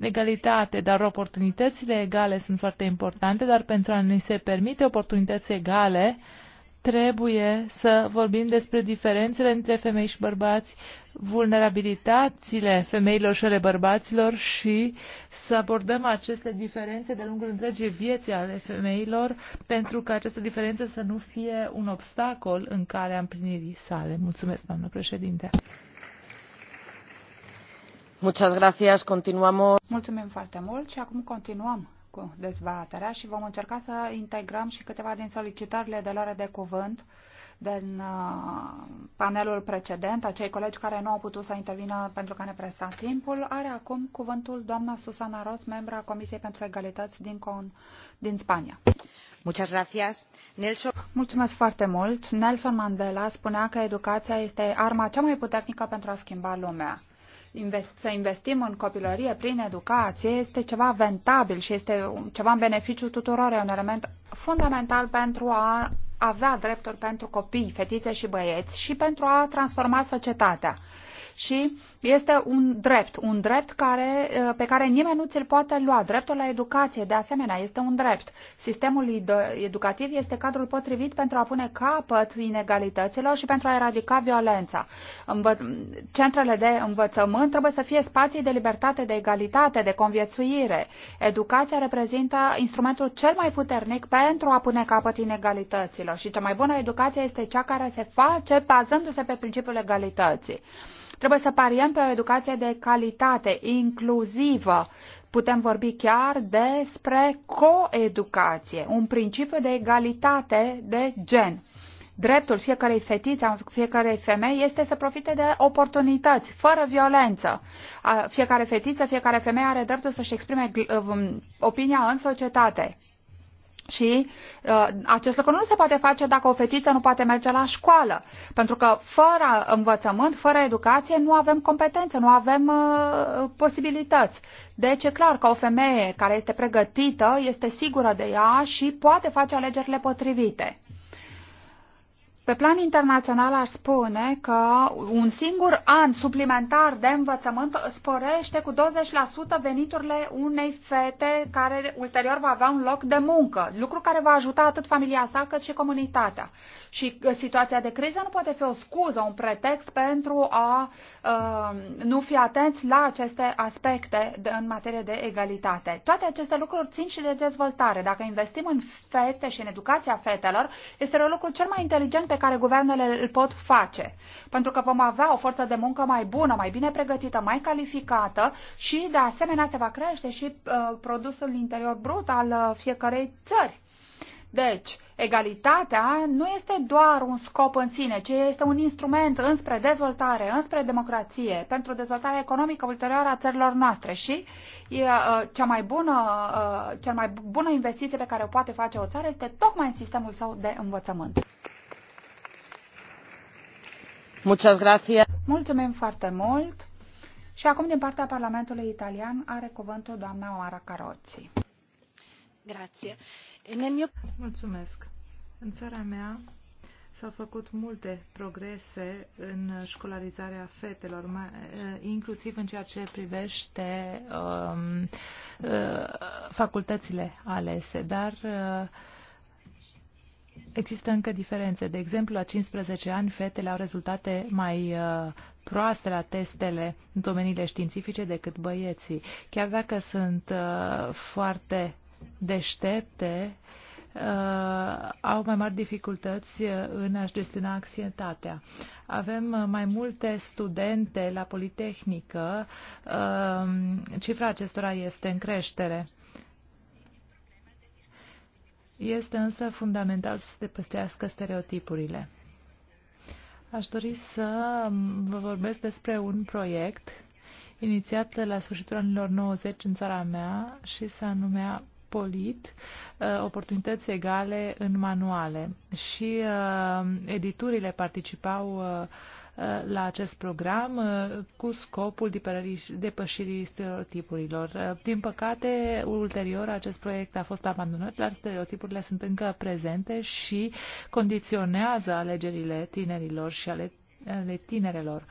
egalitate, dar oportunitățile egale sunt foarte importante, dar pentru a ne se permite oportunități egale, trebuie să vorbim despre diferențele între femei și bărbați, vulnerabilitățile femeilor și ale bărbaților și să abordăm aceste diferențe de lungul întregii vieții ale femeilor pentru că această diferență să nu fie un obstacol în calea împlinirii sale. Mulțumesc, doamnă președinte! Muchas gracias. Continuamos. Mulțumim foarte mult și acum continuăm cu dezbaterea și vom încerca să integrăm și câteva din solicitările de luare de cuvânt din uh, panelul precedent, acei colegi care nu au putut să intervină pentru că ne presa timpul, are acum cuvântul doamna Susana Ros, membra Comisiei pentru Egalități din, Con, din Spania. Muchas gracias. Nelson... Mulțumesc foarte mult. Nelson Mandela spunea că educația este arma cea mai puternică pentru a schimba lumea invest, să investim în copilărie prin educație este ceva ventabil și este ceva în beneficiu tuturor, e un element fundamental pentru a avea drepturi pentru copii, fetițe și băieți și pentru a transforma societatea și este un drept, un drept care, uh, pe care nimeni nu ți-l poate lua. Dreptul la educație, de asemenea, este un drept. Sistemul educativ este cadrul potrivit pentru a pune capăt inegalităților și pentru a eradica violența. Învă... Centrele de învățământ trebuie să fie spații de libertate, de egalitate, de conviețuire. Educația reprezintă instrumentul cel mai puternic pentru a pune capăt inegalităților și cea mai bună educație este cea care se face bazându-se pe principiul egalității. Trebuie să pariem pe o educație de calitate, inclusivă. Putem vorbi chiar despre coeducație, un principiu de egalitate de gen. Dreptul fiecarei fetițe, fiecarei femei este să profite de oportunități, fără violență. Fiecare fetiță, fiecare femeie are dreptul să-și exprime um, opinia în societate. Și uh, acest lucru nu se poate face dacă o fetiță nu poate merge la școală. Pentru că fără învățământ, fără educație, nu avem competențe, nu avem uh, posibilități. Deci e clar că o femeie care este pregătită este sigură de ea și poate face alegerile potrivite. Pe plan internațional aș spune că un singur an suplimentar de învățământ sporește cu 20% veniturile unei fete care ulterior va avea un loc de muncă, lucru care va ajuta atât familia sa cât și comunitatea. Și uh, situația de criză nu poate fi o scuză, un pretext pentru a uh, nu fi atenți la aceste aspecte de, în materie de egalitate. Toate aceste lucruri țin și de dezvoltare. Dacă investim în fete și în educația fetelor, este un lucru cel mai inteligent pe care guvernele îl pot face. Pentru că vom avea o forță de muncă mai bună, mai bine pregătită, mai calificată și, de asemenea, se va crește și uh, produsul interior brut al uh, fiecarei țări. Deci, egalitatea nu este doar un scop în sine, ci este un instrument înspre dezvoltare, înspre democrație, pentru dezvoltarea economică ulterioară a țărilor noastre și e, uh, cea, mai bună, uh, cea mai bună investiție pe care o poate face o țară este tocmai în sistemul său de învățământ. Muchas gracias. Mulțumim foarte mult. Și acum, din partea Parlamentului Italian, are cuvântul doamna Oara Carozzi. Grație. Mulțumesc. În țara mea s-au făcut multe progrese în școlarizarea fetelor, mai, eh, inclusiv în ceea ce privește um, uh, facultățile alese, dar uh, există încă diferențe. De exemplu, la 15 ani, fetele au rezultate mai uh, proaste la testele în domeniile științifice decât băieții. Chiar dacă sunt uh, foarte deștepte, uh, au mai mari dificultăți uh, în a-și gestiona anxietatea. Avem mai multe studente la Politehnică, uh, cifra acestora este în creștere. Este însă fundamental să se depăstească stereotipurile. Aș dori să vă vorbesc despre un proiect inițiat la sfârșitul anilor 90 în țara mea și se numea Polit, uh, oportunități egale în manuale. Și uh, editurile participau uh, Uh, la acest program uh, cu scopul depășirii stereotipurilor. Uh, din păcate, ulterior, acest proiect a fost abandonat, dar stereotipurile sunt încă prezente și condiționează alegerile tinerilor și ale ale tinerelor.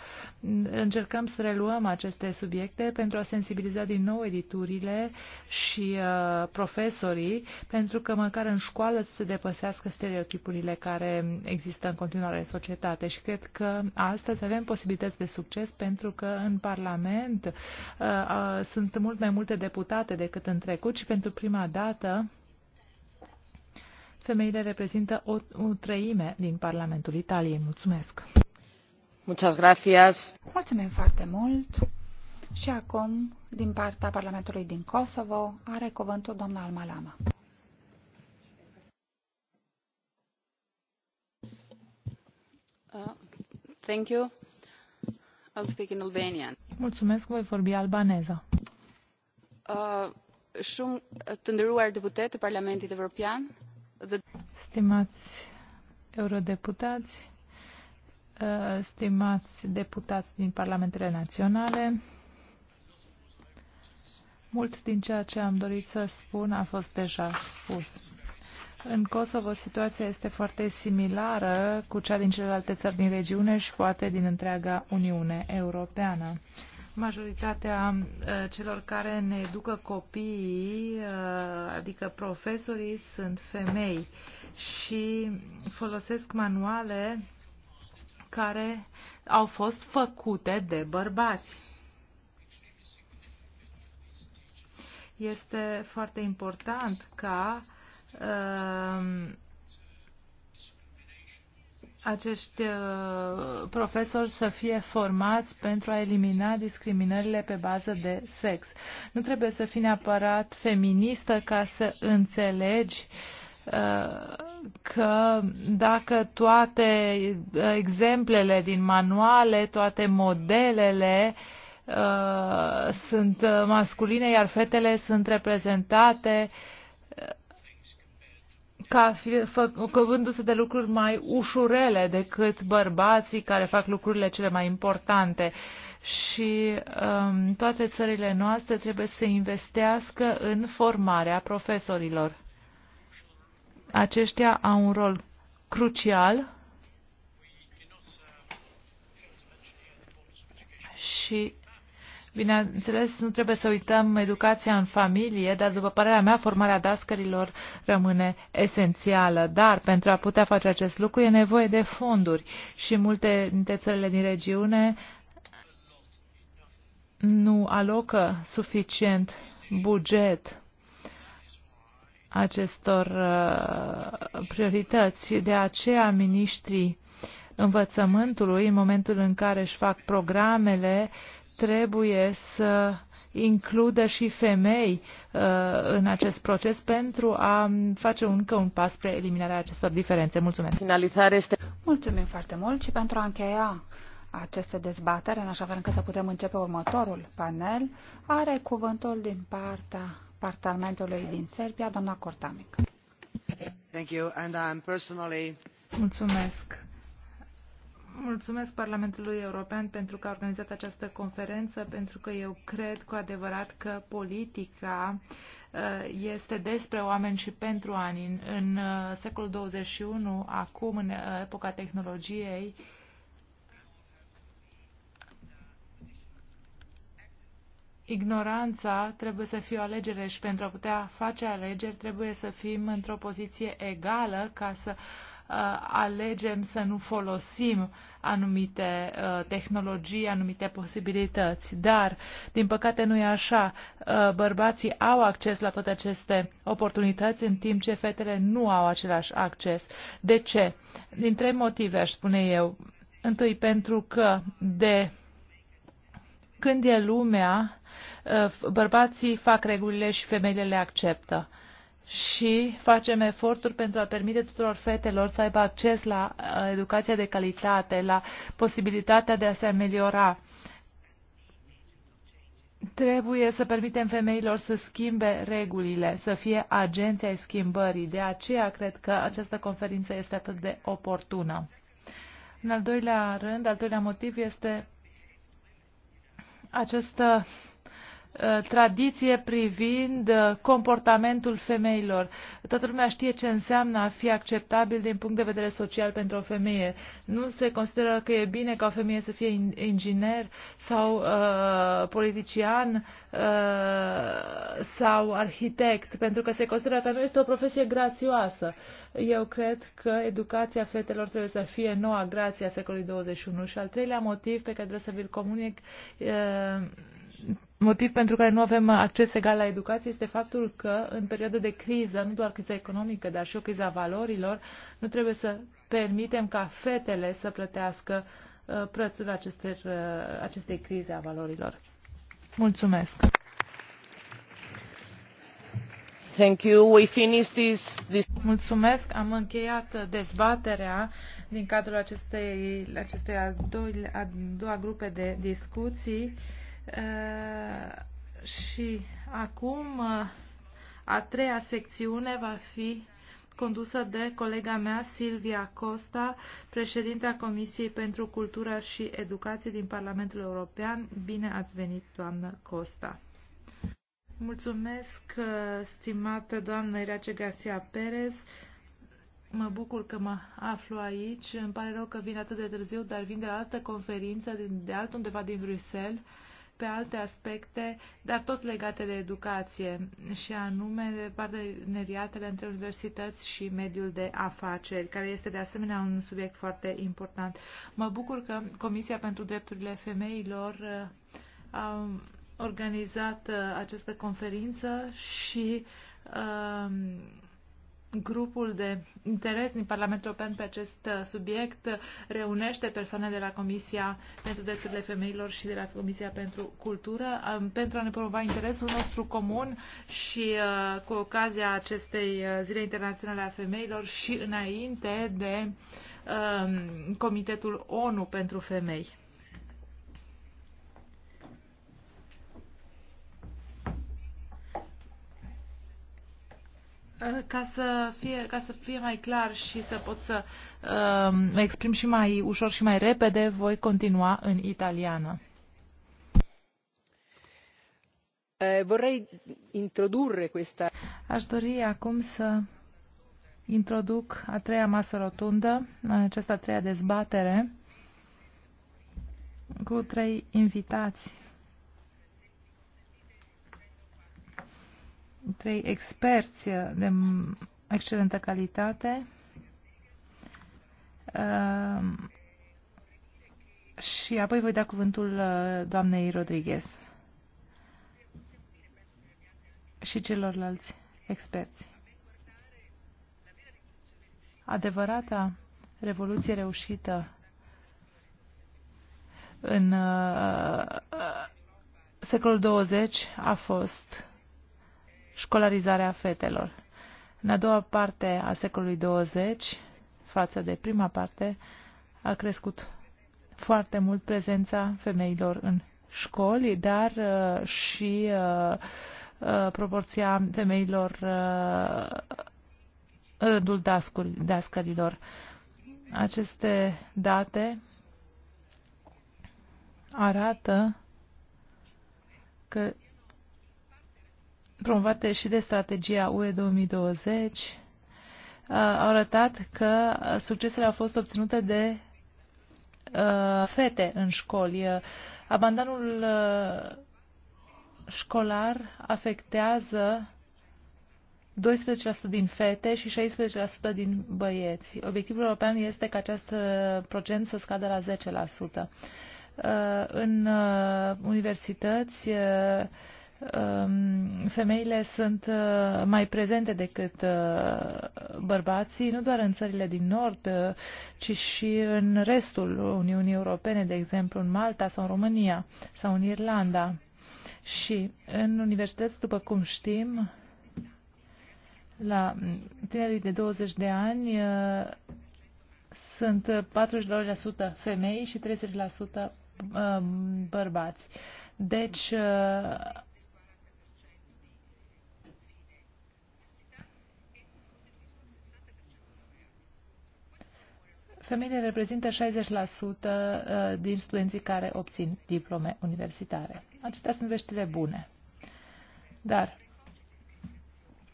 Încercăm să reluăm aceste subiecte pentru a sensibiliza din nou editurile și uh, profesorii, pentru că măcar în școală să se depăsească stereotipurile care există în continuare în societate. Și cred că astăzi avem posibilități de succes pentru că în Parlament uh, uh, sunt mult mai multe deputate decât în trecut și pentru prima dată Femeile reprezintă o, o treime din Parlamentul Italiei. Mulțumesc! Mulțumim foarte mult. Și acum, din partea Parlamentului din Kosovo, are cuvântul doamna Almalama. lama uh, Mulțumesc, voi vorbi albaneză. shumë uh, të nderuar deputet të Parlamentit Evropian, dhe... Stimați eurodeputați, Uh, stimați deputați din Parlamentele Naționale, mult din ceea ce am dorit să spun a fost deja spus. În Kosovo situația este foarte similară cu cea din celelalte țări din regiune și poate din întreaga Uniune Europeană. Majoritatea uh, celor care ne educă copiii, uh, adică profesorii, sunt femei și folosesc manuale care au fost făcute de bărbați. Este foarte important ca uh, acești uh, profesori să fie formați pentru a elimina discriminările pe bază de sex. Nu trebuie să fii neapărat feministă ca să înțelegi uh, că dacă toate uh, exemplele din manuale, toate modelele uh, sunt uh, masculine, iar fetele sunt reprezentate ca făcându-se de lucruri mai ușurele decât bărbații care fac lucrurile cele mai importante. Și um, toate țările noastre trebuie să investească în formarea profesorilor. Aceștia au un rol crucial și Bineînțeles, nu trebuie să uităm educația în familie, dar după părerea mea, formarea dascărilor rămâne esențială. Dar pentru a putea face acest lucru e nevoie de fonduri și multe dintre țările din regiune nu alocă suficient buget acestor uh, priorități. De aceea, ministrii învățământului, în momentul în care își fac programele, trebuie să includă și femei uh, în acest proces pentru a face încă un pas spre eliminarea acestor diferențe. Mulțumesc! Finalizare este... Mulțumim foarte mult și pentru a încheia aceste dezbatere, în așa fel încât să putem începe următorul panel, are cuvântul din partea Parlamentului din Serbia, doamna Cortamic. Thank you, and I'm personally... Mulțumesc. Mulțumesc Parlamentului European pentru că a organizat această conferință, pentru că eu cred cu adevărat că politica uh, este despre oameni și pentru oameni. În uh, secolul 21, acum, în epoca tehnologiei, ignoranța trebuie să fie o alegere și pentru a putea face alegeri trebuie să fim într-o poziție egală ca să uh, alegem să nu folosim anumite uh, tehnologii, anumite posibilități. Dar, din păcate, nu e așa. Uh, bărbații au acces la toate aceste oportunități, în timp ce fetele nu au același acces. De ce? Din trei motive, aș spune eu. Întâi, pentru că de când e lumea, bărbații fac regulile și femeile le acceptă. Și facem eforturi pentru a permite tuturor fetelor să aibă acces la uh, educația de calitate, la posibilitatea de a se ameliora. Trebuie să permitem femeilor să schimbe regulile, să fie agenții schimbării. De aceea cred că această conferință este atât de oportună. În al doilea rând, al doilea motiv este această Uh, tradiție privind uh, comportamentul femeilor. Toată lumea știe ce înseamnă a fi acceptabil din punct de vedere social pentru o femeie. Nu se consideră că e bine ca o femeie să fie inginer sau uh, politician uh, sau arhitect, pentru că se consideră că nu este o profesie grațioasă. Eu cred că educația fetelor trebuie să fie noua grație a secolului 21 și al treilea motiv pe care trebuie să vi-l comunic uh, motiv pentru care nu avem acces egal la educație este faptul că în perioada de criză, nu doar criza economică, dar și o criza valorilor, nu trebuie să permitem ca fetele să plătească uh, prețul acestei, uh, acestei crize a valorilor. Mulțumesc! Thank you. We finish this, this... Mulțumesc. Am încheiat dezbaterea din cadrul acestei, acestei a, doua, a doua grupe de discuții. Uh, și acum uh, a treia secțiune va fi condusă de colega mea Silvia Costa, președintea Comisiei pentru Cultură și Educație din Parlamentul European. Bine ați venit, doamnă Costa! Mulțumesc, uh, stimată doamnă Irace Garcia Perez. Mă bucur că mă aflu aici. Îmi pare rău că vin atât de târziu, dar vin de la altă conferință, de altundeva din Bruxelles pe alte aspecte, dar tot legate de educație, și anume de parteneriatele între universități și mediul de afaceri, care este de asemenea un subiect foarte important. Mă bucur că Comisia pentru Drepturile Femeilor uh, a organizat uh, această conferință și uh, grupul de interes din Parlamentul European pe acest uh, subiect reunește persoane de la Comisia pentru Drepturile Femeilor și de la Comisia pentru Cultură um, pentru a ne promova interesul nostru comun și uh, cu ocazia acestei uh, Zile Internaționale a Femeilor și înainte de um, Comitetul ONU pentru Femei. Eh, ca să, fie, ca să fie mai clar și să pot să ehm, mă uh, exprim și mai ușor și mai repede, voi continua în italiană. Eh, vorrei introdurre questa... Aș dori acum să introduc a treia masă rotundă, această a treia dezbatere, cu trei invitați trei experți de excelentă calitate ehm, și apoi voi da cuvântul uh, doamnei Rodriguez și celorlalți experți. Adevărata revoluție reușită în uh, uh, secolul 20 a fost școlarizarea fetelor. În a doua parte a secolului 20, față de prima parte, a crescut foarte mult prezența femeilor în școli, dar uh, și uh, uh, proporția femeilor uh, în rândul dascărilor. Aceste date arată că promovate și de strategia UE 2020, au arătat că succesele au fost obținute de fete în școli. Abandonul școlar afectează 12% din fete și 16% din băieți. Obiectivul european este ca acest procent să scadă la 10%. În universități, Um, femeile sunt uh, mai prezente decât uh, bărbații, nu doar în țările din nord, uh, ci și în restul Uniunii Europene, de exemplu în Malta sau în România sau în Irlanda. Și în universități, după cum știm, la tinerii de 20 de ani sunt 42% femei și 30% bărbați. Deci, Femeile reprezintă 60% uh, din studenții care obțin diplome universitare. Acestea sunt veștile bune. Dar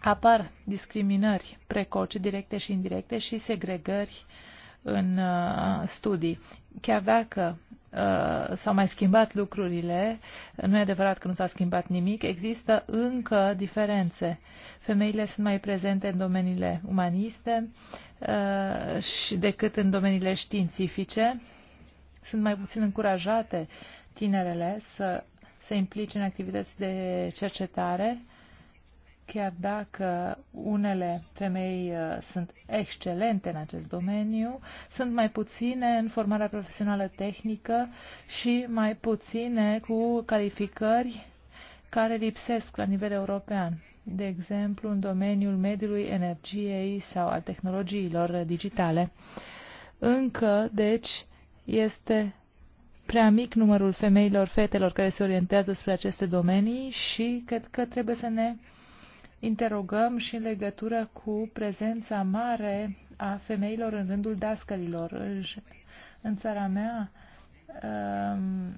apar discriminări precoce, directe și indirecte, și segregări uh, în uh, studii. Chiar dacă uh, s-au mai schimbat lucrurile, nu e adevărat că nu s-a schimbat nimic, există încă diferențe. Femeile sunt mai prezente în domeniile umaniste uh, și decât în domeniile științifice. Sunt mai puțin încurajate tinerele să se implice în activități de cercetare chiar dacă unele femei uh, sunt excelente în acest domeniu, sunt mai puține în formarea profesională tehnică și mai puține cu calificări care lipsesc la nivel european, de exemplu în domeniul mediului, energiei sau al tehnologiilor digitale. Încă, deci, este prea mic numărul femeilor, fetelor care se orientează spre aceste domenii și cred că trebuie să ne uh, interogăm și în legătură cu prezența mare a femeilor în rândul dascărilor. În țara mea um,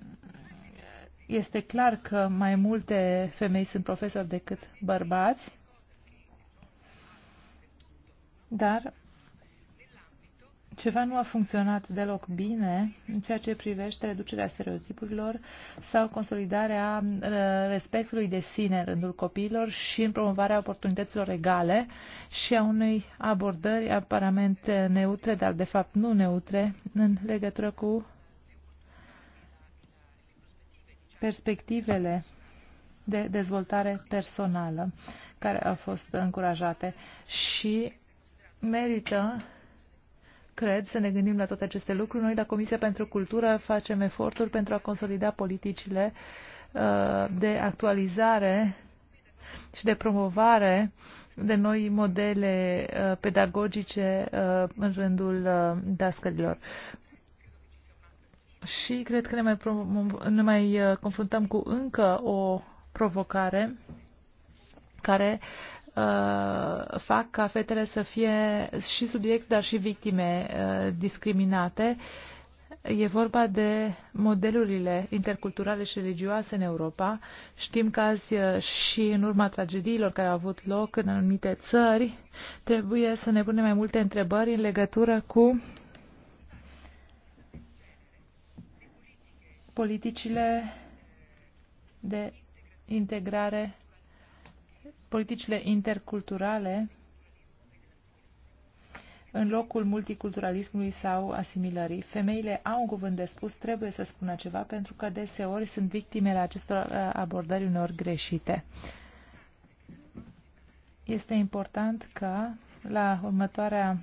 este clar că mai multe femei sunt profesori decât bărbați, dar ceva nu a funcționat deloc bine în ceea ce privește reducerea stereotipurilor sau consolidarea uh, respectului de sine în rândul copiilor și în promovarea oportunităților egale și a unei abordări aparent neutre, dar de fapt nu neutre, în legătură cu perspectivele de dezvoltare personală care au fost încurajate și merită cred, să ne gândim la toate aceste lucruri. Noi, la Comisia pentru Cultură, facem eforturi pentru a consolida politicile uh, de actualizare și de promovare de noi modele uh, pedagogice uh, în rândul dascărilor. Și cred că ne mai, ne mai confruntăm cu încă o provocare care uh, fac ca fetele să fie și subiect, dar și victime uh, discriminate. E vorba de modelurile interculturale și religioase în Europa. Știm că azi uh, și în urma tragediilor care au avut loc în anumite țări, trebuie să ne punem mai multe întrebări în legătură cu politicile de integrare politicile interculturale în locul multiculturalismului sau asimilării. Femeile au un cuvânt de spus, trebuie să spună ceva, pentru că deseori sunt victimele acestor uh, abordări uneori greșite. Este important ca la următoarea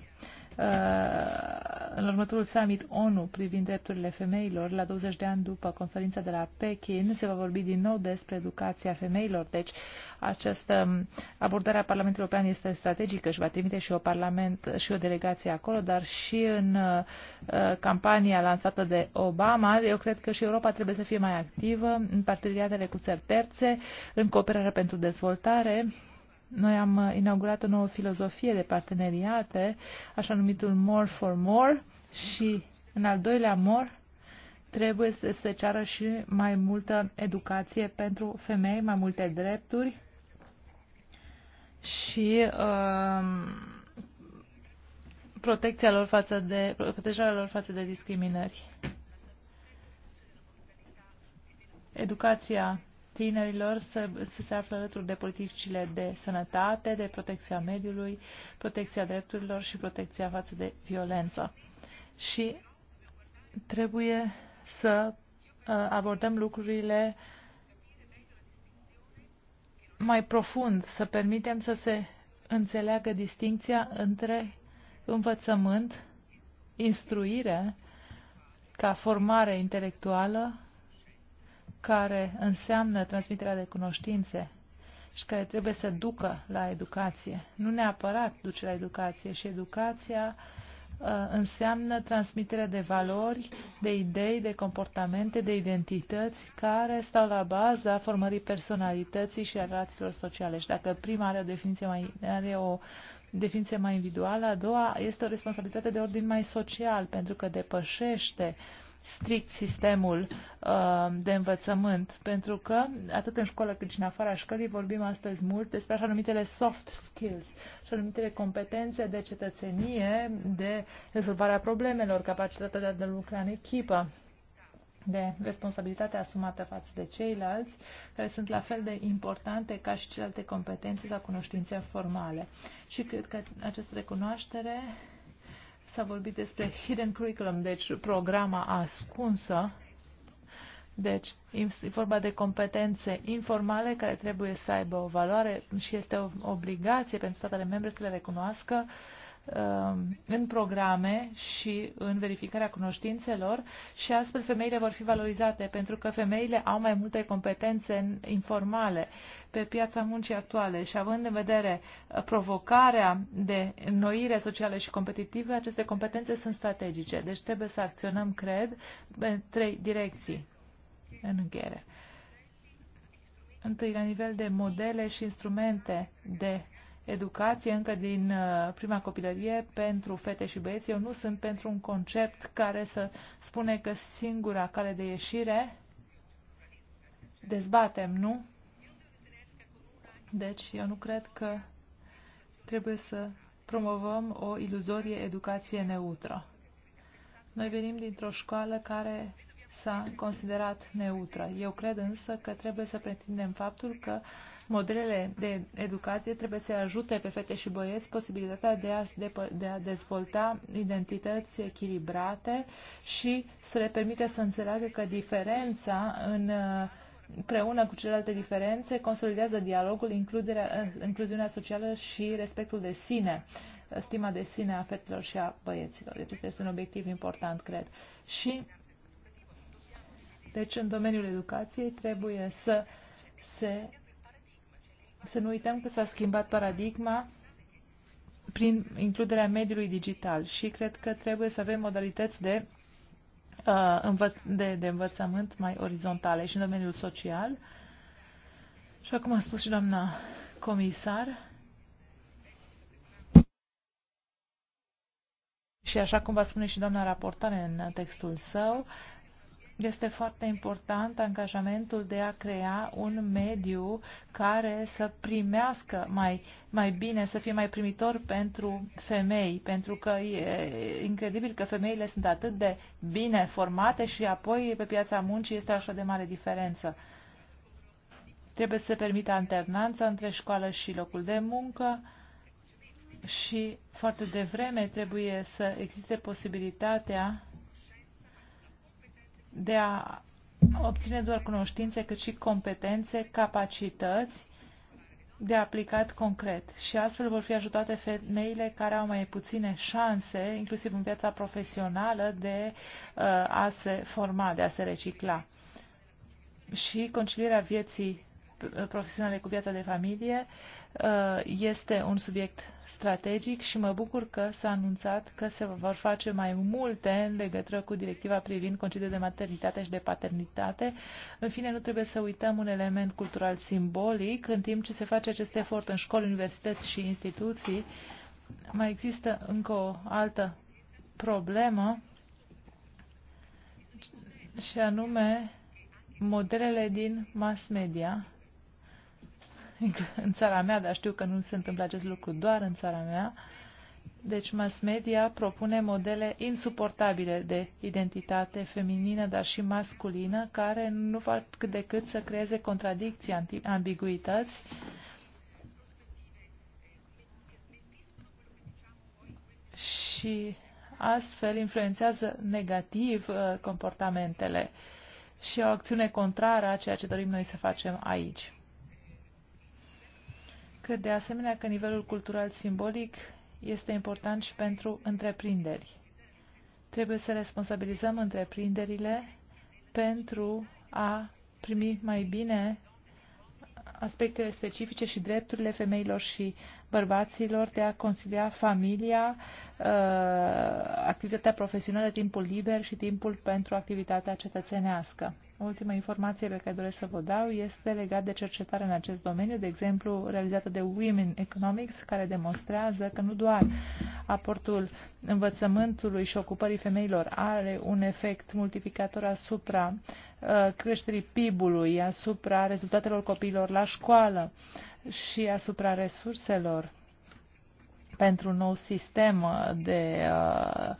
uh, în următorul summit ONU privind drepturile femeilor, la 20 de ani după conferința de la Pekin, se va vorbi din nou despre educația femeilor. Deci, această um, abordare a Parlamentului European este strategică și va trimite și o parlament și o delegație acolo, dar și în uh, uh, campania lansată de Obama, eu cred că și Europa trebuie să fie mai activă în parteneriatele cu țări terțe, în cooperare pentru dezvoltare, noi am uh, inaugurat o nouă filozofie de parteneriate, așa numitul More for More și în al doilea More trebuie să se ceară și mai multă educație pentru femei, mai multe drepturi și um, protecția lor față de, protejarea lor față de discriminări. Educația tinerilor să, să se află alături de politicile de sănătate, de protecția mediului, protecția drepturilor și protecția față de violență. Și trebuie să uh, abordăm lucrurile mai profund, să permitem să se înțeleagă distinția între învățământ, instruire ca formare intelectuală care înseamnă transmiterea de cunoștințe și care trebuie să ducă la educație. Nu neapărat duce la educație și educația uh, înseamnă transmiterea de valori, de idei, de comportamente, de identități care stau la baza formării personalității și a relațiilor sociale. Și dacă prima are o definiție mai, are o definiție mai individuală, a doua este o responsabilitate de ordin mai social, pentru că depășește uh, strict sistemul uh, de învățământ, pentru că atât în școală cât și în afara școlii vorbim astăzi mult despre așa numitele soft skills, așa numitele competențe de cetățenie, de rezolvarea problemelor, capacitatea de a lucra în echipă de responsabilitate asumată față de ceilalți, care sunt la fel de importante ca și celelalte competențe sau cunoștințe formale. Și cred că această recunoaștere S-a vorbit despre hidden curriculum, deci programa ascunsă. Deci, e vorba de competențe informale care trebuie să aibă o valoare și este o obligație pentru statele membre să le recunoască uh, Um, în programe și în verificarea cunoștințelor și astfel femeile vor fi valorizate pentru că femeile au mai multe competențe informale pe piața muncii actuale și având în vedere uh, provocarea de noire sociale și competitive, aceste competențe sunt strategice. Deci trebuie să acționăm, cred, în trei direcții în încheiere. Întâi, la nivel de modele și instrumente de educație încă din uh, prima copilărie pentru fete și băieți. Eu nu sunt pentru un concept care să spune că singura cale de ieșire dezbatem, nu? Deci eu nu cred că trebuie să promovăm o iluzorie educație neutră. Noi venim dintr-o școală care s-a considerat neutră. Eu cred însă că trebuie să pretindem faptul că uh, Modelele de educație trebuie să ajute pe fete și băieți posibilitatea de a, de a dezvolta identități echilibrate și să le permite să înțeleagă că diferența în uh, preună cu celelalte diferențe, consolidează dialogul, includerea, uh, incluziunea socială și respectul de sine, stima de sine a fetelor și a băieților. Deci este un obiectiv important, cred. Și, deci, în domeniul educației trebuie să se să nu uităm că s-a schimbat paradigma prin includerea mediului digital și cred că trebuie să avem modalități de, uh, de, de învățământ mai orizontale și în domeniul social. Și acum a spus și doamna comisar, Și așa cum va spune și doamna raportare în textul său, este foarte important angajamentul de a crea un mediu care să primească mai, mai bine, să fie mai primitor pentru femei, pentru că e incredibil că femeile sunt atât de bine formate și apoi pe piața muncii este așa de mare diferență. Trebuie să se permită alternanța între școală și locul de muncă și foarte devreme trebuie să existe posibilitatea de a obține doar cunoștințe, cât și competențe, capacități de aplicat concret și astfel vor fi ajutate femeile care au mai puține șanse, inclusiv în viața profesională, de uh, a se forma, de a se recicla. Și concilierea vieții profesionale cu viața de familie uh, este un subiect strategic și mă bucur că s-a anunțat că se vor face mai multe în legătură cu directiva privind concediul de maternitate și de paternitate. În fine, nu trebuie să uităm un element cultural simbolic. În timp ce se face acest efort în școli, universități și instituții, mai există încă o altă problemă și anume modelele din mass media în țara mea, dar știu că nu se întâmplă acest lucru doar în țara mea. Deci mass media propune modele insuportabile de identitate feminină, dar și masculină, care nu fac decât să creeze contradicții, ambiguități. Și astfel influențează negativ uh, comportamentele și o acțiune contrară a ceea ce dorim noi să facem aici. Cred de asemenea că nivelul cultural simbolic este important și pentru întreprinderi. Trebuie să responsabilizăm întreprinderile pentru a primi mai bine aspectele specifice și drepturile femeilor și bărbaților de a concilia familia, uh, activitatea profesională, timpul liber și timpul pentru activitatea cetățenească ultima informație pe care doresc să vă dau este legat de cercetare în acest domeniu, de exemplu realizată de Women Economics, care demonstrează că nu doar aportul învățământului și ocupării femeilor are un efect multiplicator asupra uh, creșterii PIB-ului, asupra rezultatelor copiilor la școală și asupra resurselor pentru un nou sistem de uh, uh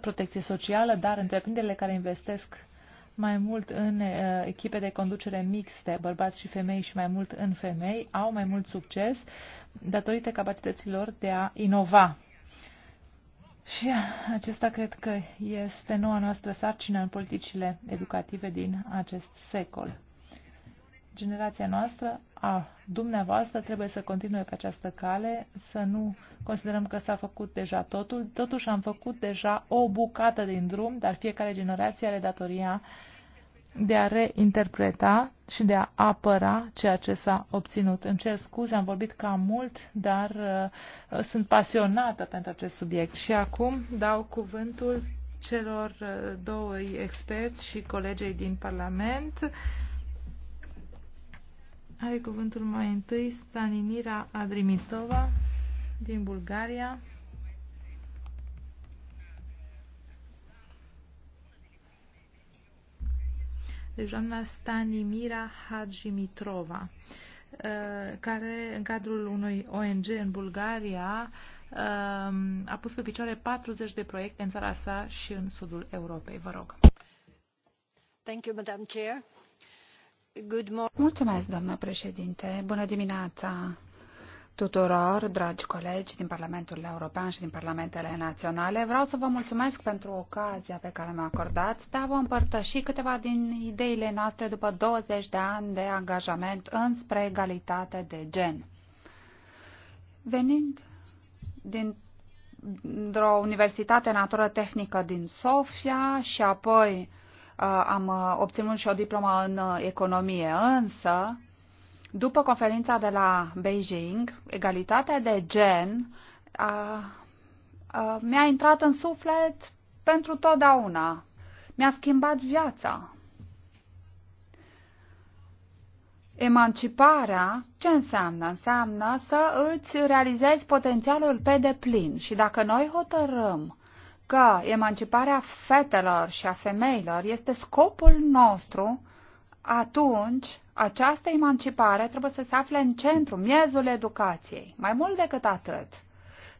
protecție socială, dar întreprinderile care investesc mai mult în uh, echipe de conducere mixte, bărbați și femei și mai mult în femei, au mai mult succes datorită capacităților de a inova. Și acesta cred că este noua noastră sarcină în politicile educative din acest secol generația noastră, a dumneavoastră, trebuie să continue pe această cale, să nu considerăm că s-a făcut deja totul. Totuși am făcut deja o bucată din drum, dar fiecare generație are datoria de a reinterpreta și de a apăra ceea ce s-a obținut. Îmi cer scuze, am vorbit cam mult, dar uh, sunt pasionată pentru acest subiect. Și acum dau cuvântul celor uh, doi experți și colegei din Parlament. Uh, are cuvântul mai întâi Staninira Adrimitova din Bulgaria. Deci doamna Stanimira Hadjimitrova, uh, care în cadrul unui ONG în Bulgaria uh, a pus pe picioare 40 de proiecte în țara sa și în sudul Europei. Vă rog. Thank you, Madam Chair. Mulțumesc, doamnă președinte. Bună dimineața tuturor, dragi colegi din Parlamentul European și din Parlamentele Naționale. Vreau să vă mulțumesc pentru ocazia pe care mi-a acordat de a vă împărtăși câteva din ideile noastre după 20 de ani de angajament înspre egalitate de gen. Venind din o universitate natură tehnică din Sofia și apoi Uh, am uh, obținut și o diplomă în uh, economie, însă după conferința de la Beijing, egalitatea de gen mi-a intrat în suflet pentru totdeauna. Mi-a schimbat viața. Emanciparea ce înseamnă? Înseamnă să îți realizezi potențialul pe deplin și dacă noi hotărâm că emanciparea fetelor și a femeilor este scopul nostru, atunci această emancipare trebuie să se afle în centru, miezul educației. Mai mult decât atât,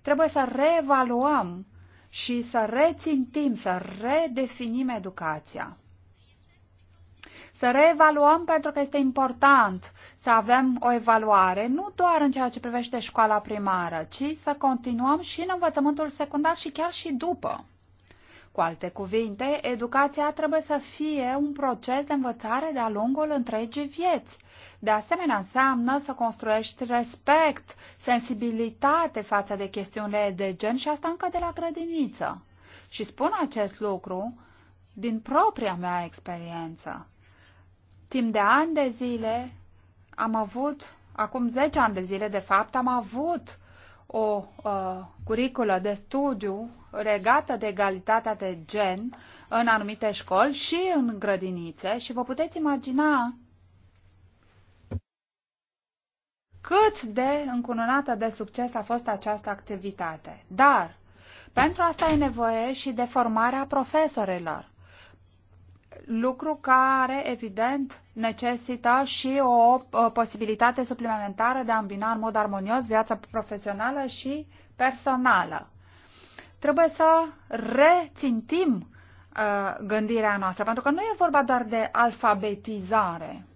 trebuie să reevaluăm și să rețintim, să redefinim educația. Să reevaluăm pentru că este important să avem o evaluare, nu doar în ceea ce privește școala primară, ci să continuăm și în învățământul secundar și chiar și după. Cu alte cuvinte, educația trebuie să fie un proces de învățare de-a lungul întregii vieți. De asemenea, înseamnă să construiești respect, sensibilitate față de chestiunile de gen și asta încă de la grădiniță. Și spun acest lucru din propria mea experiență. Timp de ani de zile am avut, acum 10 ani de zile de fapt, am avut o uh, curiculă de studiu regată de egalitatea de gen în anumite școli și în grădinițe și vă puteți imagina cât de încununată de succes a fost această activitate. Dar pentru asta e nevoie și de formarea profesorilor lucru care, evident, necesită și o posibilitate suplimentară de a îmbina în mod armonios viața profesională și personală. Trebuie să rețintim uh, gândirea noastră, pentru că nu e vorba doar de alfabetizare,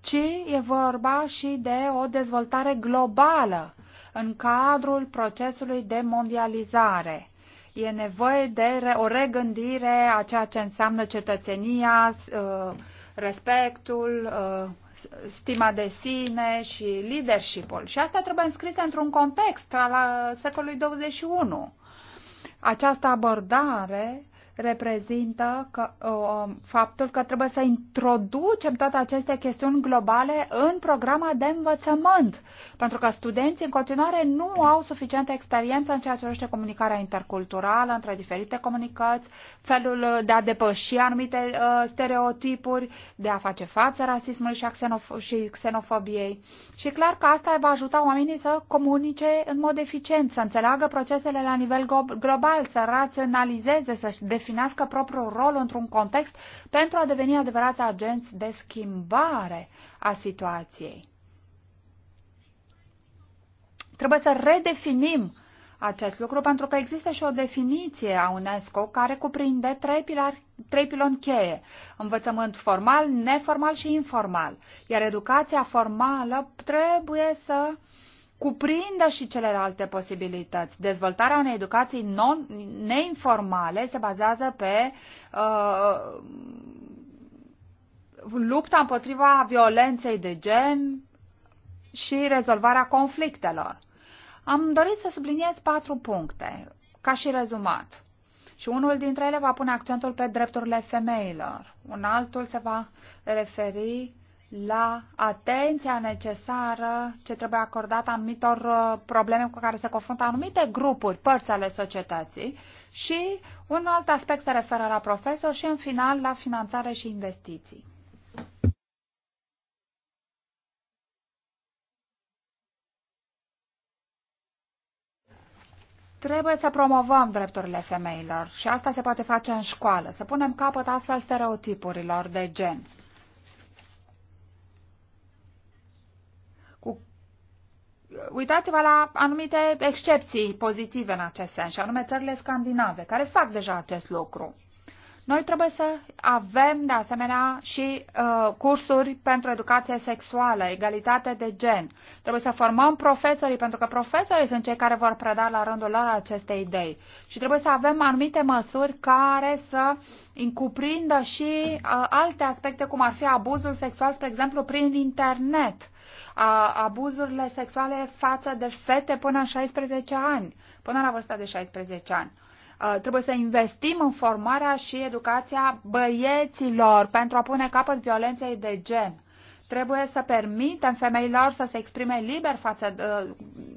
ci e vorba și de o dezvoltare globală în cadrul procesului de mondializare E nevoie de o regândire a ceea ce înseamnă cetățenia, uh, respectul, uh, stima de sine și leadership-ul. Și asta trebuie înscrisă într-un context al uh, secolului 21. Această abordare reprezintă că, uh, faptul că trebuie să introducem toate aceste chestiuni globale în programa de învățământ, pentru că studenții în continuare nu au suficientă experiență în ceea ce privește comunicarea interculturală între diferite comunicați, felul de a depăși anumite uh, stereotipuri, de a face față rasismului și, a xenof- și xenofobiei. Și clar că asta va ajuta oamenii să comunice în mod eficient, să înțeleagă procesele la nivel global, să raționalizeze, să-și definească propriul rol într-un context pentru a deveni adevărați agenți de schimbare a situației. Trebuie să redefinim acest lucru pentru că există și o definiție a UNESCO care cuprinde trei, pilari, trei piloni cheie, învățământ formal, neformal și informal, iar educația formală trebuie să uh, cuprindă și celelalte posibilități. Dezvoltarea unei educații non, neinformale se bazează pe uh, lupta împotriva violenței de gen și rezolvarea conflictelor. Am dorit să subliniez patru puncte, ca și rezumat. Și unul dintre ele va pune accentul pe drepturile femeilor, un altul se va referi la atenția necesară ce trebuie acordată anumitor uh, probleme cu care se confruntă anumite grupuri, părți ale societății și un alt aspect se referă la profesor și în final la finanțare și investiții. Trebuie să promovăm drepturile femeilor și asta se poate face în școală, să punem capăt astfel stereotipurilor de gen. uitați-vă la anumite excepții pozitive în acest sens, și anume țările scandinave, care fac deja acest lucru. Noi trebuie să avem, de asemenea, și uh, cursuri pentru educație sexuală, egalitate de gen. Trebuie să formăm profesorii, pentru că profesorii sunt cei care vor preda la rândul lor aceste idei. Și trebuie să avem anumite măsuri care să cuprindă și uh, alte aspecte, cum ar fi abuzul sexual, spre exemplu, prin internet a, abuzurile sexuale față de fete până în 16 ani, până la vârsta de 16 ani. trebuie să investim în formarea și educația băieților pentru a pune capăt violenței de gen. Trebuie să permitem femeilor să se exprime liber față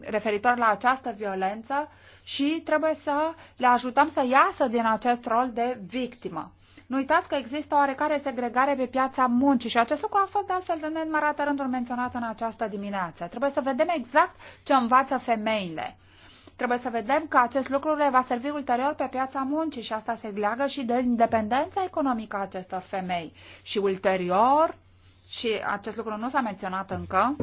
referitor la această violență și trebuie să le ajutăm să iasă din acest rol de victimă. Nu uitați că există oarecare segregare pe piața muncii și acest lucru a fost de altfel de nenumărate rândul menționat în această dimineață. Trebuie să vedem exact ce învață femeile. Trebuie să vedem că acest lucru le va servi ulterior pe piața muncii și asta se leagă și de independența economică a acestor femei. Și ulterior, și acest lucru nu s-a menționat încă,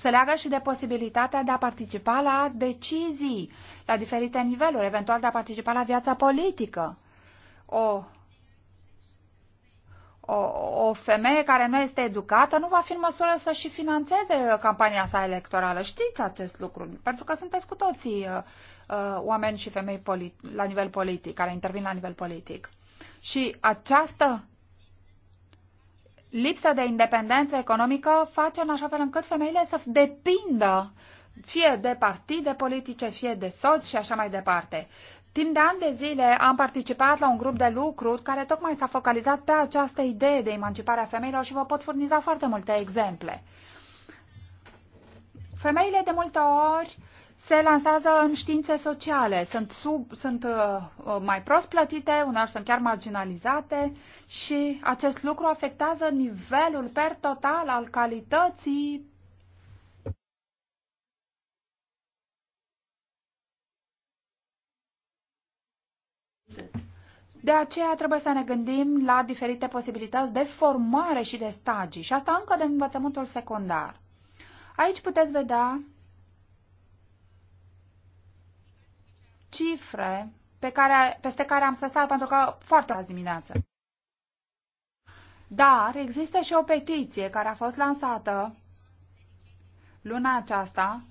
se leagă și de posibilitatea de a participa la decizii la diferite niveluri, eventual de a participa la viața politică. O, o, o femeie care nu este educată nu va fi în măsură să și financeze campania sa electorală. Știți acest lucru, pentru că sunteți cu toții uh, uh, oameni și femei la nivel politic, care intervin la nivel politic. Și această lipsa de independență economică face în așa fel încât femeile să depindă fie de partide politice, fie de soți și așa mai departe. Timp de ani de zile am participat la un grup de lucru care tocmai s-a focalizat pe această idee de emancipare a femeilor și vă pot furniza foarte multe exemple. Femeile de multe ori se lansează în științe sociale. Sunt, sub, sunt uh, uh, mai prost plătite, uneori sunt chiar marginalizate și acest lucru afectează nivelul per total al calității De aceea trebuie să ne gândim la diferite posibilități de formare și de stagii, și asta încă de învățământul secundar. Aici puteți vedea cifre pe care, peste care am să sar pentru că foarte azi dimineață. Dar există și o petiție care a fost lansată luna aceasta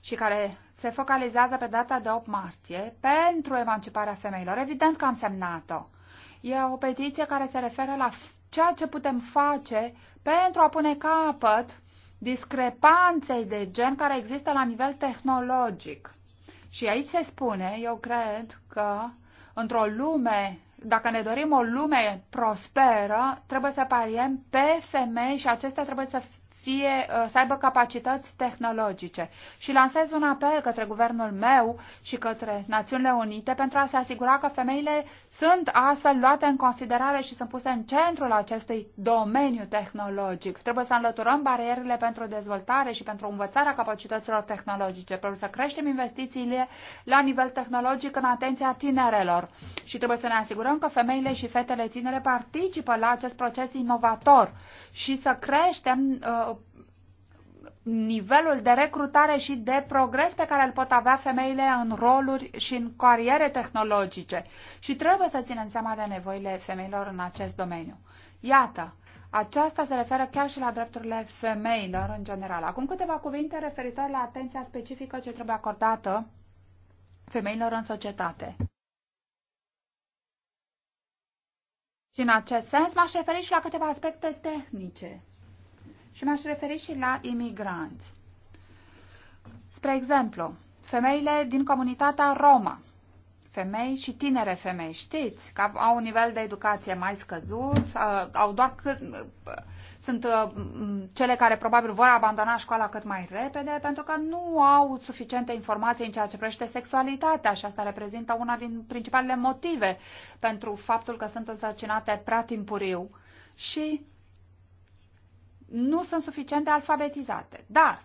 și care se focalizează pe data de 8 martie pentru emanciparea femeilor. Evident că am semnat-o. E o petiție care se referă la ceea ce putem face pentru a pune capăt discrepanței de gen care există la nivel tehnologic. Și aici se spune, eu cred că într-o lume, dacă ne dorim o lume prosperă, trebuie să pariem pe femei și acestea trebuie să fie, uh, să aibă capacități tehnologice. Și lansez un apel către guvernul meu și către Națiunile Unite pentru a se asigura că femeile sunt astfel luate în considerare și sunt puse în centrul acestui domeniu tehnologic. Trebuie să înlăturăm barierele pentru dezvoltare și pentru învățarea capacităților tehnologice. Trebuie să creștem investițiile la nivel tehnologic în atenția tinerelor. Și trebuie să ne asigurăm că femeile și fetele tinere participă la acest proces inovator și să creștem uh, nivelul de recrutare și de progres pe care îl pot avea femeile în roluri și în cariere tehnologice. Și trebuie să ținem seama de nevoile femeilor în acest domeniu. Iată, aceasta se referă chiar și la drepturile femeilor în general. Acum câteva cuvinte referitor la atenția specifică ce trebuie acordată femeilor în societate. Și în acest sens m-aș referi și la câteva aspecte tehnice și m aș referi și la imigranți. Spre exemplu, femeile din comunitatea Roma, femei și tinere femei, știți, că au un nivel de educație mai scăzut, au doar cât, sunt cele care probabil vor abandona școala cât mai repede pentru că nu au suficiente informații în ceea ce privește sexualitatea și asta reprezintă una din principalele motive pentru faptul că sunt însărcinate prea timpuriu și nu sunt suficient de alfabetizate. Dar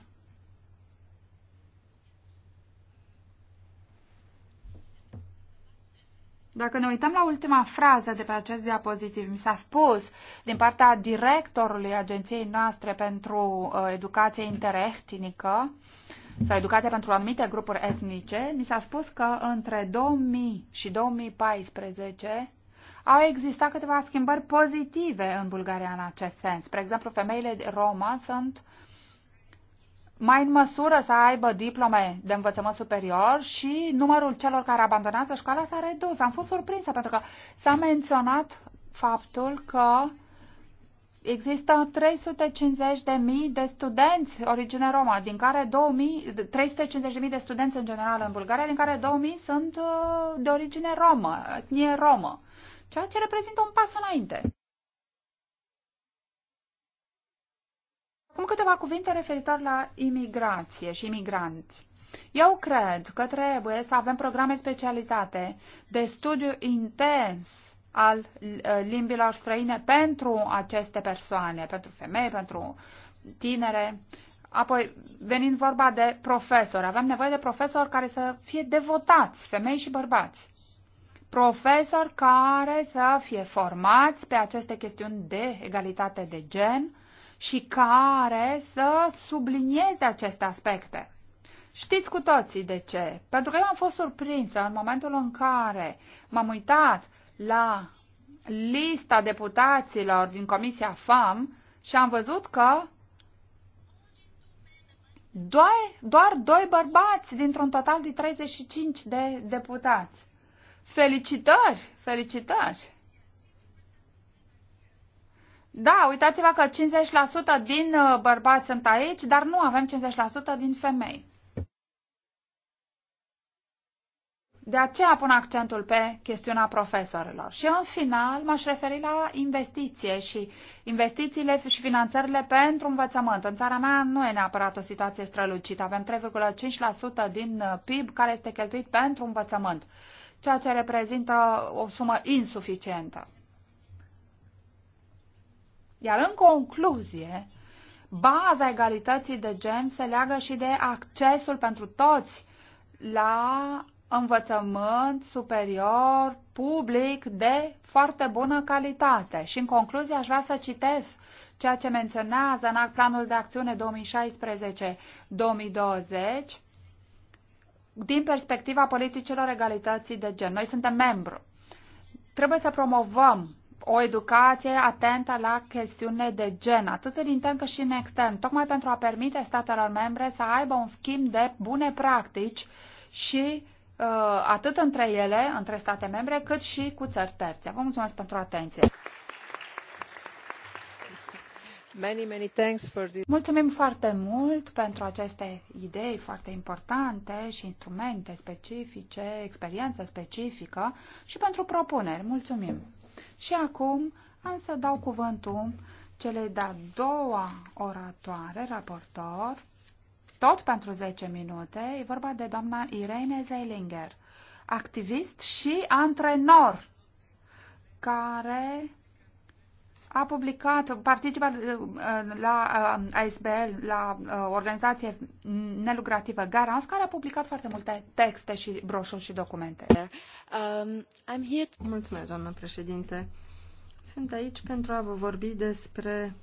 Dacă ne uităm la ultima frază de pe acest diapozitiv, mi s-a spus din partea directorului agenției noastre pentru uh, educație interetnică sau educație pentru anumite grupuri etnice, mi s-a spus că între 2000 și 2014 au existat câteva schimbări pozitive în Bulgaria în acest sens. Spre exemplu, femeile Roma sunt mai în măsură să aibă diplome de învățământ superior și numărul celor care abandonează școala s-a redus. Am fost surprinsă pentru că s-a menționat faptul că există 350.000 de studenți origine romă, din care 2000, 350.000 de studenți în general în Bulgaria, din care 2000 sunt uh, de origine romă, etnie romă ceea ce reprezintă un pas înainte. Acum câteva cuvinte referitor la imigrație și imigranți. Eu cred că trebuie să avem programe specializate de studiu intens al uh, limbilor străine pentru aceste persoane, pentru femei, pentru tinere. Apoi, venind vorba de profesori, avem nevoie de profesori care să fie devotați, femei și bărbați profesori care să fie formați pe aceste chestiuni de egalitate de gen și care să sublinieze aceste aspecte. Știți cu toții de ce. Pentru că eu am fost surprinsă în momentul în care m-am uitat la lista deputaților din Comisia FAM și am văzut că doar, doar doi bărbați dintr-un total de 35 de deputați. Felicitări! Felicitări! Da, uitați-vă că 50% din uh, bărbați sunt aici, dar nu avem 50% din femei. De aceea pun accentul pe chestiunea profesorilor. Și în final m-aș referi la investiție și investițiile și finanțările pentru învățământ. În țara mea nu e neapărat o situație strălucită. Avem 3,5% din uh, PIB care este cheltuit pentru învățământ ceea ce reprezintă o sumă insuficientă. Iar în concluzie, baza egalității de gen se leagă și de accesul pentru toți la învățământ superior, public, de foarte bună calitate. Și în concluzie aș vrea să citesc ceea ce menționează în planul de acțiune 2016-2020, din perspectiva politicilor egalității de gen. Noi suntem membru. Trebuie să promovăm o educație atentă la chestiunile de gen, atât în intern cât și în extern, tocmai pentru a permite statelor membre să aibă un schimb de bune practici și uh, atât între ele, între state membre, cât și cu țări terțe. Vă mulțumesc pentru atenție! Mulțumim foarte mult pentru aceste idei foarte importante și instrumente specifice, experiență specifică și pentru propuneri. Mulțumim! Și acum am să dau cuvântul celei de-a doua oratoare, raportor, tot pentru 10 minute, e vorba de doamna Irene Zeilinger, activist și antrenor, care a publicat, participă uh, la uh, ASBL, la uh, organizație nelucrativă Garans, care a publicat foarte multe texte și broșuri și documente. Um, I'm here to... Mulțumesc, doamnă președinte. Sunt aici pentru a vă vorbi despre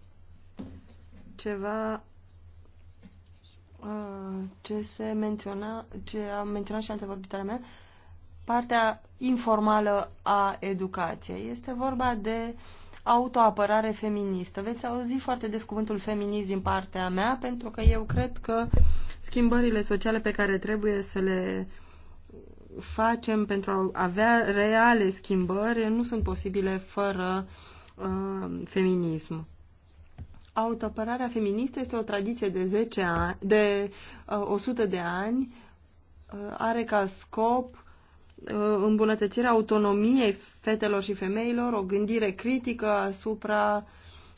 ceva uh, ce se menționa, ce a menționat și antevorbitoarea mea, partea informală a educației. Este vorba de uh, autoapărare feministă. Veți auzi foarte des cuvântul feminist din partea mea, pentru că eu cred că schimbările sociale pe care trebuie să le facem pentru a avea reale schimbări nu sunt posibile fără uh, feminism. Autoapărarea feministă este o tradiție de, 10 ani, de uh, 100 de ani, uh, are ca scop uh, Uh, îmbunătățirea autonomiei fetelor și femeilor, o gândire critică asupra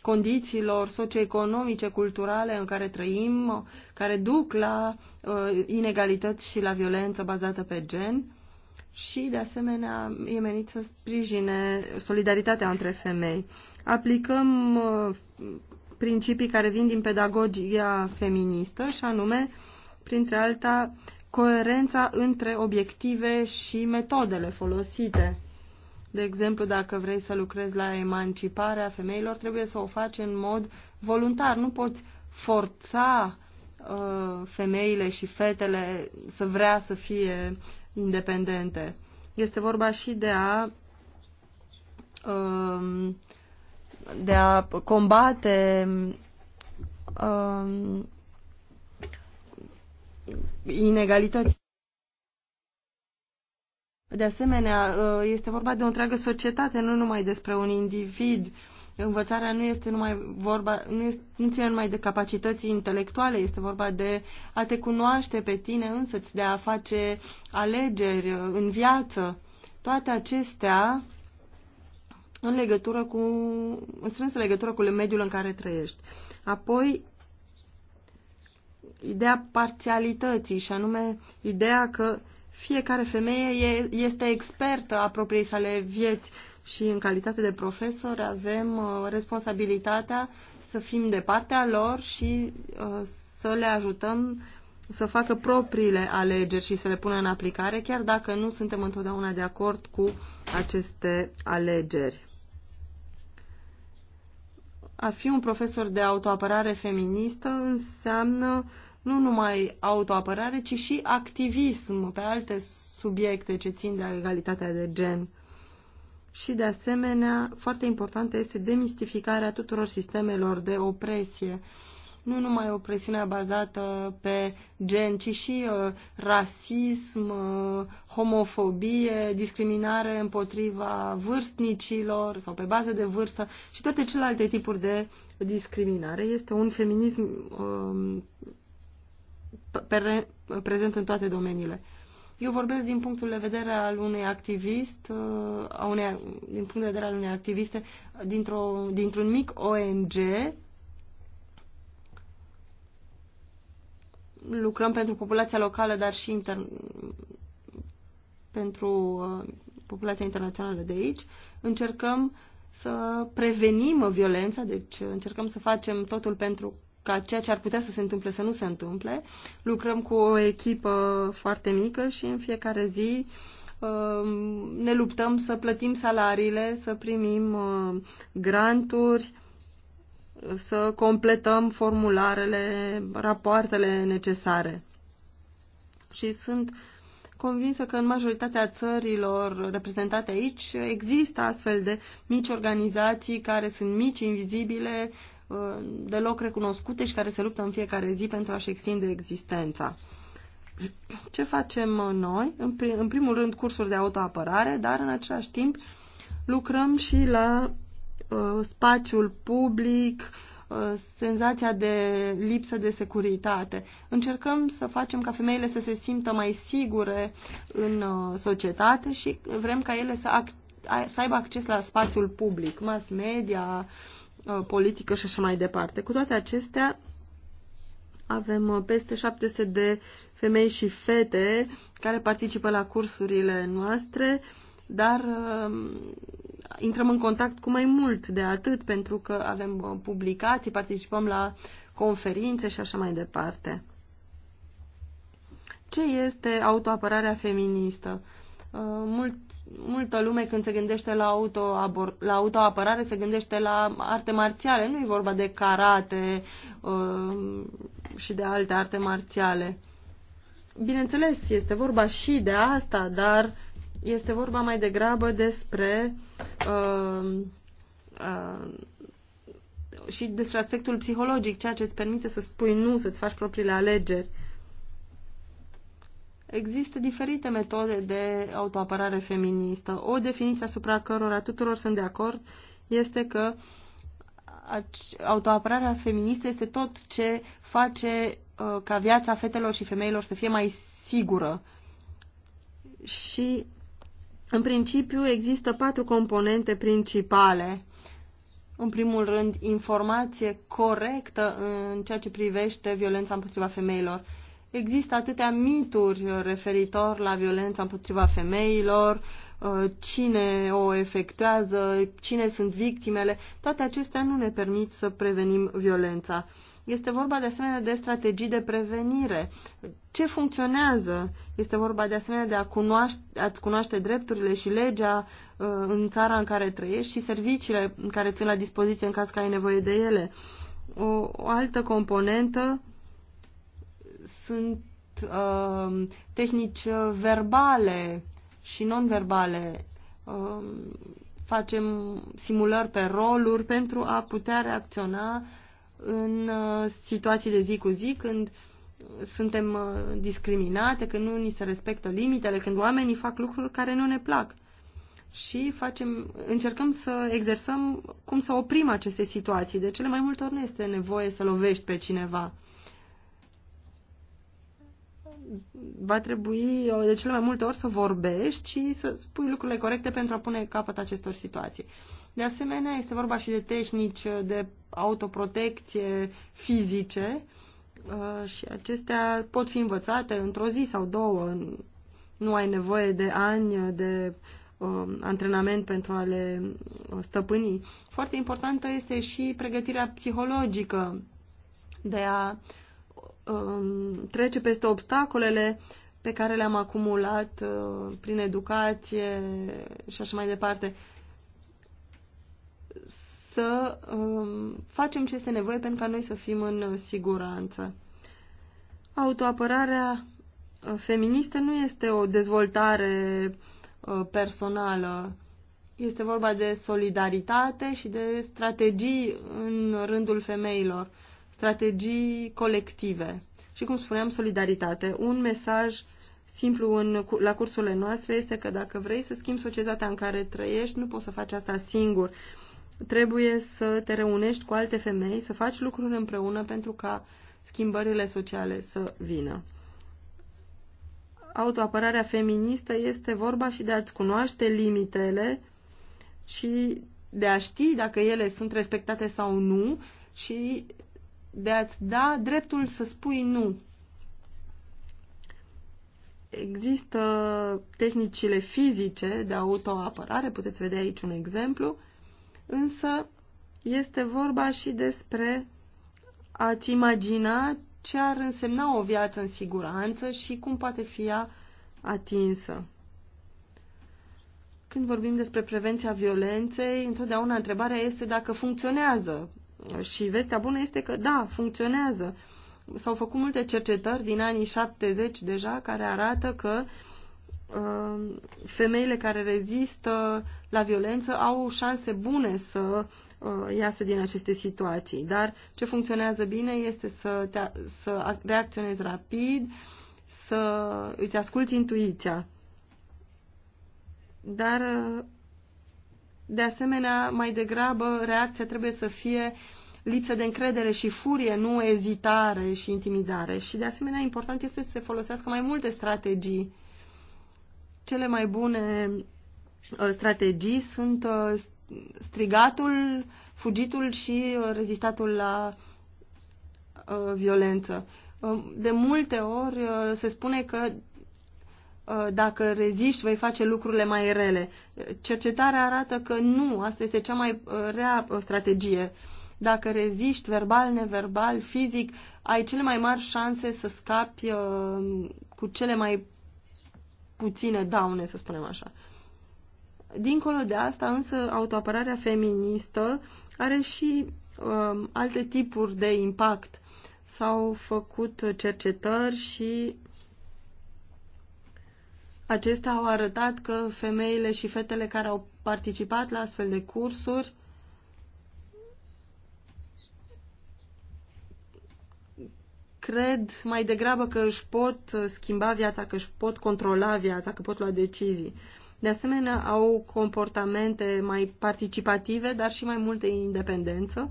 condițiilor socioeconomice, culturale în care trăim, care duc la uh, inegalități și la violență bazată pe gen și, de asemenea, e menit să sprijine solidaritatea între femei. Aplicăm uh, principii care vin din pedagogia feministă și anume, printre alta, uh, coerența între obiective și metodele folosite. De exemplu, dacă vrei să lucrezi la emanciparea femeilor, trebuie să o faci în mod voluntar. Nu poți forța uh, femeile și fetele să vrea să fie independente. Este vorba și de a uh, de a combate uh, inegalități. De asemenea, uh, este vorba de o întreagă societate, nu numai despre un individ. Învățarea nu este numai vorba, nu, este, nu ține numai de capacități intelectuale, este vorba de a te cunoaște pe tine însăți, de a face alegeri uh, în viață. Toate acestea în legătură cu, în strânsă legătură cu mediul în care trăiești. Apoi, ideea parțialității și anume ideea că fiecare femeie e, este expertă a propriei sale vieți și în calitate de profesor avem uh, responsabilitatea să fim de partea lor și uh, să le ajutăm să facă propriile alegeri și să le pună în aplicare, chiar dacă nu suntem întotdeauna de acord cu aceste alegeri. A fi un profesor de autoapărare feministă înseamnă uh, nu numai autoapărare, ci și activism pe alte subiecte ce țin de egalitatea de gen. Și, de asemenea, foarte importantă este demistificarea tuturor sistemelor de opresie. Nu numai opresiunea bazată pe gen, ci și uh, rasism, uh, homofobie, discriminare împotriva vârstnicilor sau pe bază de vârstă și toate celelalte tipuri de discriminare. Este un feminism uh, prezent în toate domeniile. Eu vorbesc din punctul de vedere al unei activist, uh, a unei, din punct de vedere al unei activiste dintr-o, dintr-un mic ONG. Lucrăm pentru populația locală, dar și inter... pentru uh, populația internațională de aici. Încercăm să prevenim violența, deci încercăm să facem totul pentru ca ceea ce ar putea să se întâmple să nu se întâmple. Lucrăm cu o echipă foarte mică și în fiecare zi um, ne luptăm să plătim salariile, să primim uh, granturi, să completăm formularele, rapoartele necesare. Și sunt convinsă că în majoritatea țărilor reprezentate aici există astfel de mici organizații care sunt mici, invizibile, Uh, deloc recunoscute și care se luptă în fiecare zi pentru a-și extinde existența. Ce facem noi? În primul rând cursuri de autoapărare, dar în același timp lucrăm și la uh, spațiul public, uh, senzația de lipsă de securitate. Încercăm să facem ca femeile să se simtă mai sigure în uh, societate și vrem ca ele să, ac- să aibă acces la spațiul public, mass media, uh, Uh, politică și așa mai departe. Cu toate acestea, avem uh, peste 700 de femei și fete care participă la cursurile noastre, dar uh, intrăm în contact cu mai mult de atât, pentru că avem publicații, participăm la conferințe și așa mai departe. Ce este autoapărarea feministă? Mult multă lume când se gândește la, auto, la autoapărare se gândește la arte marțiale, nu e vorba de karate uh, și de alte arte marțiale. Bineînțeles, este vorba și de asta, dar este vorba mai degrabă despre uh, uh, și despre aspectul psihologic, ceea ce îți permite să spui nu, să-ți faci propriile alegeri. Există diferite metode de autoapărare feministă. O definiție asupra cărora tuturor sunt de acord este că autoapărarea feministă este tot ce face uh, ca viața fetelor și femeilor să fie mai sigură. Și, în principiu, există patru componente principale. În primul rând, informație corectă în ceea ce privește violența împotriva femeilor Există atâtea mituri uh, referitor la violența împotriva femeilor, uh, cine o efectuează, cine sunt victimele. Toate acestea nu ne permit să prevenim violența. Este vorba de asemenea de strategii de prevenire. Ce funcționează? Este vorba de asemenea de a cunoaște, a-ți cunoaște drepturile și legea uh, în țara în care trăiești și serviciile care țin la dispoziție în caz că ai nevoie de ele. O, o altă componentă sunt uh, tehnici uh, verbale și non-verbale. Uh, facem simulări pe roluri pentru a putea reacționa în uh, situații de zi cu zi când suntem uh, discriminate, când nu ni se respectă limitele, când oamenii fac lucruri care nu ne plac. Și facem, încercăm să exersăm cum să oprim aceste situații. De cele mai multe ori nu este nevoie să lovești pe cineva va trebui de cele mai multe ori să vorbești și să spui lucrurile corecte pentru a pune capăt acestor situații. De asemenea, este vorba și de tehnici de autoprotecție fizice uh, și acestea pot fi învățate într-o zi sau două. Nu ai nevoie de ani de um, antrenament pentru a le uh, stăpâni. Foarte importantă este și pregătirea psihologică de a uh, um, trece peste obstacolele pe care le-am acumulat uh, prin educație și așa mai departe. Să um, facem ce este nevoie pentru ca noi să fim în siguranță. Autoapărarea uh, feministă nu este o dezvoltare uh, personală. Este vorba de solidaritate și de strategii în rândul femeilor strategii colective și, cum spuneam, solidaritate. Un mesaj simplu în, la cursurile noastre este că dacă vrei să schimbi societatea în care trăiești, nu poți să faci asta singur. Trebuie să te reunești cu alte femei, să faci lucruri împreună pentru ca schimbările sociale să vină. Autoapărarea feministă este vorba și de a-ți cunoaște limitele și de a ști dacă ele sunt respectate sau nu și de a-ți da dreptul să spui nu. Există tehnicile fizice de autoapărare, puteți vedea aici un exemplu, însă este vorba și despre a-ți imagina ce ar însemna o viață în siguranță și cum poate fi ea atinsă. Când vorbim despre prevenția violenței, întotdeauna întrebarea este dacă funcționează și vestea bună este că, da, funcționează. S-au făcut multe cercetări din anii 70 deja care arată că uh, femeile care rezistă la violență au șanse bune să uh, iasă din aceste situații. Dar ce funcționează bine este să, te, să reacționezi rapid, să îți asculți intuiția. Dar uh, de asemenea, mai degrabă, reacția trebuie să fie lipsă de încredere și furie, nu ezitare și intimidare. Și, de asemenea, important este să se folosească mai multe strategii. Cele mai bune uh, strategii sunt uh, strigatul, fugitul și uh, rezistatul la violență. De multe ori se spune că Uh, dacă reziști, vei face lucrurile mai rele. Cercetarea arată că nu, asta este cea mai uh, rea uh, strategie. Dacă reziști verbal, neverbal, fizic, ai cele mai mari șanse să scapi cu cele mai puține daune, să spunem așa. Dincolo de asta, însă, autoapărarea feministă are și uh, alte tipuri de impact. S-au făcut cercetări și Acestea au arătat că femeile și fetele care au participat la astfel de cursuri cred mai degrabă că își pot schimba viața, că își pot controla viața, că pot lua decizii. De asemenea, au comportamente mai participative, dar și mai multă independență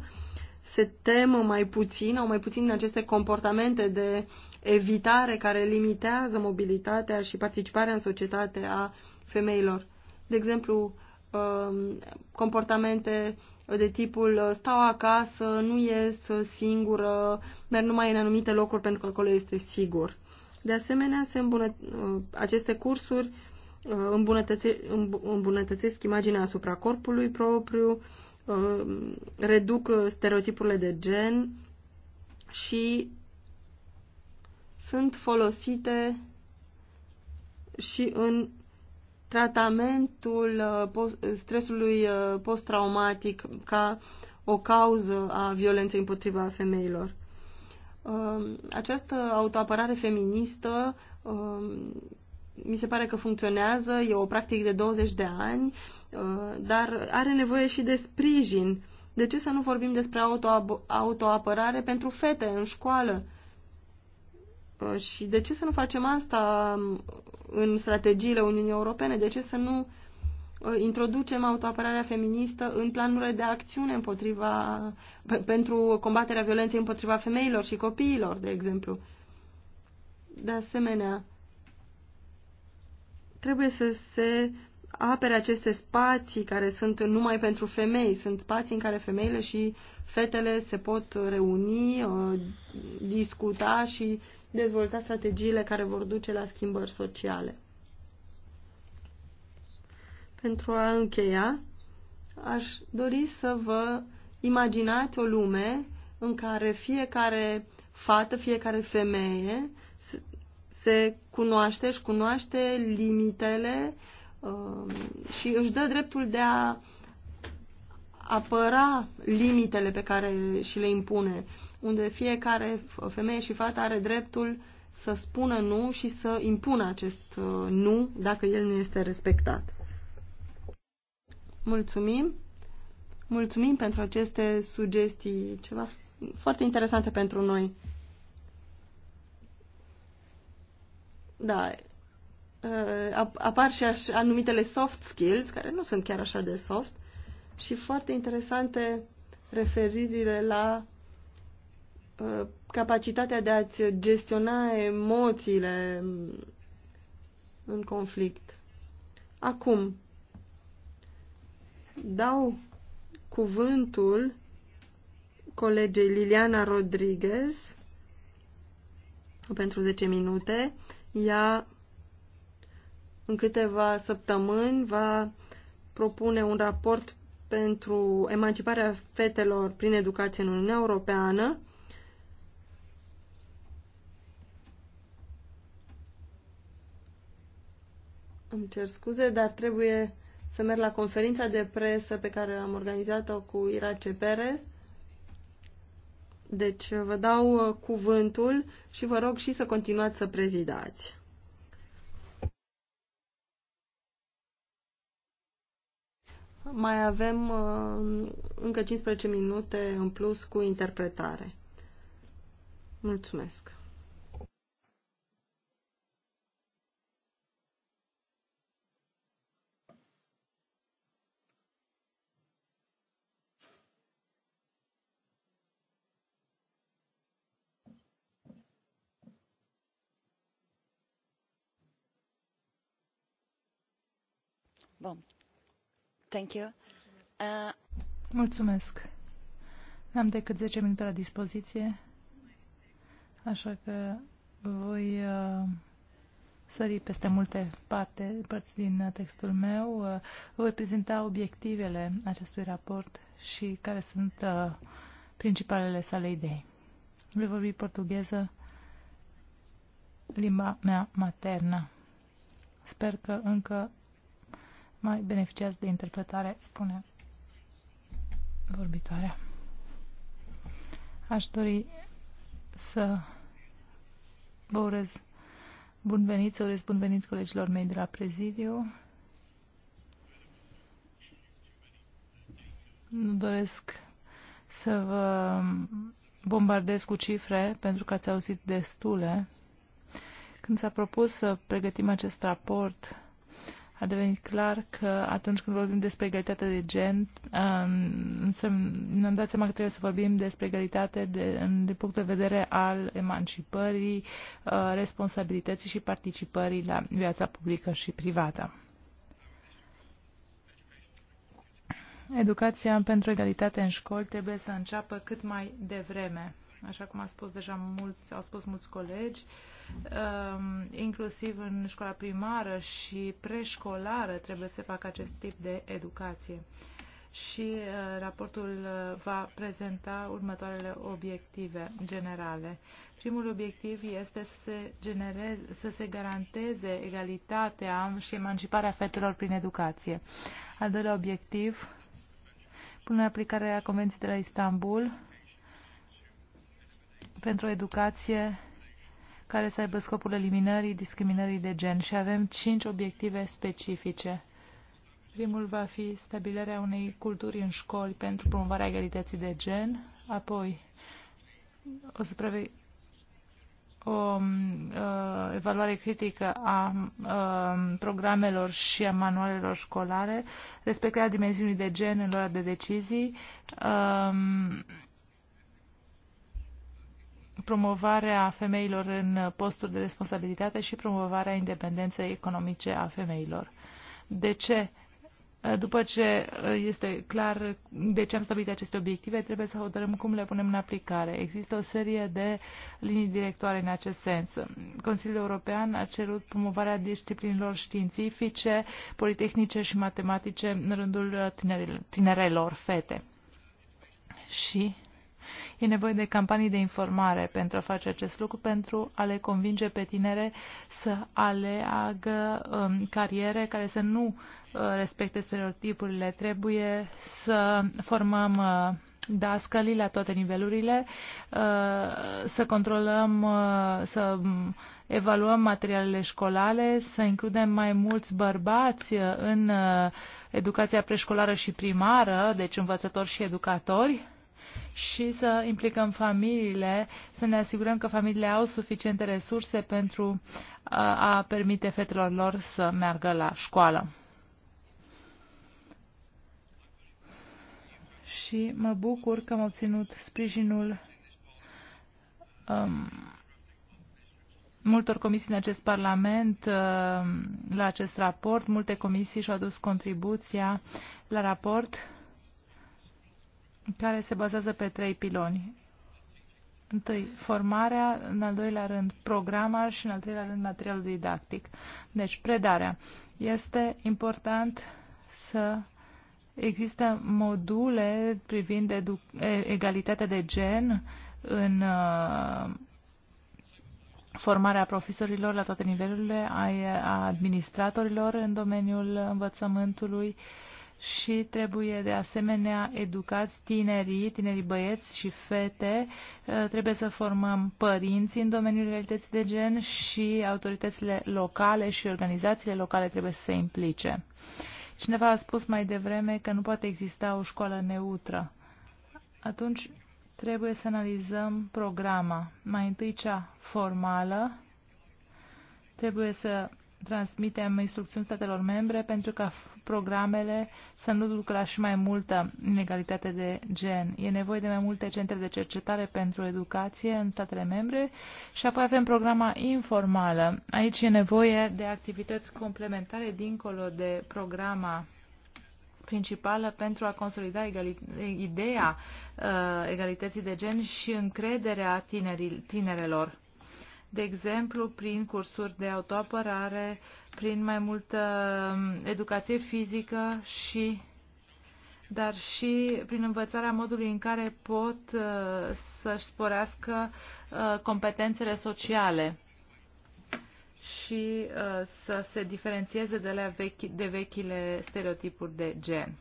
se temă mai puțin, au mai puțin aceste comportamente de evitare care limitează mobilitatea și participarea în societate a femeilor. De exemplu, um, comportamente de tipul uh, stau acasă, nu ies singură, merg numai în anumite locuri pentru că acolo este sigur. De asemenea, se îmbunăt- uh, aceste cursuri uh, îmbunătățe- îmbunătățesc imaginea asupra corpului propriu, Uh, reduc uh, stereotipurile de gen și sunt folosite și în tratamentul uh, stresului post-traumatic ca o cauză a violenței împotriva femeilor. Această autoapărare feministă mi se pare că funcționează, e o practică de 20 de ani, uh, dar are nevoie și de sprijin. De ce să nu vorbim despre autoapărare pentru fete în școală? Uh, și de ce să nu facem asta um, în strategiile Uniunii Europene? De ce să nu uh, introducem autoapărarea feministă în planurile de acțiune împotriva, pentru combaterea violenței împotriva femeilor și copiilor, de exemplu? De asemenea, Trebuie să se apere aceste spații care sunt numai pentru femei. Sunt spații în care femeile și fetele se pot reuni, uh, discuta și dezvolta strategiile care vor duce la schimbări sociale. Pentru a încheia, aș dori să vă imaginați o lume în care fiecare fată, fiecare femeie se cunoaște, își cunoaște limitele um, și își dă dreptul de a apăra limitele pe care și le impune, unde fiecare femeie și fată are dreptul să spună nu și să impună acest uh, nu dacă el nu este respectat. Mulțumim! Mulțumim pentru aceste sugestii, ceva foarte interesante pentru noi. Da, ă, apar și aș, anumitele soft skills, care nu sunt chiar așa de soft, și foarte interesante referirile la ă, capacitatea de a-ți gestiona emoțiile în conflict. Acum, dau cuvântul colegei Liliana Rodriguez pentru 10 minute ea, în câteva săptămâni, va propune un raport pentru emanciparea fetelor prin educație în Uniunea Europeană. Îmi cer scuze, dar trebuie să merg la conferința de presă pe care am organizat-o cu Irace Perez. Deci vă dau uh, cuvântul și vă rog și să continuați să prezidați. Mai avem uh, încă 15 minute în plus cu interpretare. Mulțumesc! Bun. Uh, Mulțumesc. N-am decât 10 minute la dispoziție, așa că voi uh, sări peste multe parte, părți din textul meu. Uh, voi prezenta obiectivele acestui raport și care sunt uh, principalele sale idei. Voi vorbi portugheză, limba mea maternă. Sper că încă mai beneficiați de interpretare, spune vorbitoarea. Aș dori să vă urez bun venit, să urez bun venit colegilor mei de la prezidiu. Nu doresc să vă bombardez cu cifre, pentru că ați auzit destule. Când s-a propus să pregătim acest raport, a devenit clar că atunci când vorbim despre egalitate de gen, um, ne-am dat seama că trebuie să vorbim despre egalitate de, de punct de vedere al emancipării, uh, responsabilității și participării la viața publică și privată. Educația pentru egalitate în școli trebuie să înceapă cât mai devreme așa cum a spus deja mulți, au spus mulți colegi, um, inclusiv în școala primară și preșcolară trebuie să facă acest tip de educație. Și uh, raportul uh, va prezenta următoarele obiective generale. Primul obiectiv este să se, genereze, să se garanteze egalitatea și emanciparea fetelor prin educație. Al doilea obiectiv, punerea aplicare a Convenției de la Istanbul, pentru o educație care să aibă scopul eliminării discriminării de gen și avem cinci obiective specifice. Primul va fi stabilirea unei culturi în școli pentru promovarea egalității de gen, apoi o, o um, uh, evaluare critică a uh, programelor și a manualelor școlare, respectarea dimensiunii de gen în luarea de decizii, uh, promovarea femeilor în posturi de responsabilitate și promovarea independenței economice a femeilor. De ce? După ce este clar de ce am stabilit aceste obiective, trebuie să hotărâm cum le punem în aplicare. Există o serie de linii directoare în acest sens. Consiliul European a cerut promovarea disciplinilor științifice, politehnice și matematice în rândul tinerelor fete. Și E nevoie de campanii de informare pentru a face acest lucru, pentru a le convinge pe tinere să aleagă um, cariere care să nu uh, respecte stereotipurile. Trebuie să formăm uh, dascălii la toate nivelurile, uh, să controlăm, uh, să um, evaluăm materialele școlare, să includem mai mulți bărbați uh, în educația preșcolară și primară, deci învățători și educatori, și să implicăm familiile, să ne asigurăm că familiile au suficiente resurse pentru a permite fetelor lor să meargă la școală. Și mă bucur că am obținut sprijinul um, multor comisii în acest Parlament um, la acest raport. Multe comisii și-au adus contribuția la raport care se bazează pe trei piloni. Întâi, formarea, în al doilea rând, programa și în al treilea rând, materialul didactic. Deci, predarea. Este important să există module privind egalitatea de gen în uh, formarea profesorilor la toate nivelurile, a administratorilor în domeniul învățământului, uh, și trebuie de asemenea educați tinerii, tinerii băieți și fete. Uh, trebuie să formăm părinții în domeniul realității de gen și autoritățile locale și organizațiile locale trebuie să se implice. Cineva a spus mai devreme că nu poate exista o școală neutră. Atunci trebuie să analizăm programa. Mai întâi cea formală. Trebuie să transmitem instrucțiuni statelor membre pentru ca programele să nu ducă la și mai multă inegalitate de gen. E nevoie de mai multe centre de cercetare pentru educație în statele membre și apoi avem programa informală. Aici e nevoie de activități complementare dincolo de programa principală pentru a consolida ideea uh, egalității de gen și încrederea tinerilor de exemplu, prin cursuri de autoapărare, prin mai multă um, educație fizică și dar și prin învățarea modului în care pot uh, să-și sporească uh, competențele sociale și uh, să se diferențieze de, la vechi, de vechile stereotipuri de gen.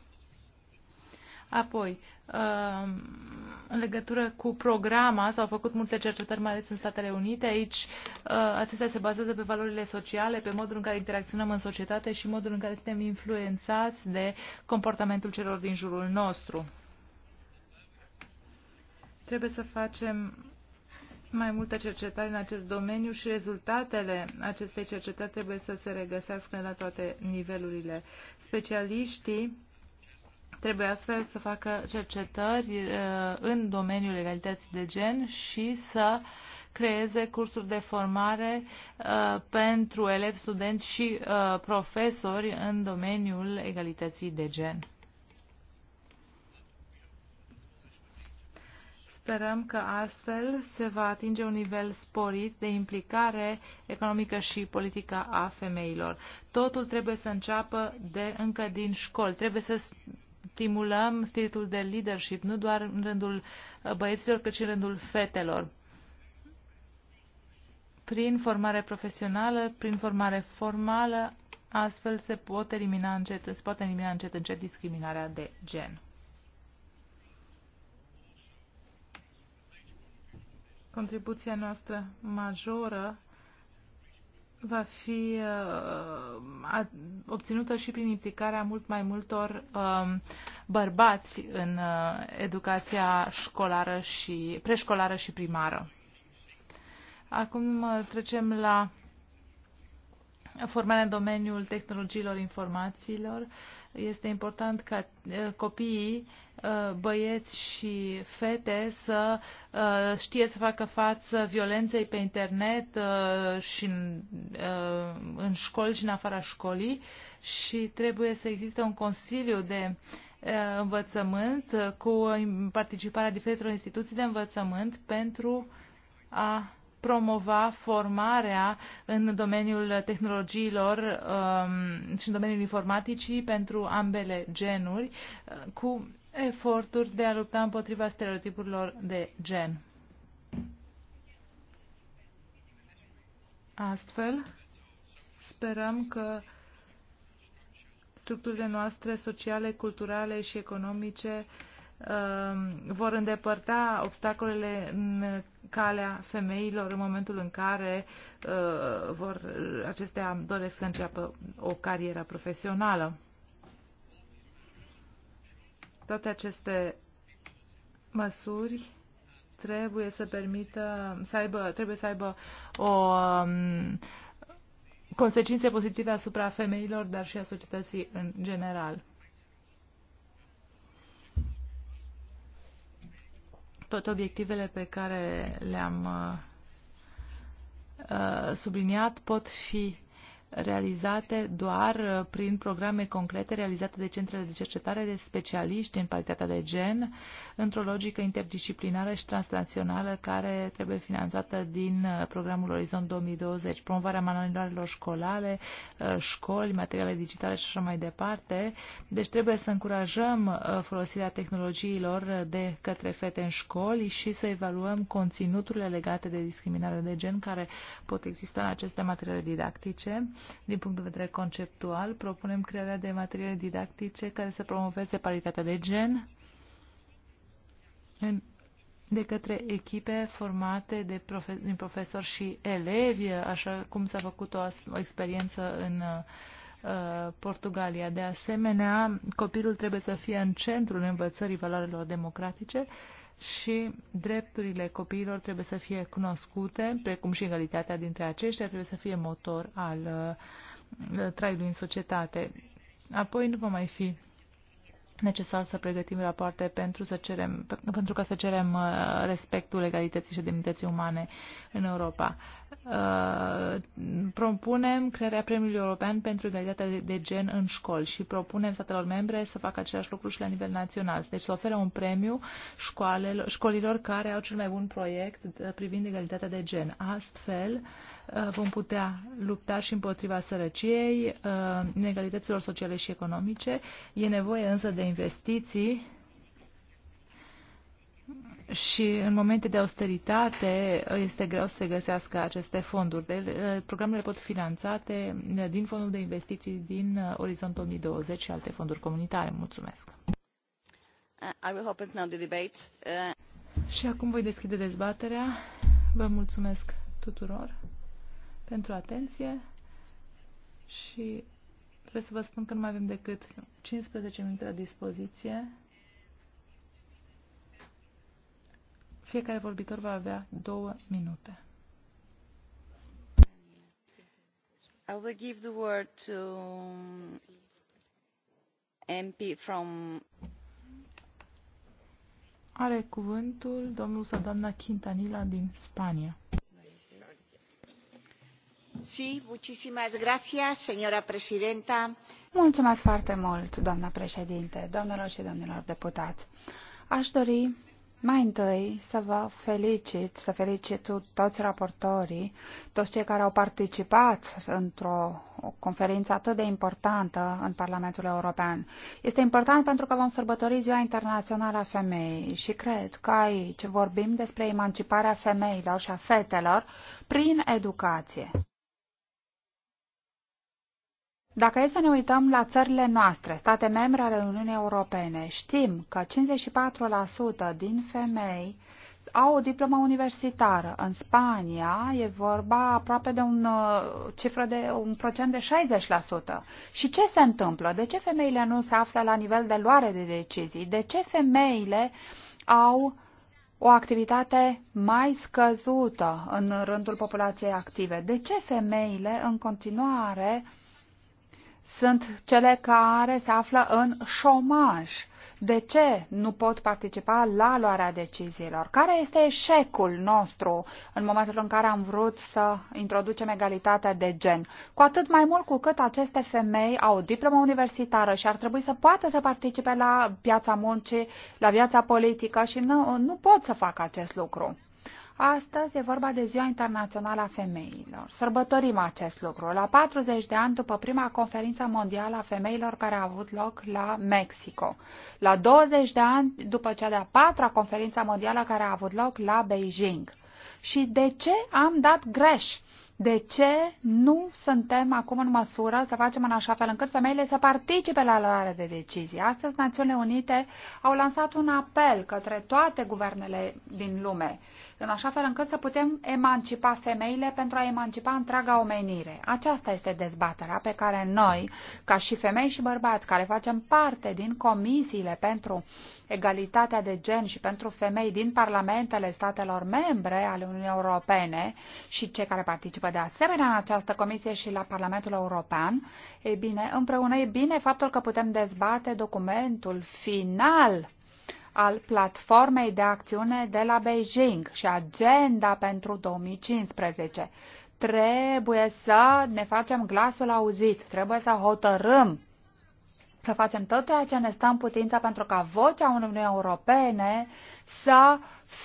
Apoi, um, în legătură cu programa, s-au făcut multe cercetări, mai ales în Statele Unite. Aici, uh, acestea se bazează pe valorile sociale, pe modul în care interacționăm în societate și modul în care suntem influențați de comportamentul celor din jurul nostru. Trebuie să facem mai multă cercetare în acest domeniu și rezultatele acestei cercetări trebuie să se regăsească la toate nivelurile. Specialiștii Trebuie astfel să facă cercetări uh, în domeniul egalității de gen și să creeze cursuri de formare uh, pentru elevi, studenți și uh, profesori în domeniul egalității de gen. Sperăm că astfel se va atinge un nivel sporit de implicare economică și politică a femeilor. Totul trebuie să înceapă de încă din școli. Trebuie să stimulăm spiritul de leadership, nu doar în rândul băieților, cât și în rândul fetelor. Prin formare profesională, prin formare formală, astfel se, pot elimina încet, se poate elimina încet încet discriminarea de gen. Contribuția noastră majoră va fi uh, obținută și prin implicarea mult mai multor uh, bărbați în uh, educația școlară și preșcolară și primară. Acum uh, trecem la formarea în domeniul tehnologiilor informațiilor. Uh, este important ca eh, copiii, eh, băieți și fete să eh, știe să facă față violenței pe internet și în, în școli și în afara școlii și trebuie să existe un consiliu de învățământ cu participarea diferitelor instituții de învățământ pentru a promova formarea în domeniul tehnologiilor um, și în domeniul informaticii pentru ambele genuri uh, cu eforturi de a lupta împotriva stereotipurilor de gen. Astfel, sperăm că structurile noastre sociale, culturale și economice uh, Um, vor îndepărta obstacolele în calea femeilor în momentul în care uh, vor, acestea doresc să înceapă o carieră profesională. Toate aceste măsuri trebuie să permită, să aibă, trebuie să aibă o um, consecințe pozitive asupra femeilor, dar și a societății în general. toate obiectivele pe care le-am uh, uh, subliniat pot fi realizate doar uh, prin programe concrete realizate de centrele de cercetare de specialiști în paritatea de gen, într-o logică interdisciplinară și transnațională care trebuie finanțată din uh, programul Orizont 2020, promovarea manualelor școlare, uh, școli, materiale digitale și așa mai departe. Deci trebuie să încurajăm folosirea tehnologiilor de către fete în școli și să evaluăm conținuturile legate de discriminare de gen care pot exista în aceste materiale didactice din punct de vedere conceptual, propunem crearea de materiale didactice care să promoveze paritatea de gen în, de către echipe formate de profe, din profesori și elevi, așa cum s-a făcut o, o experiență în uh, Portugalia. De asemenea, copilul trebuie să fie în centrul învățării valorilor democratice și drepturile copiilor trebuie să fie cunoscute, precum și egalitatea dintre aceștia trebuie să fie motor al uh, traiului în societate. Apoi nu va mai fi necesar să pregătim rapoarte pentru, să cerem, pentru ca să cerem uh, respectul egalității și demnității umane în Europa. Uh, propunem crearea Premiului European pentru egalitatea de gen în școli și propunem statelor membre să facă același lucru și la nivel național. Deci să oferă un premiu școlilor care au cel mai bun proiect uh, privind egalitatea de gen. Astfel, Uh, vom putea lupta și împotriva sărăciei, uh, inegalităților sociale și economice. E nevoie însă de investiții și în momente de austeritate uh, este greu să se găsească aceste fonduri. Deci, programele pot fi finanțate din fondul de investiții din Orizont 2020 și alte fonduri comunitare. Mulțumesc! I will open now the debate. Uh... Și acum voi deschide dezbaterea. Vă mulțumesc tuturor pentru atenție și trebuie să vă spun că nu mai avem decât 15 minute la dispoziție. Fiecare vorbitor va avea două minute. I will give the word to MP from are cuvântul domnul sau doamna Quintanilla din Spania. Sí, muchísimas Mulțumesc foarte mult, doamna președinte, doamnelor și domnilor deputați. Aș dori mai întâi să vă felicit, să felicit toți raportorii, toți cei care au participat într-o conferință atât de importantă în Parlamentul European. Este important pentru că vom sărbători Ziua Internațională a Femeii și cred că aici vorbim despre emanciparea femeilor și a fetelor prin educație. Dacă e să ne uităm la țările noastre, state membre ale Uniunii Europene, știm că 54% din femei au o diplomă universitară. În Spania e vorba aproape de un uh, cifră de un procent de 60%. Și ce se întâmplă? De ce femeile nu se află la nivel de luare de decizii? De ce femeile au o activitate mai scăzută în rândul populației active? De ce femeile în continuare sunt cele care se află în șomaj. De ce nu pot participa la luarea deciziilor? Care este eșecul nostru în momentul în care am vrut să introducem egalitatea de gen? Cu atât mai mult cu cât aceste femei au o diplomă universitară și ar trebui să poată să participe la piața muncii, la viața politică și nu, nu pot să facă acest lucru. Astăzi e vorba de Ziua Internațională a Femeilor. Sărbătorim acest lucru. La 40 de ani după prima conferință mondială a femeilor care a avut loc la Mexico. La 20 de ani după cea de-a patra conferință mondială care a avut loc la Beijing. Și de ce am dat greș? De ce nu suntem acum în măsură să facem în așa fel încât femeile să participe la luarea de decizii? Astăzi Națiunile Unite au lansat un apel către toate guvernele din lume în așa fel încât să putem emancipa femeile pentru a emancipa întreaga omenire. Aceasta este dezbaterea pe care noi, ca și femei și bărbați, care facem parte din comisiile pentru egalitatea de gen și pentru femei din parlamentele statelor membre ale Uniunii Europene și cei care participă de asemenea în această comisie și la Parlamentul European, e bine, împreună e bine faptul că putem dezbate documentul final al platformei de acțiune de la Beijing și agenda pentru 2015. Trebuie să ne facem glasul auzit, trebuie să hotărâm, să facem tot ceea ce ne stă în putință pentru ca vocea Uniunii Europene să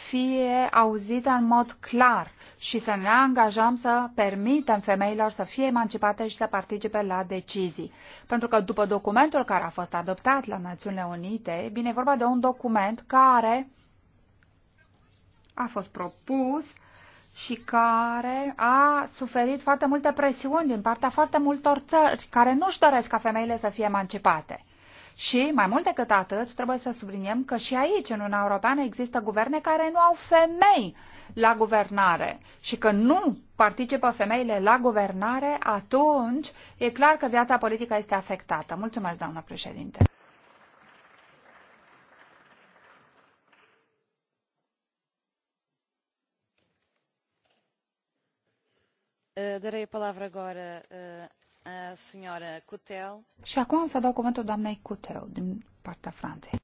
fie auzită în mod clar și să ne angajăm să permitem femeilor să fie emancipate și să participe la decizii. Pentru că după documentul care a fost adoptat la Națiunile Unite, bine, e vorba de un document care a fost propus și care a suferit foarte multe presiuni din partea foarte multor țări care nu-și doresc ca femeile să fie emancipate. Și, mai mult decât atât, trebuie să subliniem că și aici, în Uniunea Europeană, există guverne care nu au femei la guvernare și că nu participă femeile la guvernare, atunci e clar că viața politică este afectată. Mulțumesc, doamnă președinte. Eh, darei a palavra agora eh, Eh, Și acum am să dau cuvântul doamnei Cutel din partea Franței.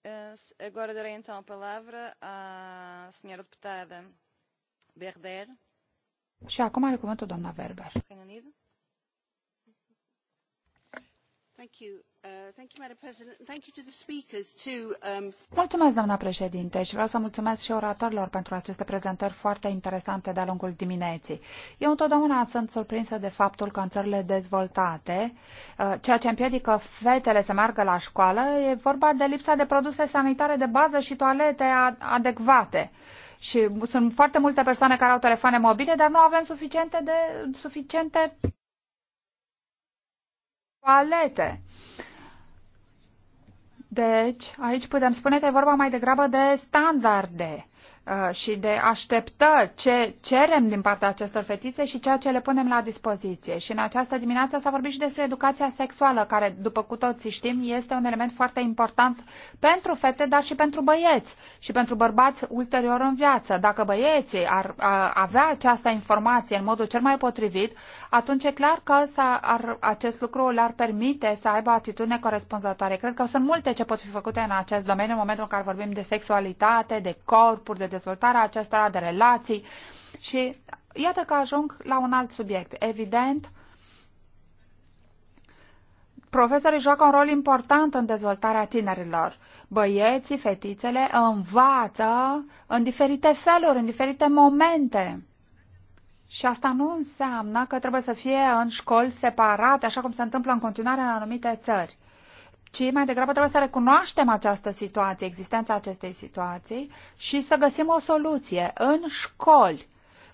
Eh, agora darei então a palavra à senhora deputada Berder. Și acum are cuvântul doamna Berber. Reino Unido. Mulțumesc, doamna președinte, și vreau să mulțumesc și oratorilor pentru aceste prezentări foarte interesante de-a lungul dimineții. Eu întotdeauna sunt surprinsă de faptul că în țările dezvoltate, uh, ceea ce împiedică fetele să meargă la școală e vorba de lipsa de produse sanitare de bază și toalete adecvate și sunt foarte multe persoane care au telefoane mobile, dar nu avem suficiente de suficiente toalete. Deci, aici putem spune că e vorba mai degrabă de standarde Uh, și de așteptări ce cerem din partea acestor fetițe și ceea ce le punem la dispoziție. Și în această dimineață s-a vorbit și despre educația sexuală, care, după cu toții știm, este un element foarte important pentru fete, dar și pentru băieți și pentru bărbați ulterior în viață. Dacă băieții ar uh, avea această informație în modul cel mai potrivit, atunci e clar că ar, acest lucru le-ar permite să aibă atitudine corespunzătoare. Cred că sunt multe ce pot fi făcute în acest domeniu în momentul în care vorbim de sexualitate, de corpuri, de dezvoltarea acestora, de relații și iată că ajung la un alt subiect. Evident, profesorii joacă un rol important în dezvoltarea tinerilor. Băieții, fetițele învață în diferite feluri, în diferite momente. Și asta nu înseamnă că trebuie să fie în școli separate, așa cum se întâmplă în continuare în anumite țări ci mai degrabă trebuie să recunoaștem această situație, existența acestei situații și să găsim o soluție în școli,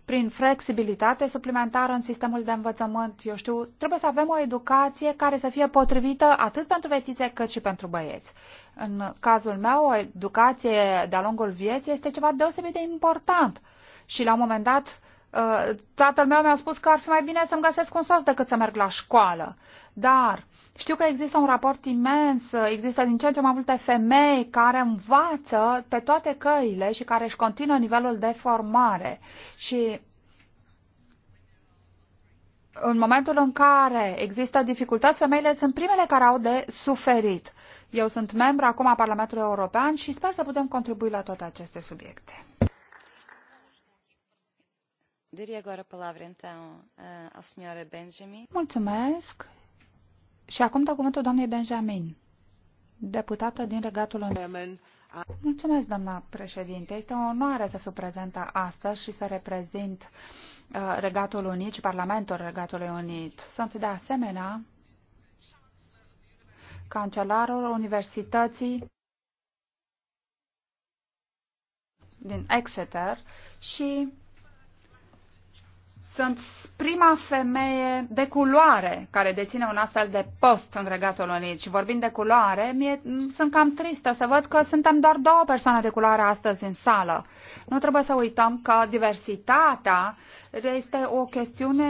prin flexibilitate suplimentară în sistemul de învățământ. Eu știu, trebuie să avem o educație care să fie potrivită atât pentru fetițe cât și pentru băieți. În cazul meu, o educație de-a lungul vieții este ceva deosebit de important. Și la un moment dat, uh, Uh, tatăl meu mi-a spus că ar fi mai bine să-mi găsesc un soț decât să merg la școală. Dar știu că există un raport imens, uh, există din ce în ce mai multe femei care învață pe toate căile și care își continuă nivelul de formare. Și în momentul în care există dificultăți, femeile sunt primele care au de suferit. Eu sunt membru acum a Parlamentului European și sper să putem contribui la toate aceste subiecte. Mulțumesc. Și acum dau cuvântul doamnei Benjamin, deputată din Regatul Unit. Mulțumesc, doamna președinte. Este o onoare să fiu prezentă astăzi și să reprezint uh, Regatul Unit și Parlamentul Regatului Unit. Sunt de asemenea cancelarul Universității din Exeter și sunt prima femeie de culoare care deține un astfel de post în Regatul Unit și vorbind de culoare, mie, sunt cam tristă să văd că suntem doar două persoane de culoare astăzi în sală. Nu trebuie să uităm că diversitatea este o chestiune,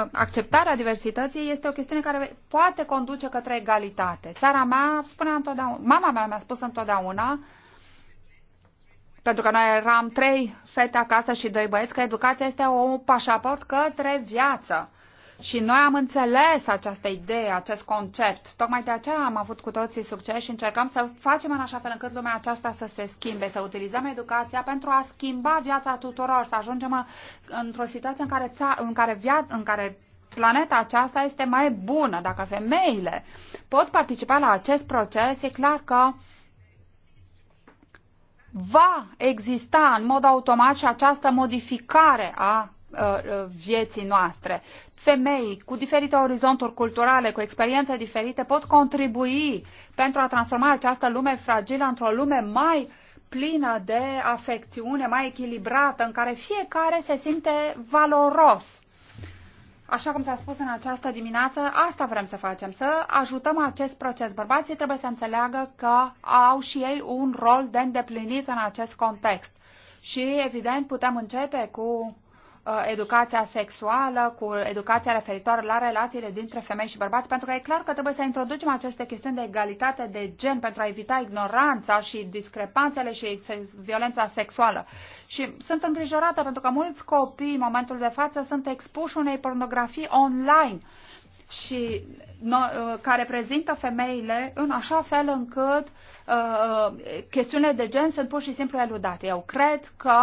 ă, acceptarea diversității este o chestiune care poate conduce către egalitate. Țara mea spunea întotdeauna, mama mea mi-a spus întotdeauna, pentru că noi eram trei fete acasă și doi băieți, că educația este o pașaport către viață. Și noi am înțeles această idee, acest concept. Tocmai de aceea am avut cu toții succes și încercăm să facem în așa fel încât lumea aceasta să se schimbe, să utilizăm educația pentru a schimba viața tuturor, să ajungem într-o situație în care, ța, în care, via, în care planeta aceasta este mai bună. Dacă femeile pot participa la acest proces, e clar că uh, va exista în mod automat și această modificare a uh, vieții noastre. Femei cu diferite orizonturi culturale, cu experiențe diferite, pot contribui pentru a transforma această lume fragilă într-o lume mai plină de afecțiune, mai echilibrată, în care fiecare se simte valoros. Așa cum s-a spus în această dimineață, asta vrem să facem, să ajutăm acest proces. Bărbații trebuie să înțeleagă că au și ei un rol de îndeplinit în acest context. Și, evident, putem începe cu Uh, educația sexuală, cu educația referitoare la relațiile dintre femei și bărbați, pentru că e clar că trebuie să introducem aceste chestiuni de egalitate de gen pentru a evita ignoranța și discrepanțele și violența sexuală. Și sunt îngrijorată pentru că mulți copii în momentul de față sunt expuși unei pornografii online și no, uh, care prezintă femeile în așa fel încât uh, uh, chestiunile de gen sunt pur și simplu eludate. Eu cred că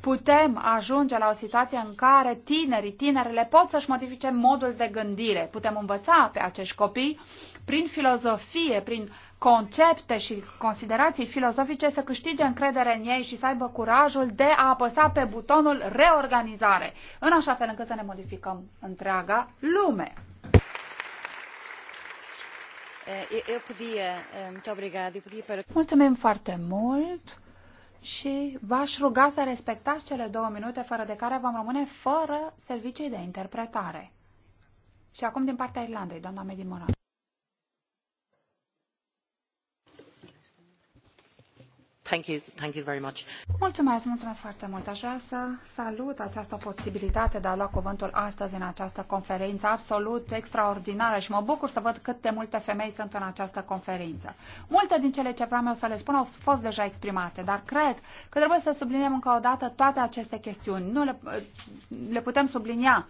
putem ajunge la o situație în care tinerii, tinerele pot să-și modifice modul de gândire. Putem învăța pe acești copii prin filozofie, prin concepte și considerații filozofice să câștige încredere în ei și să aibă curajul de a apăsa pe butonul reorganizare, în așa fel încât să ne modificăm întreaga lume. Mulțumim foarte mult și v-aș ruga să respectați cele două minute fără de care vom rămâne fără servicii de interpretare. Și acum din partea Irlandei, doamna Medi Moran. Mulțumesc, foarte mult. Aș vrea să salut această posibilitate de a lua cuvântul astăzi în această conferință absolut extraordinară și mă bucur să văd cât de multe femei sunt în această conferință. Multe din cele ce vreau eu să le spun au fost deja exprimate, dar cred că trebuie să subliniem încă o dată toate aceste chestiuni. Nu le, le putem sublinia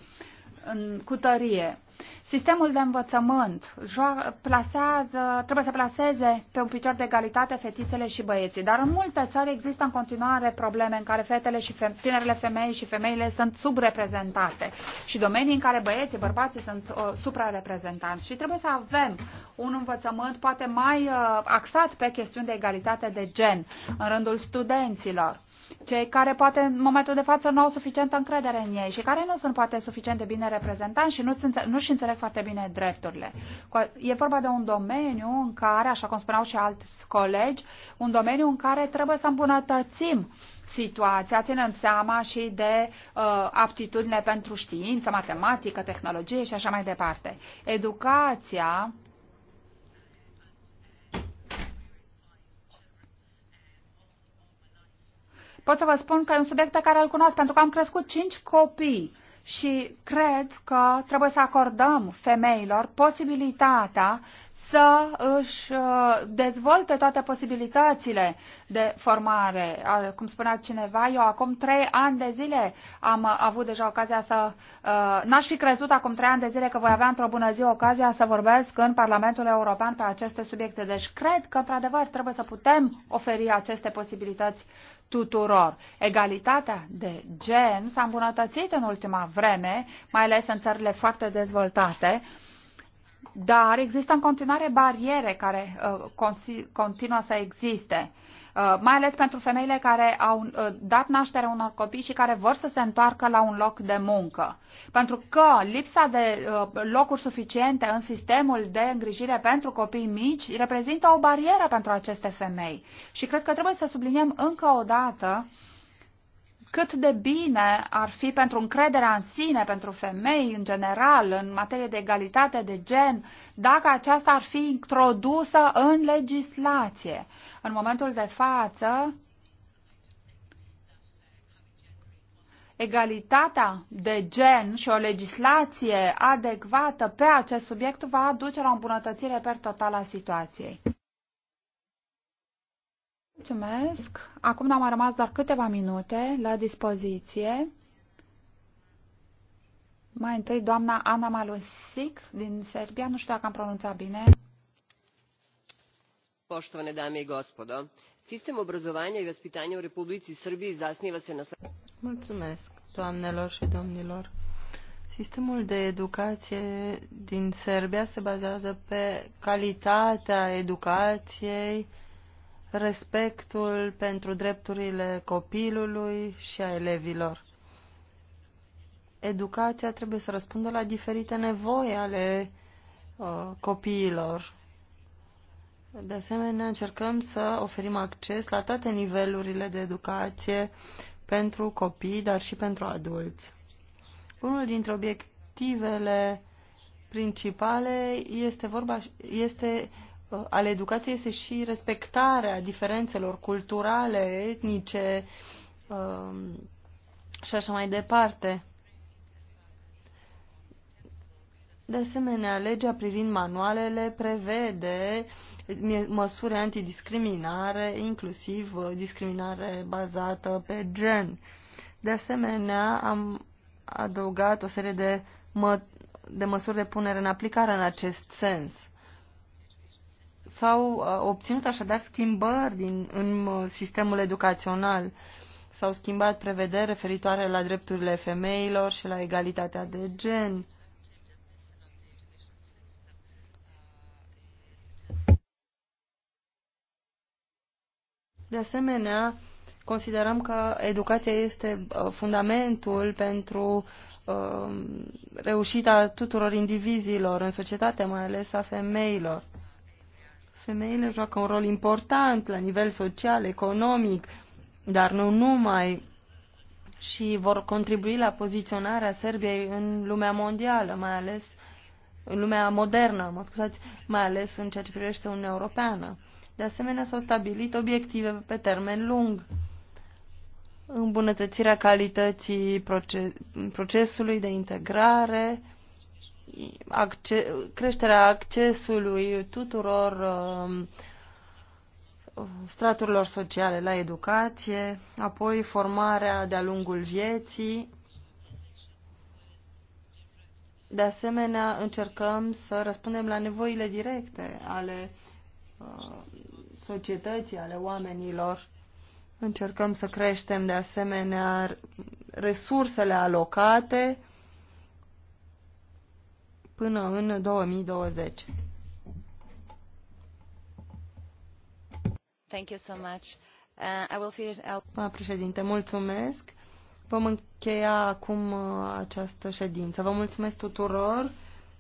în, cu tărie. Sistemul de învățământ plasează, trebuie să placeze pe un picior de egalitate fetițele și băieții, dar în multe țări există în continuare probleme în care fetele și fe tinerele femei și femeile sunt subreprezentate și domenii în care băieții, bărbații sunt uh, suprareprezentanți și trebuie să avem un învățământ poate mai uh, axat pe chestiuni de egalitate de gen în rândul studenților cei care poate în momentul de față nu au suficientă încredere în ei și care nu sunt poate suficient de bine reprezentanți și nu-și înțeleg, nu înțeleg foarte bine drepturile. E vorba de un domeniu în care, așa cum spuneau și alți colegi, un domeniu în care trebuie să îmbunătățim situația, ținând seama și de uh, aptitudine pentru știință, matematică, tehnologie și așa mai departe. Educația pot să vă spun că e un subiect pe care îl cunosc, pentru că am crescut cinci copii și cred că trebuie să acordăm femeilor posibilitatea să își uh, dezvolte toate posibilitățile de formare. Uh, cum spunea cineva, eu acum trei ani de zile am avut deja ocazia să... Uh, n-aș fi crezut acum trei ani de zile că voi avea într-o bună zi ocazia să vorbesc în Parlamentul European pe aceste subiecte. Deci cred că, într-adevăr, trebuie să putem oferi aceste posibilități tuturor. Egalitatea de gen s-a îmbunătățit în ultima vreme, mai ales în țările foarte dezvoltate, dar există în continuare bariere care uh, continuă să existe. Uh, Uh, mai ales pentru femeile care au uh, dat naștere unor copii și care vor să se întoarcă la un loc de muncă. Pentru că lipsa de uh, locuri suficiente în sistemul de îngrijire pentru copii mici reprezintă o barieră pentru aceste femei. Și cred că trebuie să subliniem încă o dată uh, cât de bine ar fi pentru încrederea în sine, pentru femei în general, în materie de egalitate de gen, dacă aceasta ar fi introdusă în legislație. În momentul de față, egalitatea de gen și o legislație adecvată pe acest subiect va aduce la o îmbunătățire per total a situației. Mulțumesc. Acum ne-au mai rămas doar câteva minute la dispoziție. Mai întâi, doamna Ana Malusic din Serbia. Nu știu dacă am pronunțat bine. Poștovane dame și gospodo, sistemul obrazovanja și vaspitanja în Republici Srbiji zasniva se na... Mulțumesc, doamnelor și domnilor. Sistemul de educație din Serbia se bazează pe calitatea educației, respectul pentru drepturile copilului și a elevilor. Educația trebuie să răspundă la diferite nevoi ale uh, copiilor. De asemenea, încercăm să oferim acces la toate nivelurile de educație pentru copii, dar și pentru adulți. Unul dintre obiectivele principale este, vorba, este Uh, ale educației este și respectarea diferențelor culturale, etnice um, și așa mai departe. De asemenea, legea privind manualele prevede măsuri antidiscriminare, inclusiv uh, discriminare bazată pe gen. De asemenea, am adăugat o serie de, mă, de măsuri de punere în aplicare în acest sens. S-au uh, obținut așadar schimbări din, în uh, sistemul educațional. S-au schimbat prevederi referitoare la drepturile femeilor și la egalitatea de gen. De asemenea, considerăm că educația este uh, fundamentul pentru reușita tuturor indivizilor în societate, mai ales a femeilor. Femeile joacă un rol important la nivel social, economic, dar nu numai, și vor contribui la poziționarea Serbiei în lumea mondială, mai ales în lumea modernă, mă scuzați, mai ales în ceea ce privește Uniunea Europeană. De asemenea, s-au stabilit obiective pe termen lung. Îmbunătățirea calității procesului de integrare, acce- creșterea accesului tuturor um, straturilor sociale la educație, apoi formarea de-a lungul vieții. De asemenea, încercăm să răspundem la nevoile directe ale uh, societății, ale oamenilor. Încercăm să creștem, de asemenea, resursele alocate până în 2020. Thank you so much. Uh, I will finish Doamna președinte, mulțumesc. Vom încheia acum uh, această ședință. Vă mulțumesc tuturor.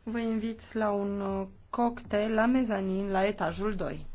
Vă invit la un uh, cocktail la mezanin la etajul 2.